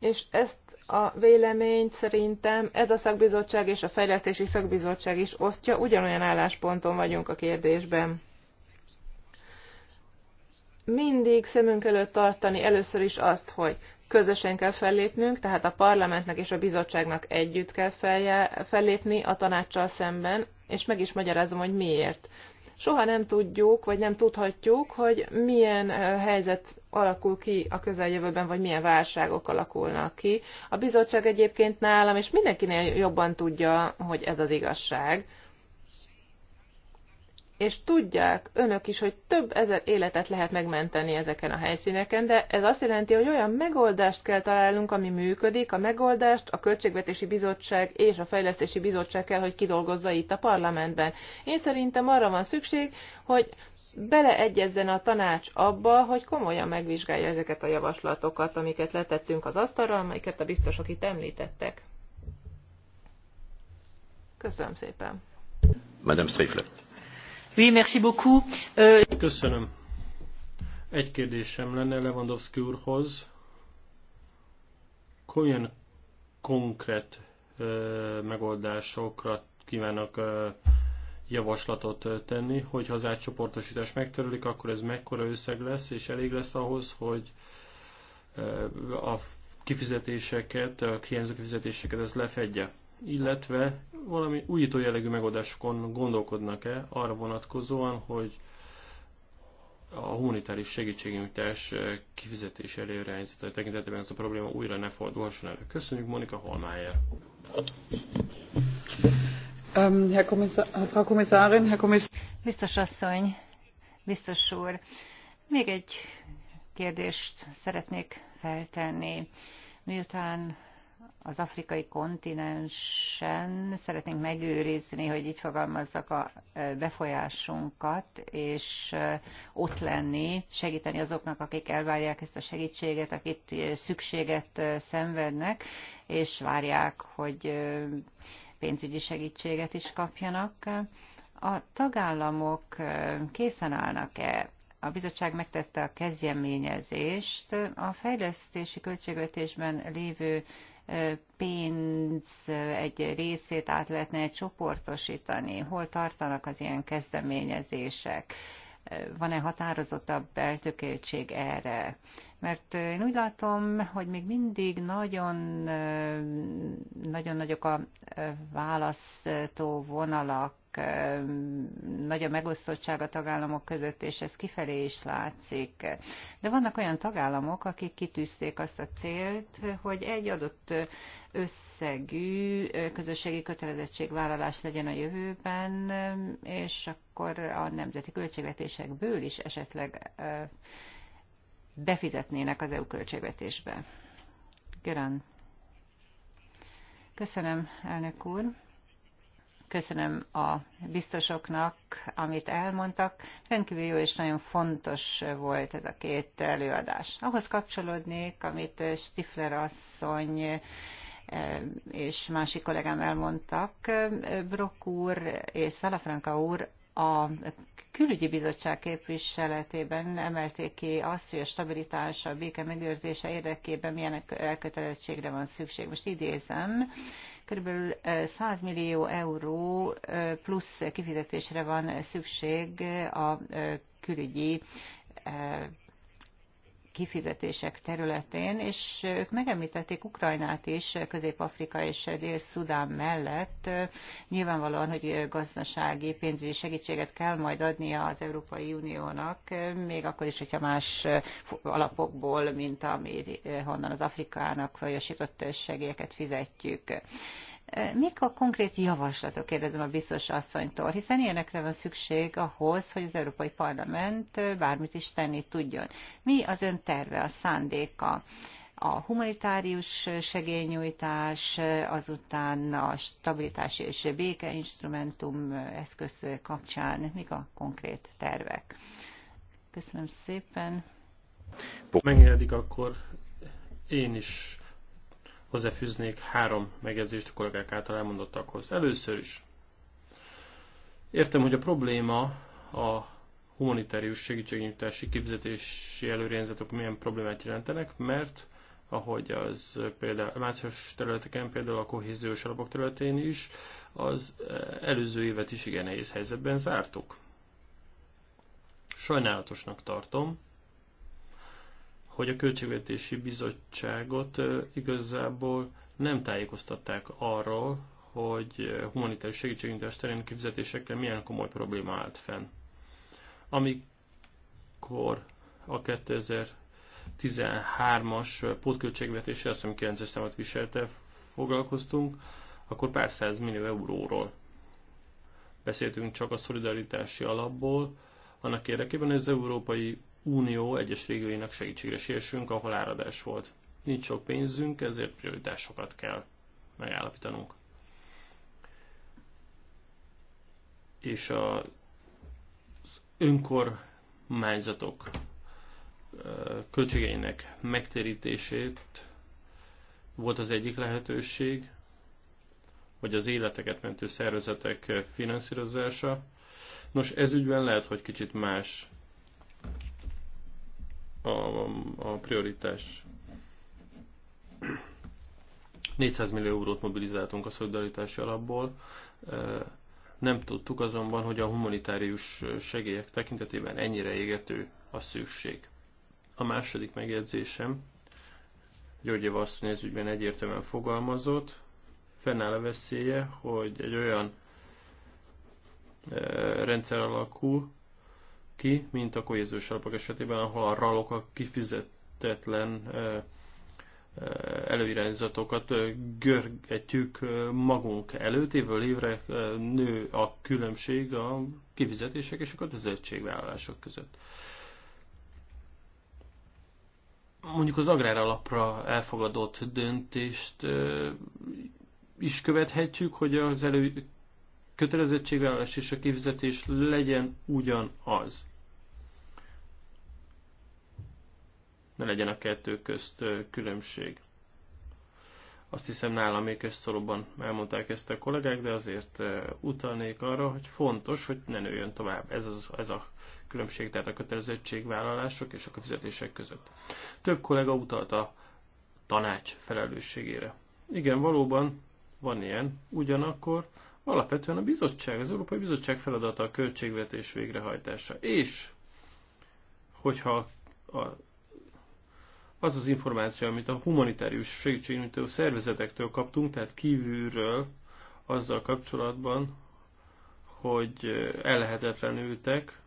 és ezt a véleményt szerintem ez a szakbizottság és a fejlesztési szakbizottság is osztja, ugyanolyan állásponton vagyunk a kérdésben. Mindig szemünk előtt tartani először is azt, hogy közösen kell fellépnünk, tehát a parlamentnek és a bizottságnak együtt kell fellépni a tanácssal szemben, és meg is magyarázom, hogy miért. Soha nem tudjuk, vagy nem tudhatjuk, hogy milyen helyzet alakul ki a közeljövőben, vagy milyen válságok alakulnak ki. A bizottság egyébként nálam, és mindenkinél jobban tudja, hogy ez az igazság és tudják önök is, hogy több ezer életet lehet megmenteni ezeken a helyszíneken, de ez azt jelenti, hogy olyan megoldást kell találnunk, ami működik, a megoldást a Költségvetési Bizottság és a Fejlesztési Bizottság kell, hogy kidolgozza itt a parlamentben. Én szerintem arra van szükség, hogy beleegyezzen a tanács abba, hogy komolyan megvizsgálja ezeket a javaslatokat, amiket letettünk az asztalra, amiket a biztosok itt említettek. Köszönöm szépen. Madame Striflet. Euh, Köszönöm. Egy kérdésem lenne Lewandowski úrhoz. Milyen konkrét ö, megoldásokra kívánok ö, javaslatot tenni, hogy ha az átcsoportosítás megtörülik, akkor ez mekkora összeg lesz, és elég lesz ahhoz, hogy a kifizetéseket, a hiányzó kifizetéseket ez lefedje illetve valami újító jellegű megoldásokon gondolkodnak-e arra vonatkozóan, hogy a humanitáris segítségnyújtás kifizetés a tekintetében ez a probléma újra ne fordulhasson elő. Köszönjük, Monika Holmájer. Um, Herr Kommissar, Frau Kommissarin, Herr Kommissar. Biztos asszony, biztos úr, még egy kérdést szeretnék feltenni. Miután az afrikai kontinensen szeretnénk megőrizni, hogy így fogalmazzak a befolyásunkat, és ott lenni, segíteni azoknak, akik elvárják ezt a segítséget, akik szükséget szenvednek, és várják, hogy pénzügyi segítséget is kapjanak. A tagállamok készen állnak-e a bizottság megtette a kezdeményezést. A fejlesztési költségvetésben lévő pénz egy részét át lehetne csoportosítani? Hol tartanak az ilyen kezdeményezések? Van-e határozottabb eltökéltség erre? Mert én úgy látom, hogy még mindig nagyon, nagyon nagyok a választó vonalak nagy a megosztottság a tagállamok között, és ez kifelé is látszik. De vannak olyan tagállamok, akik kitűzték azt a célt, hogy egy adott összegű közösségi kötelezettségvállalás legyen a jövőben, és akkor a nemzeti költségvetésekből is esetleg befizetnének az EU költségvetésbe. Görön. Köszönöm, elnök úr. Köszönöm a biztosoknak, amit elmondtak. Rendkívül jó és nagyon fontos volt ez a két előadás. Ahhoz kapcsolódnék, amit Stifler asszony eh, és másik kollégám elmondtak. Brok úr és Szalafranka úr a külügyi bizottság képviseletében emelték ki azt, hogy a stabilitás, a béke megőrzése érdekében milyen elkötelezettségre van szükség. Most idézem, Körülbelül 100 millió euró plusz kifizetésre van szükség a külügyi kifizetések területén, és ők megemlítették Ukrajnát is, Közép-Afrika és Dél-Szudán mellett. Nyilvánvalóan, hogy gazdasági, pénzügyi segítséget kell majd adnia az Európai Uniónak, még akkor is, hogyha más alapokból, mint ami honnan az Afrikának folyosított segélyeket fizetjük. Mik a konkrét javaslatok, kérdezem a biztos asszonytól, hiszen ilyenekre van szükség ahhoz, hogy az Európai Parlament bármit is tenni tudjon. Mi az ön terve, a szándéka? a humanitárius segélynyújtás, azután a stabilitás és békeinstrumentum eszköz kapcsán mik a konkrét tervek. Köszönöm szépen. Megengedik akkor én is hozzáfűznék három megjegyzést a kollégák által elmondottakhoz. Először is értem, hogy a probléma a humanitárius segítségnyújtási kifizetési előrejelzetek milyen problémát jelentenek, mert ahogy az például más területeken, például a kohéziós alapok területén is, az eh, előző évet is igen nehéz helyzetben zártuk. Sajnálatosnak tartom, hogy a Költségvetési Bizottságot igazából nem tájékoztatták arról, hogy humanitárius segítségnyújtás terén kifizetésekkel milyen komoly probléma állt fenn. Amikor a 2013-as pótköltségvetéssel, azt hiszem 9-es számot viselte, foglalkoztunk, akkor pár száz millió euróról beszéltünk csak a szolidaritási alapból, annak érdekében, hogy az Európai Unió egyes régióinak segítségre sérsünk, ahol áradás volt. Nincs sok pénzünk, ezért prioritásokat kell megállapítanunk. És a önkormányzatok költségeinek megtérítését volt az egyik lehetőség, vagy az életeket mentő szervezetek finanszírozása. Nos, ez ügyben lehet, hogy kicsit más a, a prioritás. 400 millió eurót mobilizáltunk a szolidaritási alapból. Nem tudtuk azonban, hogy a humanitárius segélyek tekintetében ennyire égető a szükség. A második megjegyzésem, Györgyev asszony ez ügyben egyértelműen fogalmazott, fennáll a veszélye, hogy egy olyan rendszer alakul, ki, mint a kohéziós alapok esetében, ahol a ralok a kifizetetlen előirányzatokat görgetjük magunk előtt. Évről évre nő a különbség a kifizetések és a kötelezettségvállalások között. Mondjuk az agrár alapra elfogadott döntést is követhetjük, hogy az elő kötelezettségvállalás és a kifizetés legyen ugyanaz. Ne legyen a kettő közt különbség. Azt hiszem nálam még ezt szorobban elmondták ezt a kollégák, de azért utalnék arra, hogy fontos, hogy ne nőjön tovább ez, az, ez a különbség, tehát a kötelezettségvállalások és a kifizetések között. Több kollega utalt a tanács felelősségére. Igen, valóban van ilyen, ugyanakkor Alapvetően a bizottság, az Európai Bizottság feladata a költségvetés végrehajtása. És hogyha a, az az információ, amit a humanitárius segítségnyújtó szervezetektől kaptunk, tehát kívülről azzal kapcsolatban, hogy ellehetetlenültek,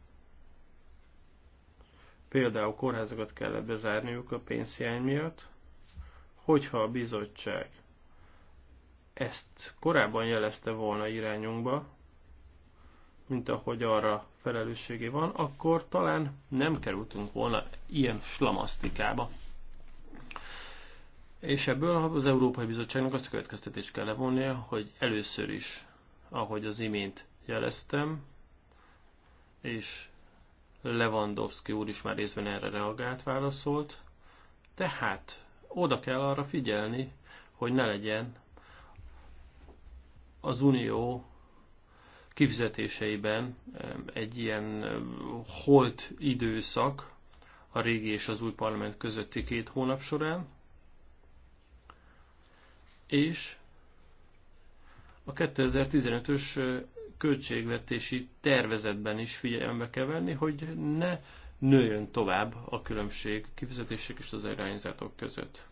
például kórházakat kellett bezárniuk a pénzhiány miatt, hogyha a bizottság ezt korábban jelezte volna irányunkba, mint ahogy arra felelősségé van, akkor talán nem kerültünk volna ilyen slamasztikába. És ebből az Európai Bizottságnak azt a következtetést kell levonnia, hogy először is, ahogy az imént jeleztem, és Lewandowski úr is már részben erre reagált, válaszolt, tehát oda kell arra figyelni, hogy ne legyen az Unió kifizetéseiben egy ilyen holt időszak a régi és az új parlament közötti két hónap során, és a 2015-ös költségvetési tervezetben is figyelembe kell venni, hogy ne nőjön tovább a különbség kifizetések és az irányzatok között.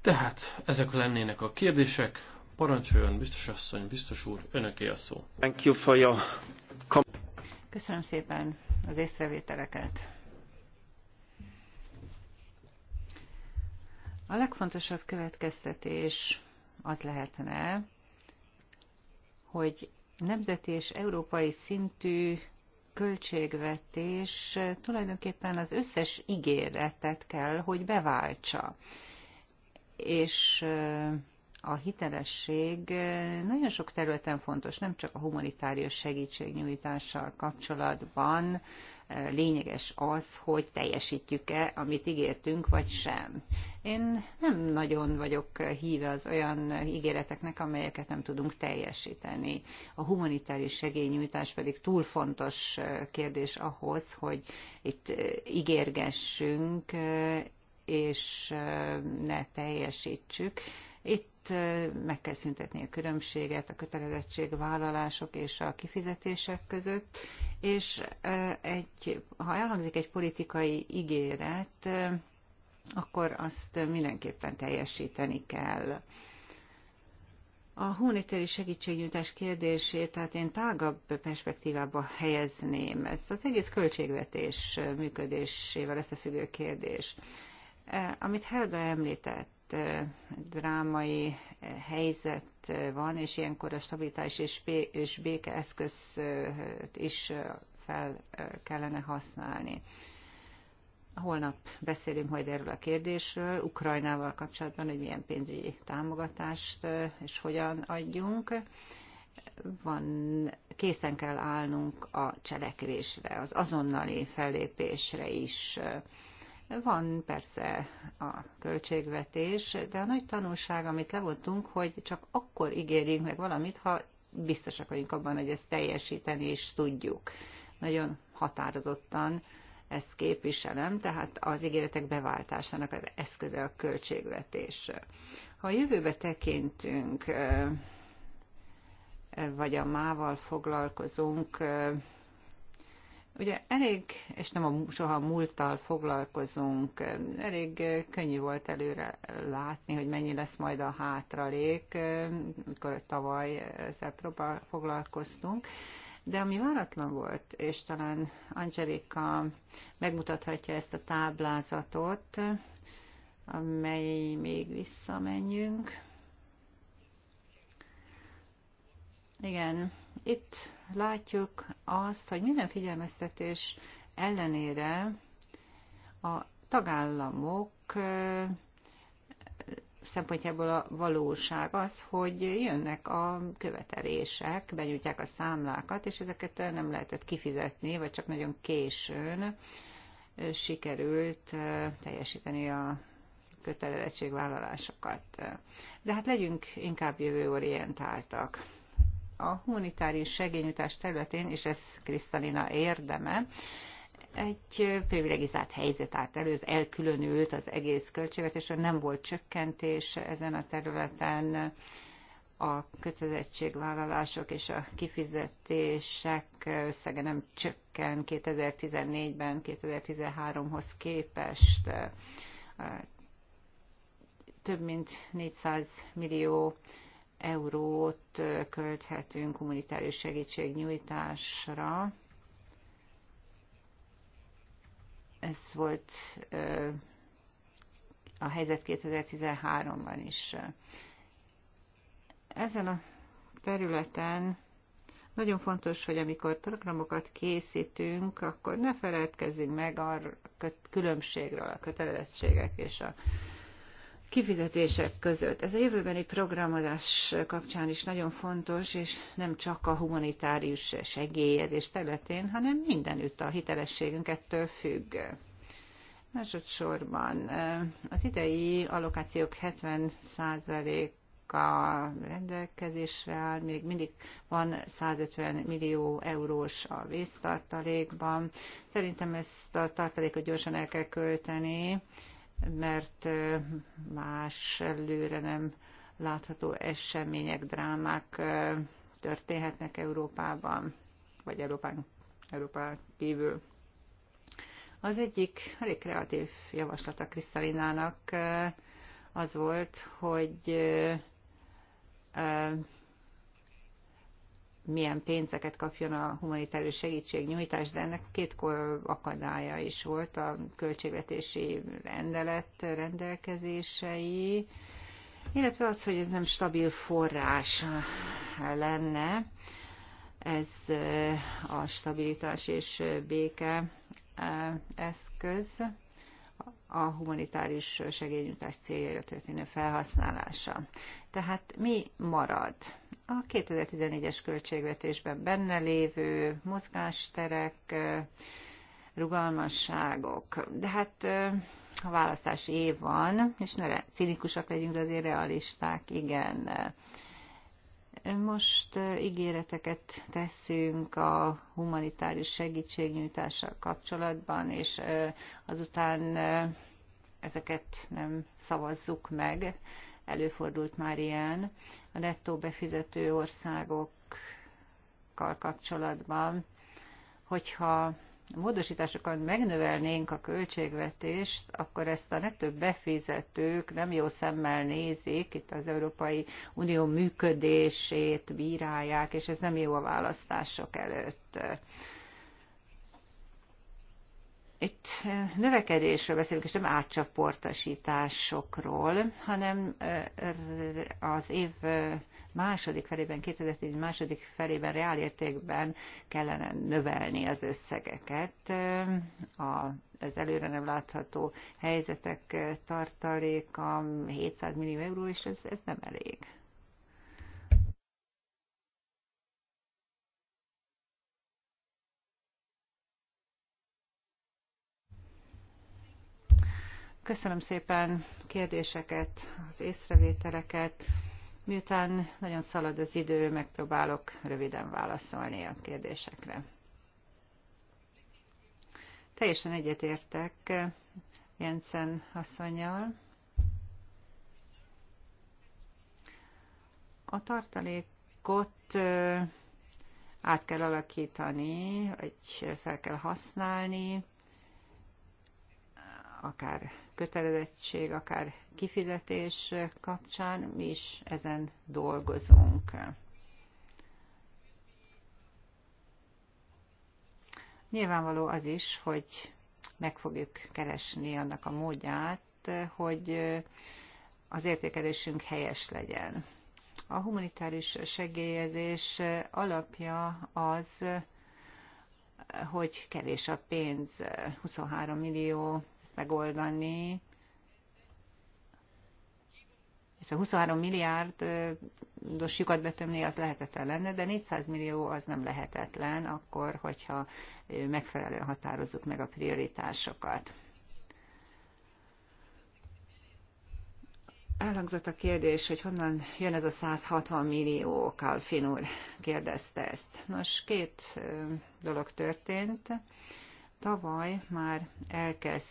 Tehát ezek lennének a kérdések, Parancsoljon, biztos asszony, biztos úr, önöké a szó. Thank you for your... Köszönöm szépen az észrevételeket. A legfontosabb következtetés az lehetne, hogy nemzeti és európai szintű költségvetés tulajdonképpen az összes ígéretet kell, hogy beváltsa. És a hitelesség nagyon sok területen fontos, nem csak a humanitárius segítségnyújtással kapcsolatban. Lényeges az, hogy teljesítjük-e, amit ígértünk, vagy sem. Én nem nagyon vagyok híve az olyan ígéreteknek, amelyeket nem tudunk teljesíteni. A humanitárius segélynyújtás pedig túl fontos kérdés ahhoz, hogy itt ígérgessünk, és ne teljesítsük itt meg kell szüntetni a különbséget a kötelezettségvállalások és a kifizetések között, és egy, ha elhangzik egy politikai ígéret, akkor azt mindenképpen teljesíteni kell. A humanitári segítségnyújtás kérdését, tehát én tágabb perspektívába helyezném. Ez az egész költségvetés működésével összefüggő kérdés. Amit Helga említett, drámai helyzet van, és ilyenkor a stabilitás és, és béke eszközt is fel kellene használni. Holnap beszélünk majd erről a kérdésről, Ukrajnával kapcsolatban, hogy milyen pénzügyi támogatást és hogyan adjunk. Van, készen kell állnunk a cselekvésre, az azonnali fellépésre is van persze a költségvetés, de a nagy tanulság, amit levontunk, hogy csak akkor ígérjünk meg valamit, ha biztosak vagyunk abban, hogy ezt teljesíteni is tudjuk. Nagyon határozottan ezt képviselem, tehát az ígéretek beváltásának az eszköze a költségvetés. Ha a jövőbe tekintünk, vagy a mával foglalkozunk, Ugye elég, és nem a, soha a múlttal foglalkozunk, elég könnyű volt előre látni, hogy mennyi lesz majd a hátralék, mikor tavaly ezzel foglalkoztunk. De ami váratlan volt, és talán Angelika megmutathatja ezt a táblázatot, amely még visszamenjünk. Igen, itt látjuk azt, hogy minden figyelmeztetés ellenére a tagállamok szempontjából a valóság az, hogy jönnek a követelések, benyújtják a számlákat, és ezeket nem lehetett kifizetni, vagy csak nagyon későn sikerült teljesíteni a kötelezettségvállalásokat. De hát legyünk inkább jövőorientáltak a humanitárius segényújtás területén, és ez Krisztalina érdeme, egy privilegizált helyzet állt elő, ez elkülönült az egész költségvetésről, nem volt csökkentés ezen a területen, a kötelezettségvállalások és a kifizetések összege nem csökken 2014-ben 2013-hoz képest. Több mint 400 millió eurót költhetünk kommunitárius segítségnyújtásra. Ez volt a helyzet 2013-ban is. Ezen a területen nagyon fontos, hogy amikor programokat készítünk, akkor ne feledkezzünk meg a különbségről, a kötelezettségek és a kifizetések között. Ez a jövőbeni programozás kapcsán is nagyon fontos, és nem csak a humanitárius segélyezés területén, hanem mindenütt a hitelességünk ettől függ. Másodszorban eh, az idei allokációk 70%-a rendelkezésre áll, még mindig van 150 millió eurós a vésztartalékban. Szerintem ezt a tartalékot gyorsan el kell költeni, mert más előre nem látható események, drámák történhetnek Európában, vagy Európán, Európán kívül. Az egyik elég kreatív javaslata Kristalinának az volt, hogy milyen pénzeket kapjon a humanitárius segítségnyújtás, de ennek két akadálya is volt a költségvetési rendelet rendelkezései, illetve az, hogy ez nem stabil forrás lenne. Ez eh, a stabilitás és béke eh, eszköz a humanitárius segélynyújtás céljára történő felhasználása. Tehát mi marad? a 2014-es költségvetésben benne lévő mozgásterek, rugalmasságok. De hát a választás év van, és ne cinikusak legyünk, de azért realisták, igen. Most ígéreteket teszünk a humanitárius segítségnyújtással kapcsolatban, és azután ezeket nem szavazzuk meg, előfordult már ilyen a nettó befizető országokkal kapcsolatban, hogyha módosításokkal megnövelnénk a költségvetést, akkor ezt a legtöbb befizetők nem jó szemmel nézik, itt az Európai Unió működését bírálják, és ez nem jó a választások előtt itt növekedésről beszélünk, és nem átcsoportosításokról, hanem az év második felében, 2010 második felében reálértékben kellene növelni az összegeket az előre nem látható helyzetek tartaléka 700 millió euró, és ez, ez nem elég. Köszönöm szépen kérdéseket, az észrevételeket. Miután nagyon szalad az idő, megpróbálok röviden válaszolni a kérdésekre. Teljesen egyetértek Jensen asszonyjal. A tartalékot át kell alakítani, vagy fel kell használni, akár kötelezettség, akár kifizetés kapcsán, mi is ezen dolgozunk. Nyilvánvaló az is, hogy meg fogjuk keresni annak a módját, hogy az értékelésünk helyes legyen. A humanitárius segélyezés alapja az, hogy kevés a pénz, 23 millió megoldani, és a 23 milliárdos lyukat betömni az lehetetlen lenne, de 400 millió az nem lehetetlen, akkor, hogyha megfelelően határozzuk meg a prioritásokat. Elhangzott a kérdés, hogy honnan jön ez a 160 millió, Kalfin úr kérdezte ezt. Nos, két dolog történt. Tavaly már elkezd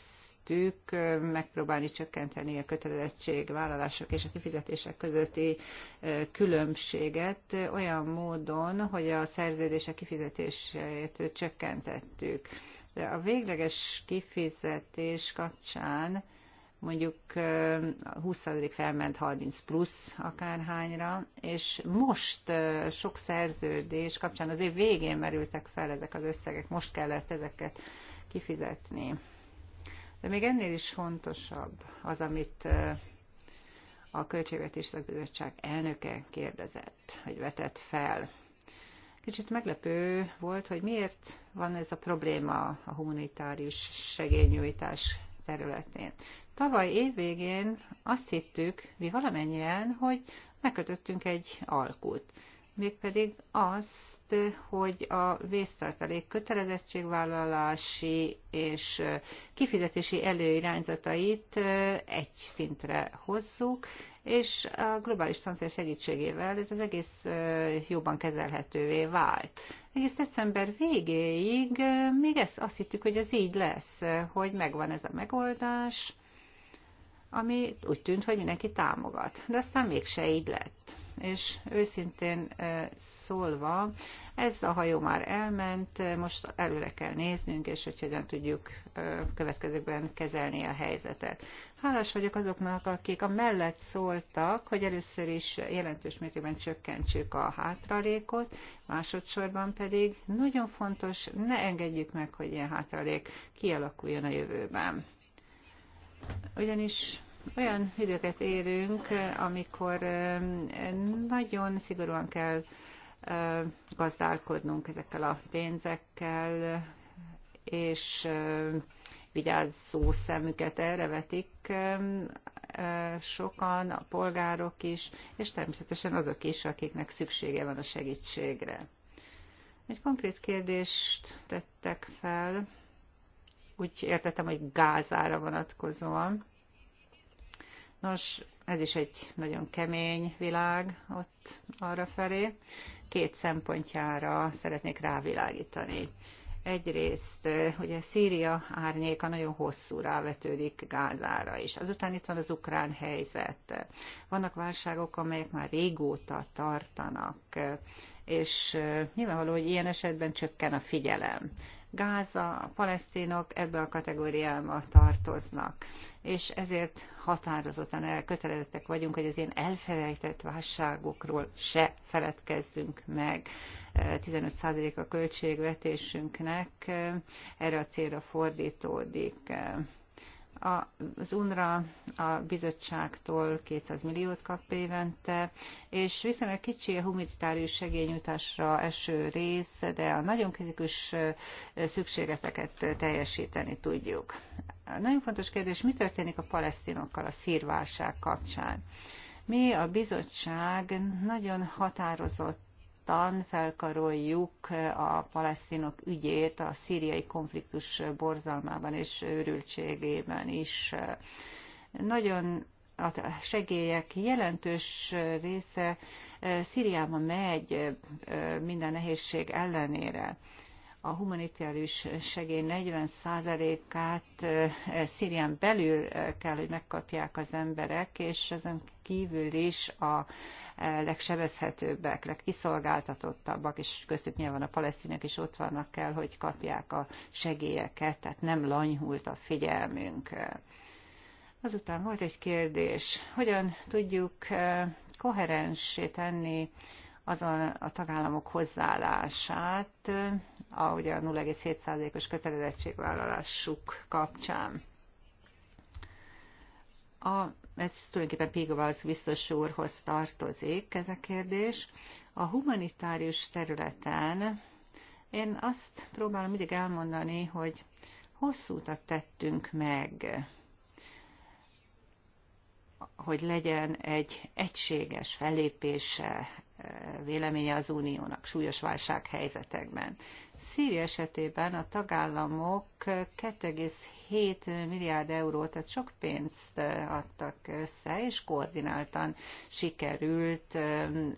igyekeztük megpróbálni csökkenteni a kötelezettségvállalások és a kifizetések közötti különbséget olyan módon, hogy a szerződések kifizetését csökkentettük. De a végleges kifizetés kapcsán mondjuk 20 felment 30 plusz akárhányra, és most sok szerződés kapcsán az év végén merültek fel ezek az összegek, most kellett ezeket kifizetni. De még ennél is fontosabb az, amit a Költségvetés Szakbizottság elnöke kérdezett, hogy vetett fel. Kicsit meglepő volt, hogy miért van ez a probléma a humanitárius segélynyújtás területén. Tavaly évvégén azt hittük, mi valamennyien, hogy megkötöttünk egy alkut mégpedig azt, hogy a vésztartalék kötelezettségvállalási és kifizetési előirányzatait egy szintre hozzuk, és a globális tanszer segítségével ez az egész jobban kezelhetővé vált. Egész december végéig még ezt azt hittük, hogy ez így lesz, hogy megvan ez a megoldás, ami úgy tűnt, hogy mindenki támogat. De aztán mégse így lett és őszintén szólva, ez a hajó már elment, most előre kell néznünk, és hogy hogyan tudjuk következőkben kezelni a helyzetet. Hálás vagyok azoknak, akik a mellett szóltak, hogy először is jelentős mértékben csökkentsük a hátralékot, másodszorban pedig nagyon fontos, ne engedjük meg, hogy ilyen hátralék kialakuljon a jövőben. Ugyanis olyan időket érünk, amikor nagyon szigorúan kell gazdálkodnunk ezekkel a pénzekkel, és vigyázzó szemüket erre vetik sokan, a polgárok is, és természetesen azok is, akiknek szüksége van a segítségre. Egy konkrét kérdést tettek fel, úgy értettem, hogy gázára vonatkozóan. Nos, ez is egy nagyon kemény világ ott arra felé. Két szempontjára szeretnék rávilágítani. Egyrészt, ugye Szíria árnyéka nagyon hosszú rávetődik Gázára is. Azután itt van az ukrán helyzet. Vannak válságok, amelyek már régóta tartanak, és nyilvánvaló, hogy ilyen esetben csökken a figyelem. Gáza, a palesztinok ebbe a kategóriába tartoznak. És ezért határozottan elkötelezettek vagyunk, hogy az ilyen elfelejtett válságokról se feledkezzünk meg. 15% a költségvetésünknek eh, erre a célra fordítódik. Eh, az UNRA a bizottságtól 200 milliót kap évente, és viszonylag kicsi a humanitárius segélynyújtásra eső rész, de a nagyon kritikus szükségleteket teljesíteni tudjuk. Nagyon fontos kérdés, mi történik a palesztinokkal a szírválság kapcsán? Mi a bizottság nagyon határozott határozottan felkaroljuk a palesztinok ügyét a szíriai konfliktus borzalmában és őrültségében is. Nagyon a segélyek jelentős része eh, Szíriában megy eh, minden nehézség ellenére a humanitárius segély 40%-át Szírián belül kell, hogy megkapják az emberek, és ezen kívül is a legsebezhetőbbek, legkiszolgáltatottabbak, és köztük nyilván a palesztinek is ott vannak kell, hogy kapják a segélyeket, tehát nem lanyhult a figyelmünk. Azután volt egy kérdés, hogyan tudjuk koherensé tenni az a, a tagállamok hozzáállását, ahogy a 0,7%-os kötelezettségvállalásuk kapcsán. A, ez tulajdonképpen Pigovalsz biztos úrhoz tartozik ez a kérdés. A humanitárius területen én azt próbálom mindig elmondani, hogy hosszú utat tettünk meg, hogy legyen egy egységes felépése véleménye az uniónak súlyos válsághelyzetekben. Szíria esetében a tagállamok 2,7 milliárd eurót, tehát sok pénzt adtak össze, és koordináltan sikerült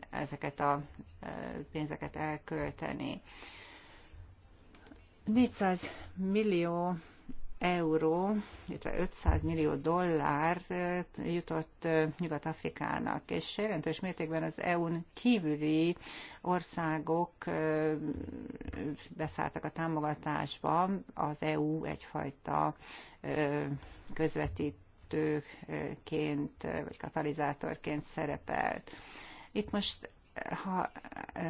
ezeket a pénzeket elkölteni. 400 millió euró, illetve 500 millió dollár jutott Nyugat-Afrikának, és jelentős mértékben az EU-n kívüli országok beszálltak a támogatásba, az EU egyfajta közvetítőként, vagy katalizátorként szerepelt. Itt most ha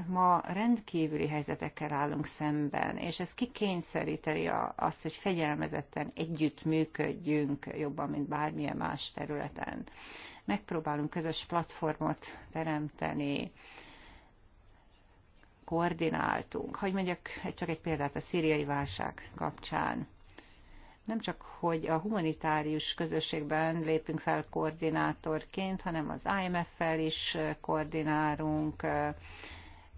ma rendkívüli helyzetekkel állunk szemben, és ez kikényszeríteni azt, hogy fegyelmezetten együtt működjünk jobban, mint bármilyen más területen. Megpróbálunk közös platformot teremteni, koordináltunk. Hogy mondjak csak egy példát a szíriai válság kapcsán nem csak, hogy a humanitárius közösségben lépünk fel koordinátorként, hanem az IMF-fel is koordinálunk,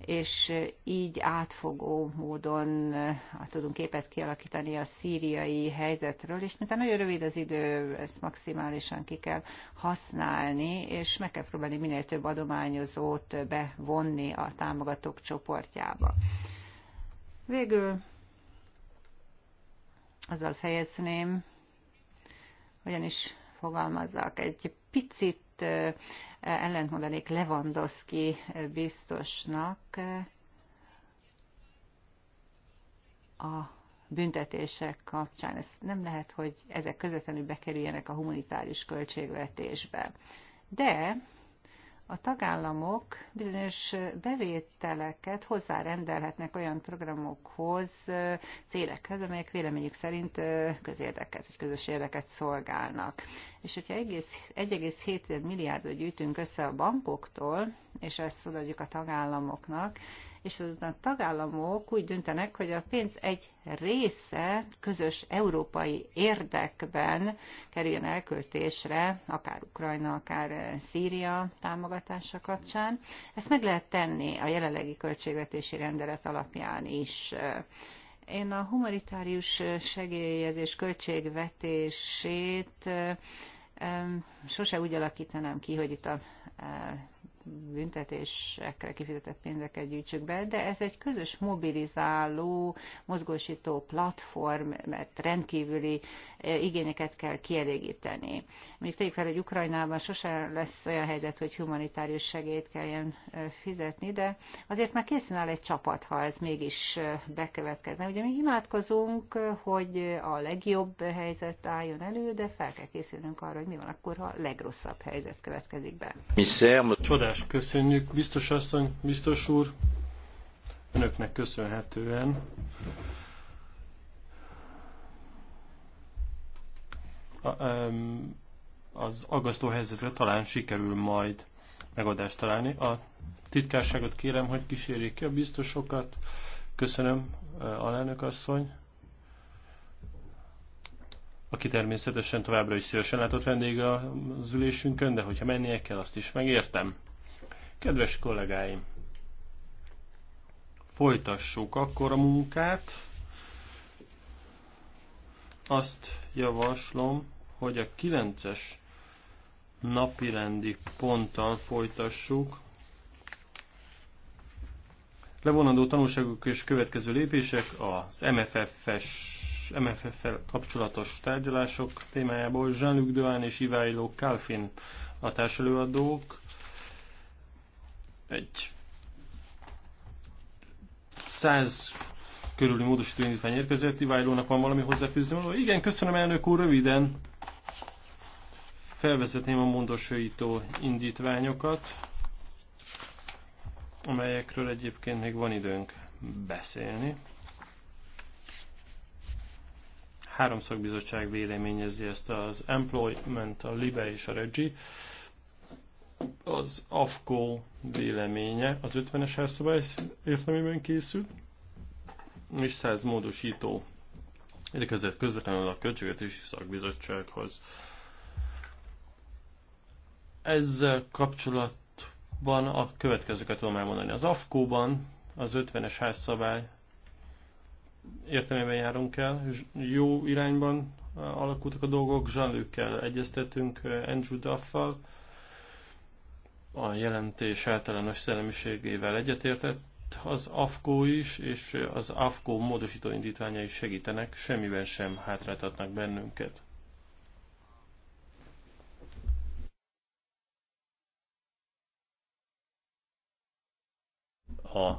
és így átfogó módon hát tudunk képet kialakítani a szíriai helyzetről, és mintha nagyon rövid az idő, ezt maximálisan ki kell használni, és meg kell próbálni minél több adományozót bevonni a támogatók csoportjába. Végül azzal fejezném, hogyan is fogalmazzak, egy picit ellentmondanék Lewandowski biztosnak a büntetések kapcsán. Ez nem lehet, hogy ezek közvetlenül bekerüljenek a humanitáris költségvetésbe. De a tagállamok bizonyos bevételeket hozzárendelhetnek olyan programokhoz, célekhez, amelyek véleményük szerint közérdeket vagy közös érdeket szolgálnak. És hogyha 1,7 milliárdot gyűjtünk össze a bankoktól, és ezt odaadjuk a tagállamoknak, és azután a tagállamok úgy döntenek, hogy a pénz egy része közös európai érdekben kerüljön elköltésre, akár Ukrajna, akár Szíria támogatása kapcsán. Ezt meg lehet tenni a jelenlegi költségvetési rendelet alapján is. Én a humanitárius segélyezés költségvetését sose úgy alakítanám ki, hogy itt a büntetésekre kifizetett pénzeket gyűjtsük be, de ez egy közös mobilizáló, mozgósító platform, mert rendkívüli eh, igényeket kell kielégíteni. Még tegyük fel, hogy Ukrajnában sose lesz olyan helyzet, hogy humanitárius segélyt kelljen eh, fizetni, de azért már készen áll egy csapat, ha ez mégis eh, bekövetkezne. Ugye mi imádkozunk, hogy a legjobb helyzet álljon elő, de fel kell készülnünk arra, hogy mi van akkor, ha a legrosszabb helyzet következik be. Mi szem, Csodál előadást köszönjük, biztos asszony, biztos úr. Önöknek köszönhetően. Az aggasztó helyzetre talán sikerül majd megoldást találni. A titkárságot kérem, hogy kísérjék ki a biztosokat. Köszönöm, e, alelnök asszony aki természetesen továbbra is szívesen látott vendége az ülésünkön, de hogyha mennie kell, azt is megértem. Kedves kollégáim, folytassuk akkor a munkát. Azt javaslom, hogy a 9-es napirendi ponttal folytassuk. Levonandó tanulságok és következő lépések az MFF-es MFF-fel kapcsolatos tárgyalások témájából Jean-Luc Doan és Ivailo Kalfin a társelőadók. Egy 100 körüli módosító indítvány érkezett, Iványlónak van valami hozzáfűzni való? Igen, köszönöm elnök úr, röviden felvezetném a módosító indítványokat, amelyekről egyébként még van időnk beszélni. Háromszakbizottság véleményezi ezt az Employment, a LIBE és a REGI. Az AFKO véleménye az 50-es házszabály értelmében készült, és 100 módosító érkezett közvetlenül a Költségvetési Szakbizottsághoz. Ezzel kapcsolatban a következőket tudom elmondani. Az AFKO-ban az 50-es házszabály értelmében járunk el, jó irányban alakultak a dolgok, Zsanlőkkel egyeztetünk, Andrew Duffal, a jelentés általános szellemiségével egyetértett, az AFKO is, és az AFKO módosító indítványai segítenek, semmiben sem hátráltatnak bennünket. A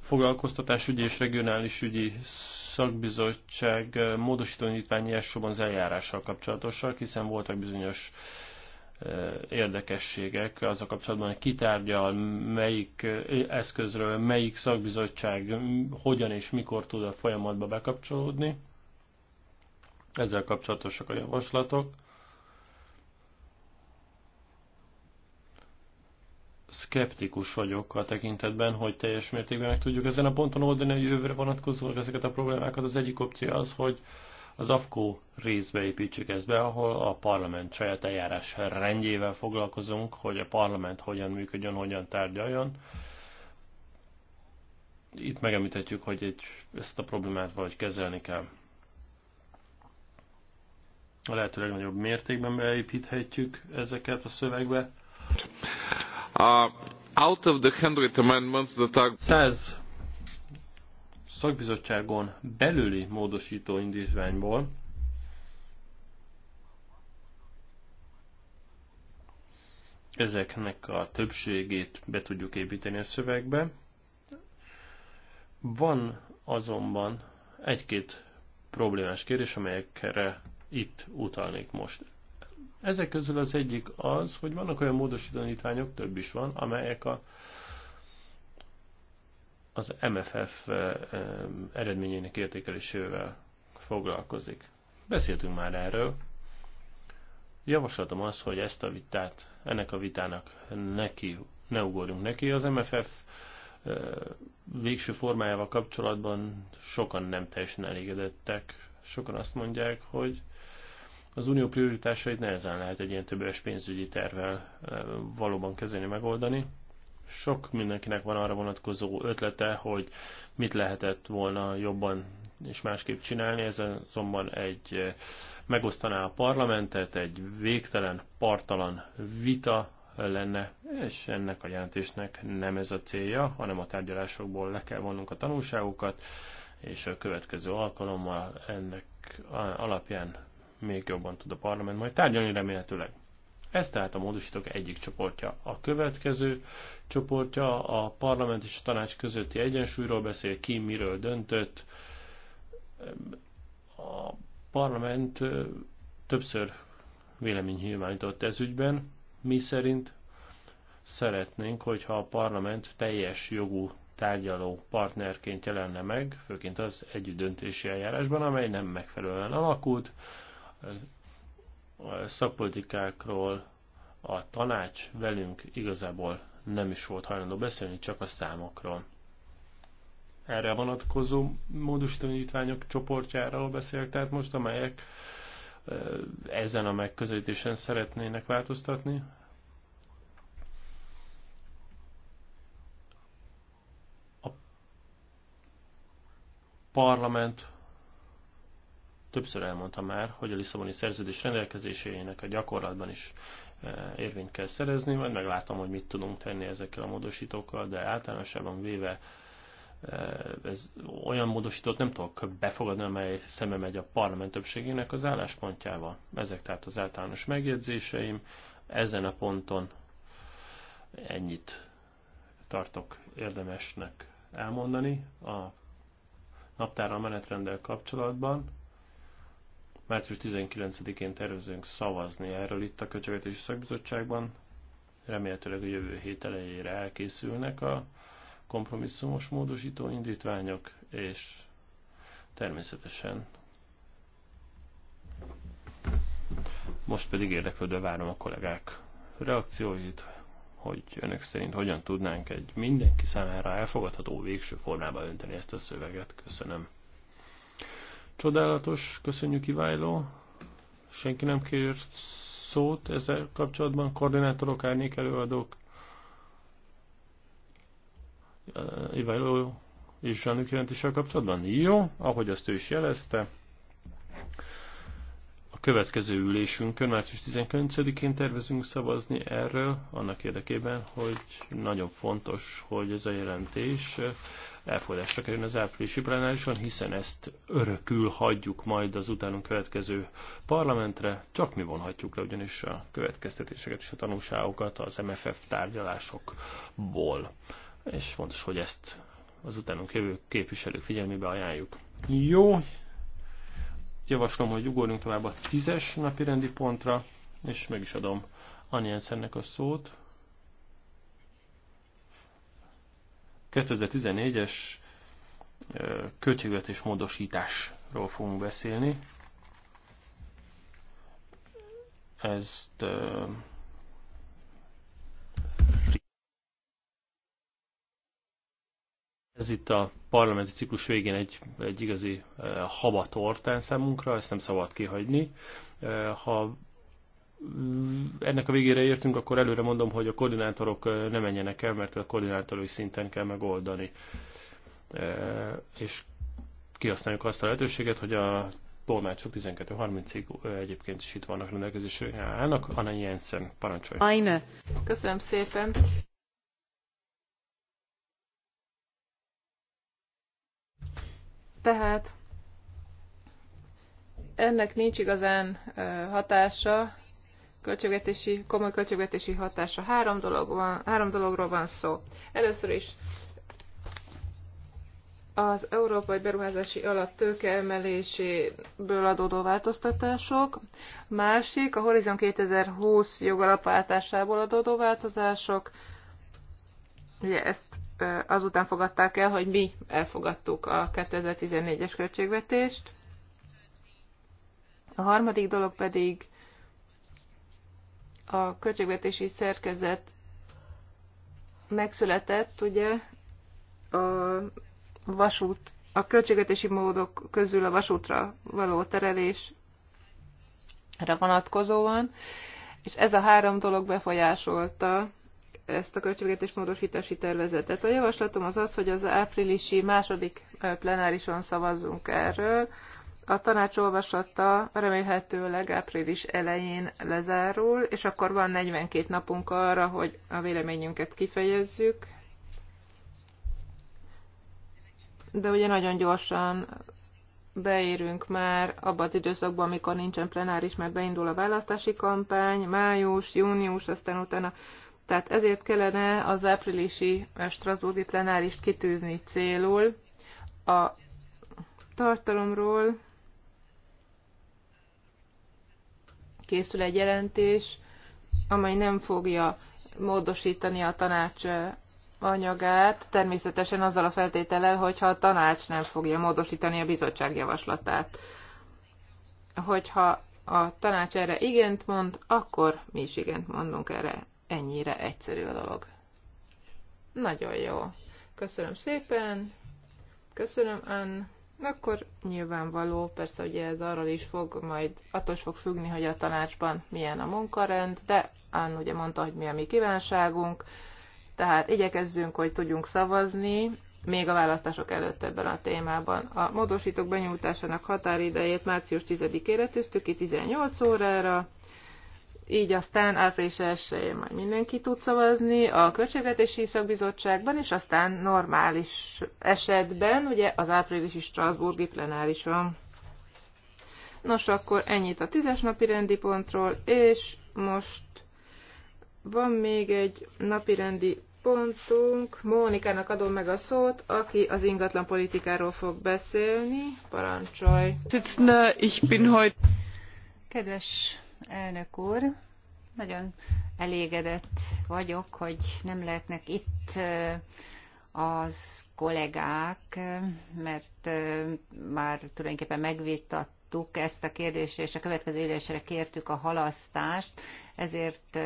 foglalkoztatásügyi és regionális ügyi szakbizottság módosító indítványi elsősorban az eljárással kapcsolatosak, hiszen voltak bizonyos érdekességek az a kapcsolatban, hogy kitárgyal, melyik eszközről, melyik szakbizottság hogyan és mikor tud a folyamatba bekapcsolódni. Ezzel kapcsolatosak a javaslatok. Szkeptikus vagyok a tekintetben, hogy teljes mértékben meg tudjuk ezen a ponton oldani a jövőre vonatkozóak ezeket a problémákat. Az egyik opció az, hogy az AFKO részbe építsük ezt be, ahol a parlament saját eljárás rendjével foglalkozunk, hogy a parlament hogyan működjön, hogyan tárgyaljon. Itt megemlíthetjük, hogy egy, ezt a problémát valahogy kezelni kell. A lehető legnagyobb mértékben beépíthetjük ezeket a szövegbe. Uh, out of the 100 amendments that are... 100 szakbizottságon belüli módosító indítványból, ezeknek a többségét be tudjuk építeni a szövegbe. Van azonban egy-két problémás kérdés, amelyekre itt utalnék most. Ezek közül az egyik az, hogy vannak olyan módosítanítványok, több is van, amelyek a az MFF eh, eh, eredményének értékelésével foglalkozik. Beszéltünk már erről. Javaslatom az, hogy ezt a vitát, ennek a vitának neki, ne ugorjunk neki. Az MFF eh, végső formájával kapcsolatban sokan nem teljesen elégedettek. Sokan azt mondják, hogy az unió prioritásait nehezen lehet egy ilyen többes pénzügyi tervvel valóban kezelni, megoldani. Sok mindenkinek van arra vonatkozó ötlete, hogy mit lehetett volna jobban és másképp csinálni, ez azonban egy eh, megosztaná a parlamentet, egy végtelen, partalan vita lenne, és ennek a jelentésnek nem ez a célja, hanem a tárgyalásokból le kell vonnunk a tanulságokat, és a következő alkalommal ennek alapján még jobban tud a parlament majd tárgyalni remélhetőleg. Ez tehát a módosítók egyik csoportja. A következő csoportja a parlament és a tanács közötti egyensúlyról beszél, ki miről döntött. A parlament többször vélemény nyilvánított ez ügyben, mi szerint szeretnénk, hogyha a parlament teljes jogú tárgyaló partnerként jelenne meg, főként az döntési eljárásban, amely nem megfelelően alakult, szakpolitikákról a tanács velünk igazából nem is volt hajlandó beszélni, csak a számokról. Erre vonatkozó módosítanítványok csoportjáról beszélek, tehát most amelyek ezen a megközelítésen szeretnének változtatni. A parlament Többször elmondtam már, hogy a Lisszaboni szerződés rendelkezésének a gyakorlatban is e, érvényt kell szerezni, majd meglátom, hogy mit tudunk tenni ezekkel a módosítókkal, de általánosában véve e, ez olyan módosítót nem tudok befogadni, amely szembe megy a parlament többségének az álláspontjával. Ezek tehát az általános megjegyzéseim. Ezen a ponton ennyit tartok érdemesnek elmondani a naptárral menetrendel kapcsolatban. Március 19-én tervezünk szavazni erről itt a Költségvetési Szakbizottságban. Remélhetőleg a jövő hét elejére elkészülnek a kompromisszumos módosító indítványok, és természetesen most pedig érdeklődve várom a kollégák reakcióit, hogy önök szerint hogyan tudnánk egy mindenki számára elfogadható végső formába önteni ezt a szöveget. Köszönöm. Csodálatos, köszönjük kiváló. Senki nem kér szót ezzel kapcsolatban. Koordinátorok, árnyék előadók. Uh, Iváló és Zsánuk jelentéssel kapcsolatban? Jó, ahogy azt ő is jelezte. A következő ülésünkön, március 19-én tervezünk szavazni erről, annak érdekében, hogy nagyon fontos, hogy ez a jelentés elfogadásra kerül az áprilisi plenárison, hiszen ezt örökül hagyjuk majd az utánunk következő parlamentre, csak mi vonhatjuk le ugyanis a következtetéseket és a tanulságokat az MFF tárgyalásokból. És fontos, hogy ezt az utánunk jövő képviselők figyelmébe ajánljuk. Jó, javaslom, hogy ugorjunk tovább a tízes napi rendi pontra, és meg is adom Anjensennek a szót. 2014-es költségvetés módosításról fogunk beszélni. Ezt ez itt a parlamenti ciklus végén egy, egy igazi haba tortán számunkra, ezt nem szabad kihagyni. Ha ennek a végére értünk, akkor előre mondom, hogy a koordinátorok ne menjenek el, mert a koordinátori szinten kell megoldani. És kihasználjuk azt a lehetőséget, hogy a tolmácsok 12.30-ig egyébként is itt vannak rendelkezésre állnak. Anna Jensen, parancsolj! Ajna! Köszönöm szépen! Tehát ennek nincs igazán hatása, költségvetési, komoly költségvetési hatása. Három, dolog van, három dologról van szó. Először is az Európai Beruházási Alap tőkeemeléséből adódó változtatások, másik a Horizon 2020 jogalapváltásából adódó változások, ugye ezt azután fogadták el, hogy mi elfogadtuk a 2014-es költségvetést. A harmadik dolog pedig a költségvetési szerkezet megszületett, ugye a vasút, a költségvetési módok közül a vasútra való terelésre vonatkozóan, és ez a három dolog befolyásolta ezt a költségvetés módosítási tervezetet. A javaslatom az az, hogy az áprilisi második plenárison szavazzunk erről, a tanácsolvasata remélhetőleg április elején lezárul, és akkor van 42 napunk arra, hogy a véleményünket kifejezzük. De ugye nagyon gyorsan beérünk már abba az időszakban, amikor nincsen plenáris, mert beindul a választási kampány, május, június, aztán utána. Tehát ezért kellene az áprilisi eh, Strasburgi plenárist kitűzni célul. A tartalomról készül egy jelentés, amely nem fogja módosítani a tanács anyagát, természetesen azzal a feltétellel, hogyha a tanács nem fogja módosítani a bizottság javaslatát. Hogyha a tanács erre igent mond, akkor mi is igent mondunk erre. Ennyire egyszerű a dolog. Nagyon jó. Köszönöm szépen. Köszönöm, Ann akkor nyilvánvaló, persze ugye ez arról is fog, majd attól is fog függni, hogy a tanácsban milyen a munkarend, de Ann ugye mondta, hogy mi a mi kívánságunk, tehát igyekezzünk, hogy tudjunk szavazni, még a választások előtt ebben a témában. A módosítók benyújtásának határidejét március 10-ére tűztük ki 18 órára, így aztán április 1 majd mindenki tud szavazni a Költségvetési Szakbizottságban, és aztán normális esetben, ugye az áprilisi Strasburgi plenáris van. Nos, akkor ennyit a tízes napi rendi pontról, és most van még egy napi rendi pontunk. Mónikának adom meg a szót, aki az ingatlan politikáról fog beszélni. Parancsolj! Kedves elnök úr. Nagyon elégedett vagyok, hogy nem lehetnek itt az kollégák, mert már tulajdonképpen megvitattuk ezt a kérdést, és a következő ülésre kértük a halasztást, ezért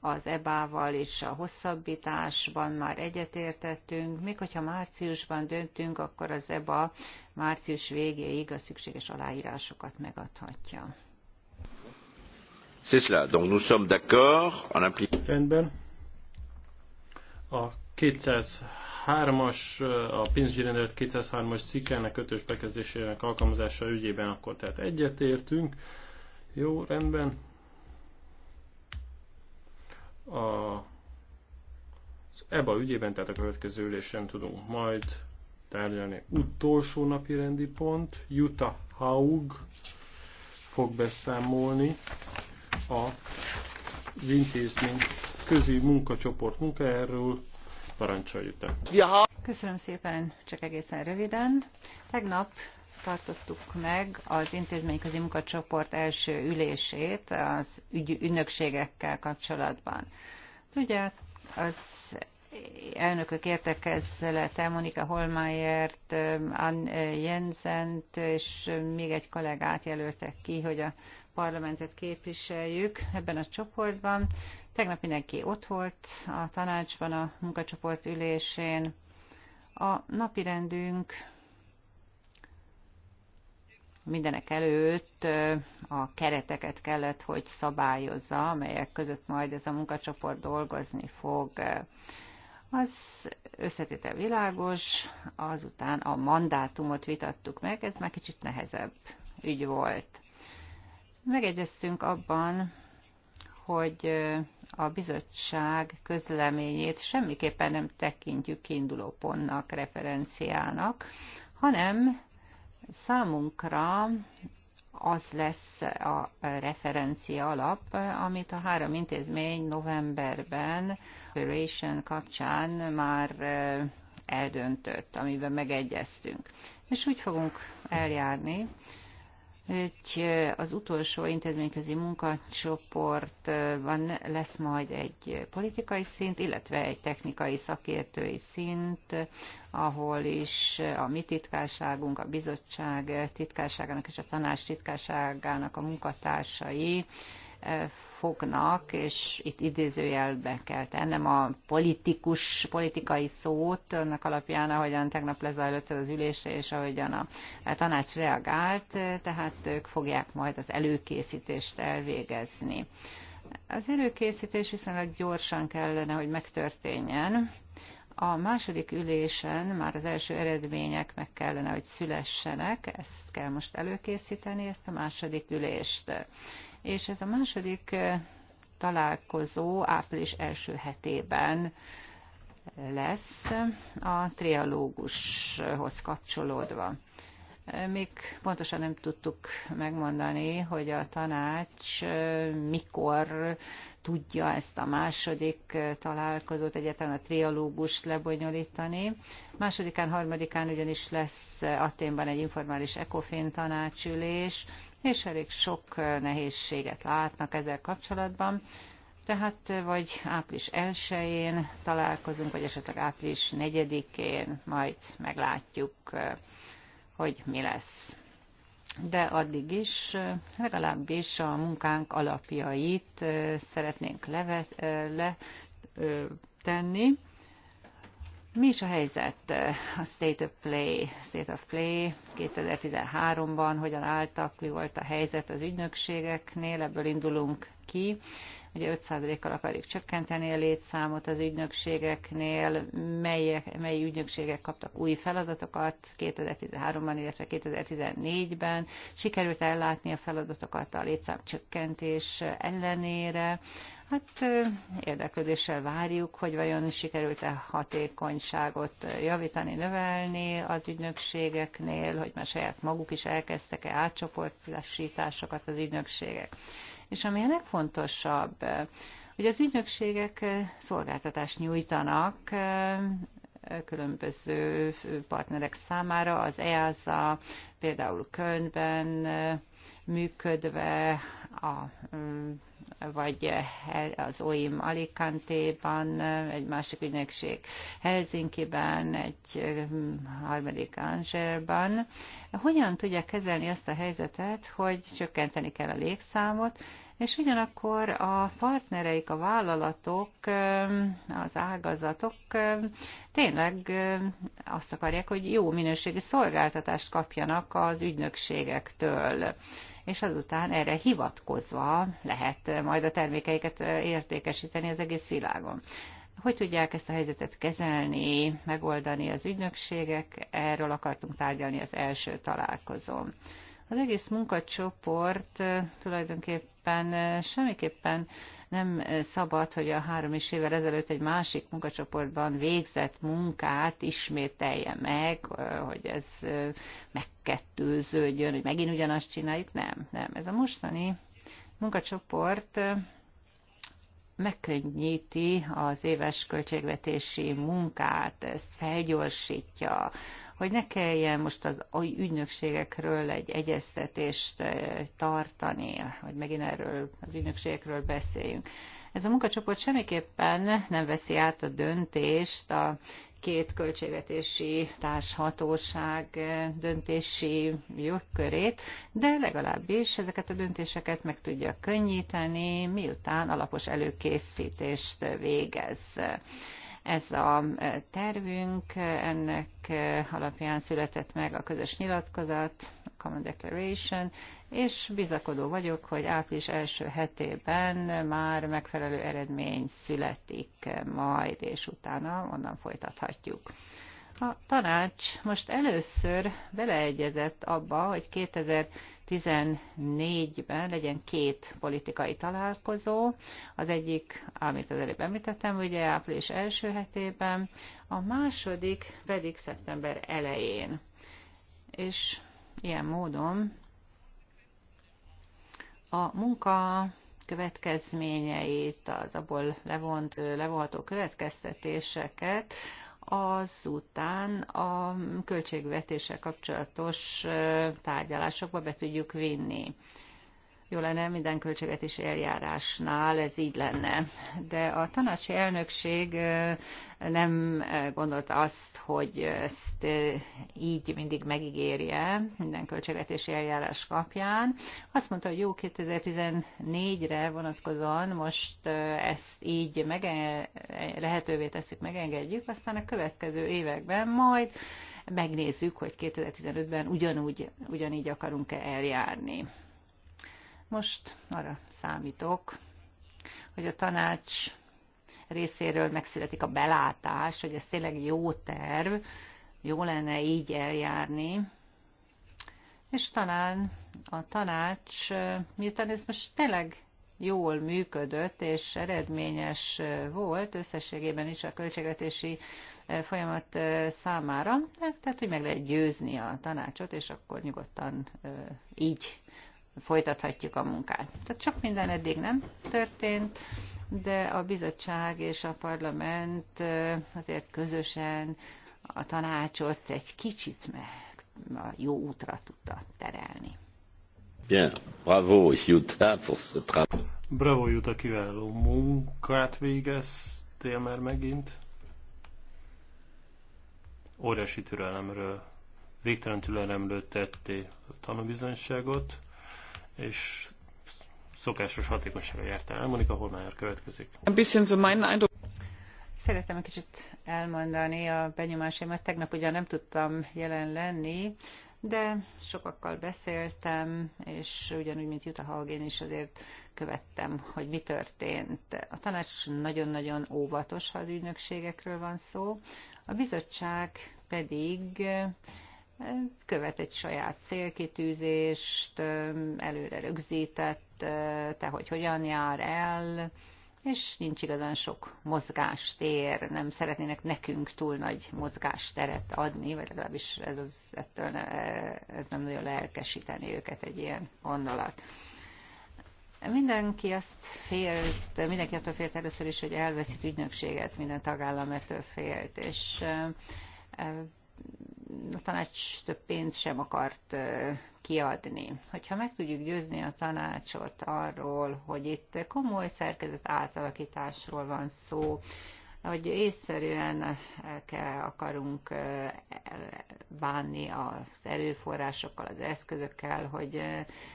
az EBA-val és a hosszabbításban már egyetértettünk. Még hogyha márciusban döntünk, akkor az EBA március végéig a szükséges aláírásokat megadhatja. C'est cela. Donc nous sommes d'accord en appliquant. Rendben. A 203-as, a pénzügyi rendelet 203-as cikkelnek ötös bekezdésének alkalmazása ügyében akkor tehát egyetértünk. Jó, rendben. A, az EBA ügyében, tehát a következő ülésen tudunk majd tárgyalni. Utolsó napi rendi pont, Jutta Haug fog beszámolni az intézmény közi munkacsoport munkájáról parancsoljuk. Köszönöm szépen, csak egészen röviden. Tegnap tartottuk meg az intézményközi munkacsoport első ülését az ügy, ügynökségekkel kapcsolatban. Ugye az elnökök értekezlete Monika Holmájert, Ann Jensent és még egy kollégát jelöltek ki, hogy a parlamentet képviseljük ebben a csoportban. Tegnap mindenki ott volt a tanácsban, a munkacsoport ülésén. A napirendünk mindenek előtt a kereteket kellett, hogy szabályozza, amelyek között majd ez a munkacsoport dolgozni fog. Az összetétel világos, azután a mandátumot vitattuk meg, ez már kicsit nehezebb ügy volt. Megegyeztünk abban, hogy a bizottság közleményét semmiképpen nem tekintjük kiinduló pontnak, referenciának, hanem számunkra az lesz a referencia alap, amit a három intézmény novemberben Operation kapcsán már eldöntött, amiben megegyeztünk. És úgy fogunk eljárni, egy, az utolsó intézményközi munkacsoportban lesz majd egy politikai szint, illetve egy technikai szakértői szint, ahol is a mi titkárságunk, a bizottság titkárságának és a tanács titkárságának a munkatársai fognak, és itt idézőjelbe kell tennem a politikus, politikai szót, annak alapján, ahogyan tegnap lezajlott az ülése, és ahogyan a tanács reagált, tehát ők fogják majd az előkészítést elvégezni. Az előkészítés viszonylag gyorsan kellene, hogy megtörténjen. A második ülésen már az első eredmények meg kellene, hogy szülessenek, ezt kell most előkészíteni, ezt a második ülést és ez a második találkozó április első hetében lesz a trialógushoz kapcsolódva. Még pontosan nem tudtuk megmondani, hogy a tanács mikor tudja ezt a második találkozót, egyetlen a trialógust lebonyolítani. Másodikán, harmadikán ugyanis lesz Aténban egy informális ECOFIN tanácsülés, és elég sok nehézséget látnak ezzel kapcsolatban. Tehát vagy április 1-én találkozunk, vagy esetleg április 4-én, majd meglátjuk, hogy mi lesz. De addig is legalábbis a munkánk alapjait szeretnénk levet, tenni. Mi is a helyzet a State of Play, State of Play 2013-ban, hogyan álltak, mi volt a helyzet az ügynökségeknél, ebből indulunk ki, Ugye 5%-kal akarjuk csökkenteni a létszámot az ügynökségeknél, melyek, mely ügynökségek kaptak új feladatokat 2013-ban, illetve 2014-ben. Sikerült ellátni a feladatokat a létszám csökkentés ellenére. Hát érdeklődéssel várjuk, hogy vajon sikerült-e hatékonyságot javítani, növelni az ügynökségeknél, hogy már saját maguk is elkezdtek-e átcsoportosításokat az ügynökségek. És ami a legfontosabb, eh, hogy az ügynökségek eh, szolgáltatást nyújtanak eh, különböző partnerek számára, az EASA például Kölnben működve, a, vagy az OIM Alicante-ban, egy másik ügynökség Helsinki-ben, egy harmadik Angerban. Hogyan tudják kezelni azt a helyzetet, hogy csökkenteni kell a légszámot, és ugyanakkor a partnereik, a vállalatok, az ágazatok tényleg azt akarják, hogy jó minőségi szolgáltatást kapjanak az ügynökségektől és azután erre hivatkozva lehet majd a termékeiket értékesíteni az egész világon. Hogy tudják ezt a helyzetet kezelni, megoldani az ügynökségek? Erről akartunk tárgyalni az első találkozón. Az egész munkacsoport tulajdonképpen semmiképpen nem szabad, hogy a három és évvel ezelőtt egy másik munkacsoportban végzett munkát ismételje meg, hogy ez megkettőződjön, hogy megint ugyanazt csináljuk. Nem, nem. Ez a mostani munkacsoport megkönnyíti az éves költségvetési munkát, ezt felgyorsítja, hogy ne kelljen most az ügynökségekről egy egyeztetést eh, tartani, hogy megint erről az ügynökségekről beszéljünk. Ez a munkacsoport semmiképpen nem veszi át a döntést a két költségvetési társhatóság eh, döntési jogkörét, de legalábbis ezeket a döntéseket meg tudja könnyíteni, miután alapos előkészítést végez. Ez a e, tervünk, ennek e, alapján született meg a közös nyilatkozat, a Common Declaration, és bizakodó vagyok, hogy április első hetében már megfelelő eredmény születik majd, és utána onnan folytathatjuk. A tanács most először beleegyezett abba, hogy 2000 2014-ben legyen két politikai találkozó. Az egyik, amit az előbb említettem, ugye április első hetében, a második pedig szeptember elején. És ilyen módon a munka következményeit, az abból levont, levonható következtetéseket azután a költségvetéssel kapcsolatos tárgyalásokba be tudjuk vinni. Jó lenne minden is eljárásnál ez így lenne. De a tanácsi elnökség nem gondolt azt, hogy ezt így mindig megígérje minden költségvetési eljárás kapján. Azt mondta, hogy jó 2014-re vonatkozóan most ezt így mege- lehetővé tesszük, megengedjük, aztán a következő években majd megnézzük, hogy 2015-ben ugyanúgy, ugyanígy akarunk-e eljárni. Most arra számítok, hogy a tanács részéről megszületik a belátás, hogy ez tényleg jó terv, jó lenne így eljárni, és talán a tanács, miután ez most tényleg jól működött és eredményes volt összességében is a költségvetési eh, folyamat eh, számára, eh, tehát hogy meg lehet győzni a tanácsot, és akkor nyugodtan így folytathatjuk a munkát. Tehát sok minden eddig nem történt, de a bizottság és a parlament azért közösen a tanácsot egy kicsit a jó útra tudta terelni. Bien, bravo Jutta pour ce travail. Bravo Jutta, kiváló munkát végeztél már megint. Óriási türelemről, végtelen türelemről tettél tanúbizonyságot és szokásos hatékonysága járt el. Monika Holmájer következik. Szeretem egy kicsit elmondani a benyomásaimat. Tegnap ugyan nem tudtam jelen lenni, de sokakkal beszéltem, és ugyanúgy, mint Jutta Halgén is azért követtem, hogy mi történt. A tanács nagyon-nagyon óvatos, ha az ügynökségekről van szó, a bizottság pedig követ egy saját célkitűzést, előre rögzített, te hogy hogyan jár el, és nincs igazán sok mozgástér, nem szeretnének nekünk túl nagy mozgásteret adni, vagy legalábbis ez, az, ettől ne, ez nem nagyon lelkesíteni őket egy ilyen gondolat. Mindenki azt félt, mindenki attól félt először is, hogy elveszít ügynökséget, minden tagállam ettől félt, és a tanács több pénzt sem akart kiadni. Hogyha meg tudjuk győzni a tanácsot arról, hogy itt komoly szerkezet átalakításról van szó, hogy észszerűen kell, akarunk bánni az erőforrásokkal, az eszközökkel, hogy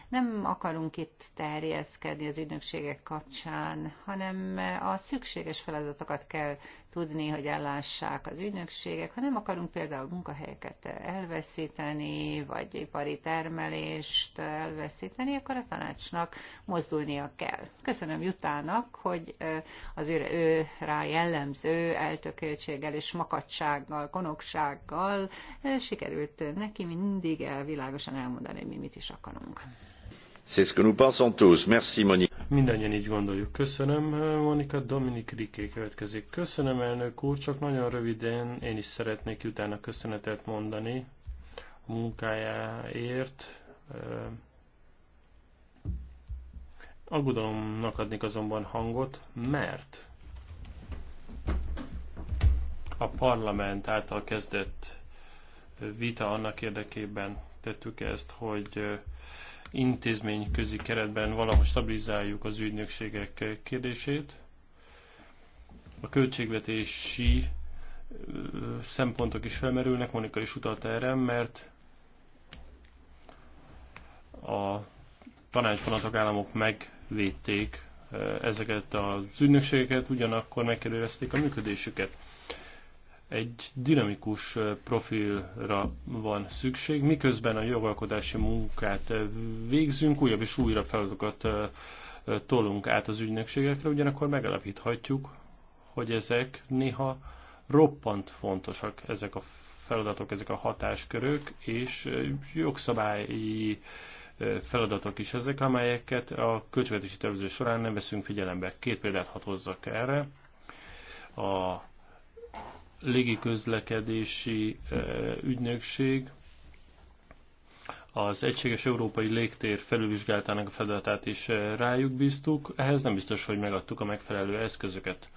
nem akarunk itt terjeszkedni az ügynökségek kapcsán, hanem a szükséges feladatokat kell tudni, hogy ellássák az ügynökségek, ha nem akarunk például munkahelyeket elveszíteni, vagy ipari termelést elveszíteni, akkor a tanácsnak mozdulnia kell. Köszönöm Jutának, hogy az ő, ő rá jellemző eltökéltséggel és makacsággal, konoksággal sikerült neki mindig elvilágosan elmondani, hogy mi mit is akarunk. C'est ce que nous pensons tous. Merci, Mindannyian így gondoljuk. Köszönöm, Monika. Dominik Riké következik. Köszönöm, elnök úr. Csak nagyon röviden én is szeretnék utána köszönetet mondani a munkájáért. Aggodalomnak adnék azonban hangot, mert a parlament által kezdett vita annak érdekében tettük ezt, hogy intézményközi keretben valahogy stabilizáljuk az ügynökségek kérdését. A költségvetési szempontok is felmerülnek, Monika is utalt erre, mert a tanácsban a tagállamok megvédték ezeket az ügynökségeket, ugyanakkor megkérdezték a működésüket egy dinamikus profilra van szükség, miközben a jogalkodási munkát végzünk, újabb és újabb feladatokat tolunk át az ügynökségekre, ugyanakkor megalapíthatjuk, hogy ezek néha roppant fontosak, ezek a feladatok, ezek a hatáskörök, és jogszabályi feladatok is ezek, amelyeket a költségvetési tervezés során nem veszünk figyelembe. Két példát hat hozzak erre. A légiközlekedési eh, ügynökség az egységes európai légtér felülvizsgálatának a feladatát is eh, rájuk bíztuk, ehhez nem biztos, hogy megadtuk a megfelelő eszközöket.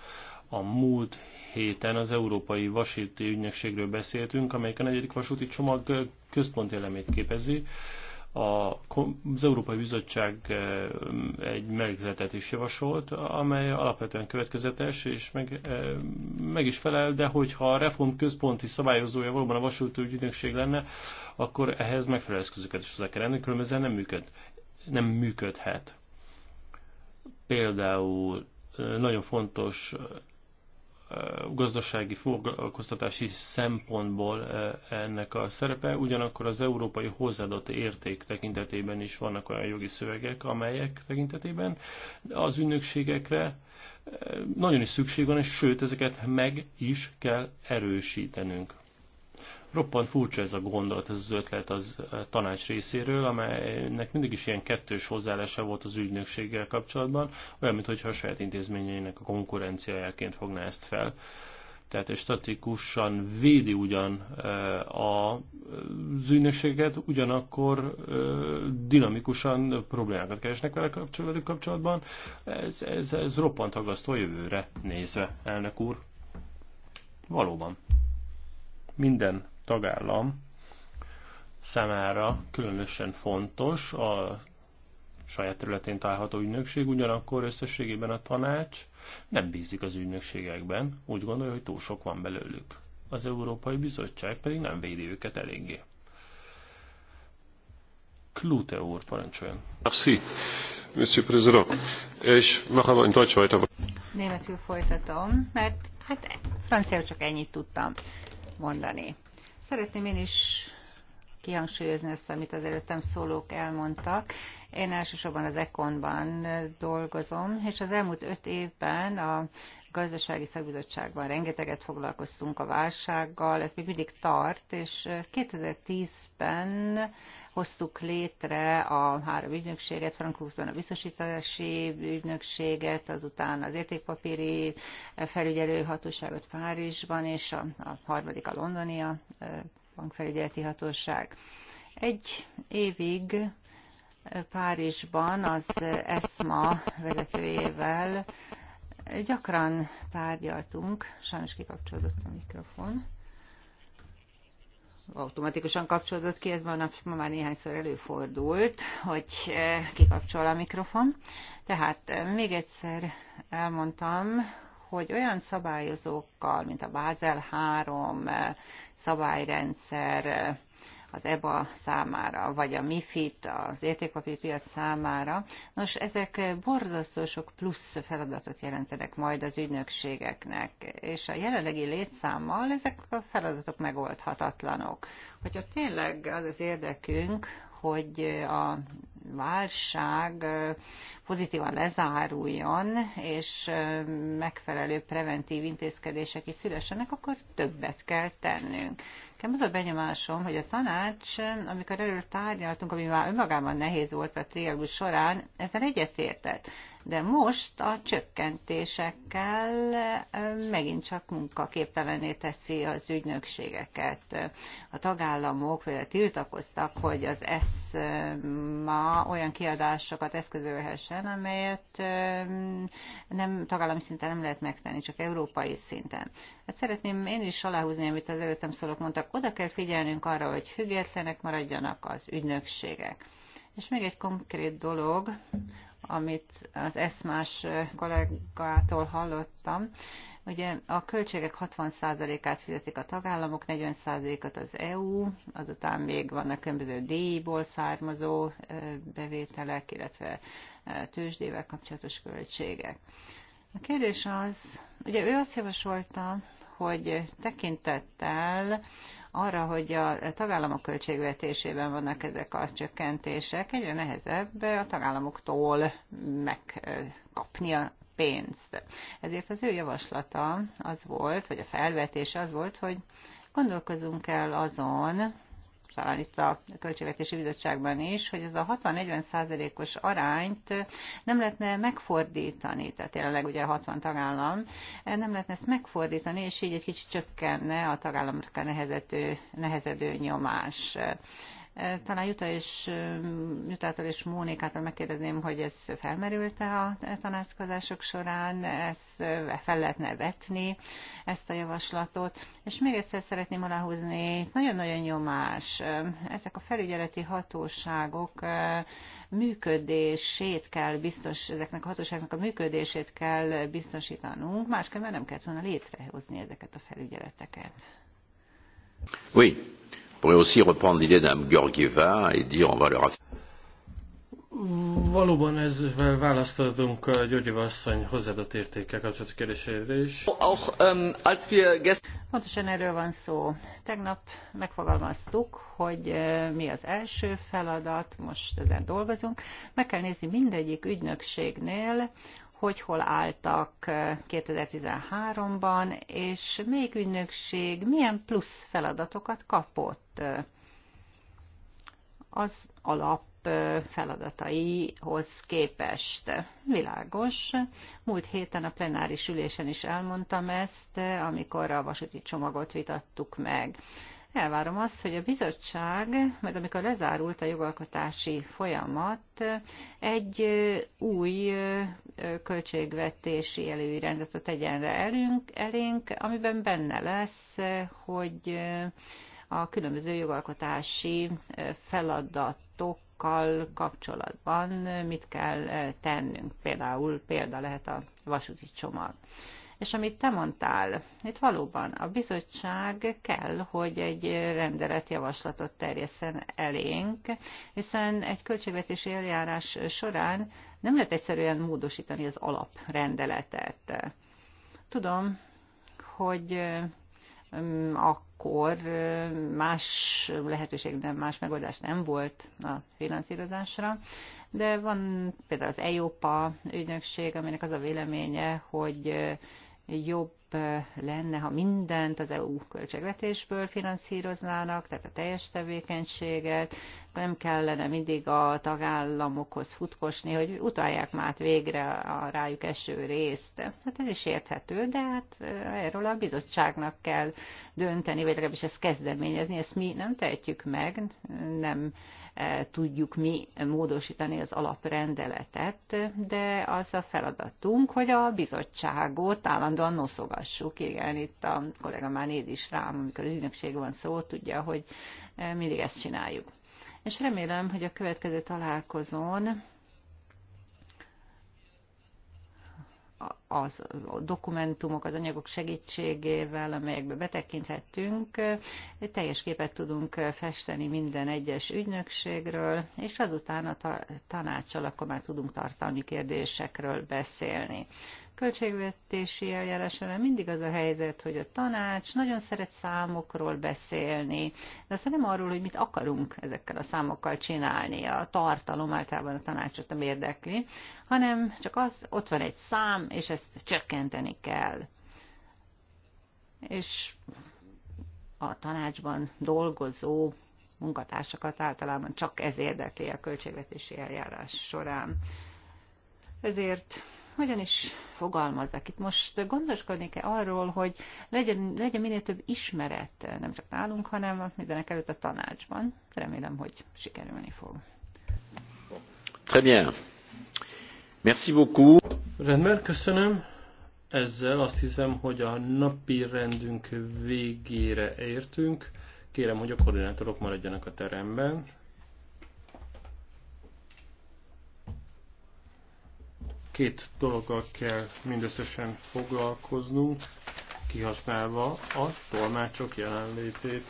A múlt héten az Európai Vasúti Ügynökségről beszéltünk, amelyik a negyedik vasúti csomag eh, központi elemét képezi a az Európai Bizottság eh, egy mellékletet is javasolt, amely alapvetően következetes, és meg, eh, meg is felel, de hogyha a reform központi szabályozója valóban a vasúti ügynökség lenne, akkor ehhez megfelelő eszközöket is hozzá kell lenni, különben ezzel nem, működ, nem működhet. Például eh, nagyon fontos gazdasági foglalkoztatási szempontból ennek a szerepe, ugyanakkor az európai hozzáadott érték tekintetében is vannak olyan jogi szövegek, amelyek tekintetében az ünnökségekre nagyon is szükség van, és sőt, ezeket meg is kell erősítenünk. Roppant furcsa ez a gondolat, ez az ötlet az eh, tanács részéről, amelynek mindig is ilyen kettős hozzáállása volt az ügynökséggel kapcsolatban, olyan, mintha a saját intézményeinek a konkurenciájaként fogná ezt fel. Tehát statikusan védi ugyan eh, az ügynökséget, ugyanakkor eh, dinamikusan problémákat keresnek vele kapcsolatban. Ez, ez, ez roppant aggasztó jövőre nézve, elnök úr. Valóban minden tagállam számára különösen fontos a saját területén található ügynökség, ugyanakkor összességében a tanács nem bízik az ügynökségekben, úgy gondolja, hogy túl sok van belőlük. Az Európai Bizottság pedig nem védi őket eléggé. Klute úr, parancsoljon. Merci, monsieur président. És maga in Deutsch weiter. Németül folytatom, mert hát franciául csak ennyit tudtam mondani. Szeretném én is kihangsúlyozni azt, amit az előttem szólók elmondtak. Én elsősorban az Econban dolgozom, és az elmúlt öt évben a gazdasági szakbizottságban rengeteget foglalkoztunk a válsággal, ez még mindig tart, és 2010-ben hoztuk létre a három ügynökséget, Frankfurtban a biztosítási ügynökséget, azután az értékpapíri felügyelőhatóságot Párizsban, és a, a harmadik a londoni a e, bankfelügyeleti hatóság. Egy évig e, Párizsban az ESMA vezetőjével Gyakran tárgyaltunk, sajnos kikapcsolódott a mikrofon, automatikusan kapcsolódott ki, ez ma, ma már néhányszor előfordult, hogy e, kikapcsol a mikrofon. Tehát e, még egyszer elmondtam, hogy olyan szabályozókkal, mint a Bázel 3 e, szabályrendszer, az EBA számára, vagy a MIFID, az értékpapírpiac számára. Nos, ezek borzasztó sok plusz feladatot jelentenek majd az ügynökségeknek, és a jelenlegi létszámmal ezek a feladatok megoldhatatlanok. Hogyha tényleg az az érdekünk, hogy a válság pozitívan lezáruljon, és megfelelő preventív intézkedések is szülessenek, akkor többet kell tennünk. Nekem az a benyomásom, hogy a tanács, amikor erről tárgyaltunk, ami már önmagában nehéz volt a triagus során, ezzel egyetértett de most a csökkentésekkel megint csak munkaképtelené teszi az ügynökségeket. A tagállamok tiltakoztak, hogy az ESMA olyan kiadásokat eszközölhessen, amelyet nem tagállami szinten nem lehet megtenni, csak európai szinten. Hát szeretném én is aláhúzni, amit az előttem szólók mondtak, oda kell figyelnünk arra, hogy függetlenek maradjanak az ügynökségek. És még egy konkrét dolog, amit az eszmás kollégától hallottam. Ugye a költségek 60%-át fizetik a tagállamok, 40%-at az EU, azután még vannak különböző díjból származó bevételek, illetve tőzsdével kapcsolatos költségek. A kérdés az, ugye ő azt javasolta, hogy tekintettel arra, hogy a tagállamok költségvetésében vannak ezek a csökkentések, egyre nehezebb a tagállamoktól megkapni a pénzt. Ezért az ő javaslata az volt, vagy a felvetése az volt, hogy gondolkozunk el azon, talán itt a Költségvetési Bizottságban is, hogy ez a 60-40 százalékos arányt nem lehetne megfordítani, tehát jelenleg ugye 60 tagállam, nem lehetne ezt megfordítani, és így egy kicsit csökkenne a tagállamra nehezedő, nehezedő nyomás E, talán Juta és, Jutától és Mónikától megkérdezném, hogy ez felmerült-e a tanácskozások során, ezt fel lehetne vetni, ezt a javaslatot. És még egyszer szeretném aláhozni, nagyon-nagyon nyomás. Ezek a felügyeleti hatóságok működését kell biztos, ezeknek a hatóságnak a működését kell biztosítanunk, másképpen nem kellett volna létrehozni ezeket a felügyeleteket. Oui, pourrait aussi reprendre l'idée d'un Georgieva et dire on va leur Valóban ezzel választottunk eh, a Györgyi Vasszony hozzáadott értékkel kapcsolatos kérdésére is. Ähm, Pontosan erről van szó. Tegnap megfogalmaztuk, hogy eh, mi az első feladat, most ezen dolgozunk. Meg kell nézni mindegyik ügynökségnél, hogy hol álltak 2013-ban, eh, és melyik ügynökség milyen plusz feladatokat kapott az alap eh, feladataihoz képest. Világos. Múlt héten a plenáris ülésen is elmondtam ezt, eh, amikor a vasúti csomagot vitattuk meg. Elvárom azt, hogy a bizottság, majd amikor lezárult a jogalkotási folyamat, egy új költségvetési előirányzatot tegyen elünk, elénk, amiben benne lesz, hogy a különböző jogalkotási feladatokkal kapcsolatban mit kell tennünk. Például példa lehet a vasúti csomag. És amit te mondtál, itt valóban a bizottság kell, hogy egy rendelet javaslatot terjeszen elénk, hiszen egy költségvetési eljárás során nem lehet egyszerűen módosítani az alaprendeletet. Tudom, hogy mm, akkor mm, más lehetőség, nem, más megoldás nem volt a finanszírozásra, de van például az EIOPA ügynökség, aminek az a véleménye, hogy jobb lenne, ha mindent az EU költségvetésből finanszíroznának, tehát a teljes tevékenységet, nem kellene mindig a tagállamokhoz futkosni, hogy utalják már végre a rájuk eső részt. Hát ez is érthető, de hát erről a bizottságnak kell dönteni, vagy legalábbis ezt kezdeményezni. Ezt mi nem tehetjük meg, nem tudjuk mi módosítani az alaprendeletet, de az a feladatunk, hogy a bizottságot állandóan noszogassuk. Igen, itt a kollega már néz is rám, amikor az ügynökség van szó, tudja, hogy mindig ezt csináljuk és remélem, hogy a következő találkozón az a dokumentumok, az anyagok segítségével, amelyekbe betekinthettünk, teljes képet tudunk festeni minden egyes ügynökségről, és azután a tanácsal akkor már tudunk tartalmi kérdésekről beszélni költségvetési eljárásra mindig az a helyzet, hogy a tanács nagyon szeret számokról beszélni, de aztán nem arról, hogy mit akarunk ezekkel a számokkal csinálni. A tartalom általában a tanácsot nem érdekli, hanem csak az, ott van egy szám, és ezt csökkenteni kell. És a tanácsban dolgozó munkatársakat általában csak ez érdekli a költségvetési eljárás során. Ezért hogyan is fogalmazzak. Itt most gondoskodni-e arról, hogy legyen, legyen minél több ismeret, nem csak nálunk, hanem mindenek előtt a tanácsban. Remélem, hogy sikerülni fog. Très bien. Merci beaucoup. Rendben, köszönöm. Ezzel azt hiszem, hogy a napi rendünk végére értünk. Kérem, hogy a koordinátorok maradjanak a teremben. Két dologgal kell mindösszesen foglalkoznunk, kihasználva a tolmácsok jelenlétét.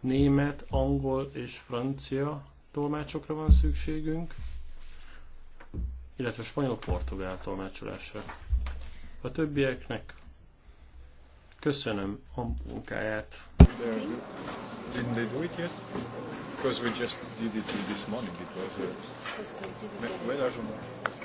Német, angol és francia tolmácsokra van szükségünk, illetve spanyol-portugál tolmácsolásra. A többieknek köszönöm a munkáját. Didn't because we just did it this morning. It was. Uh,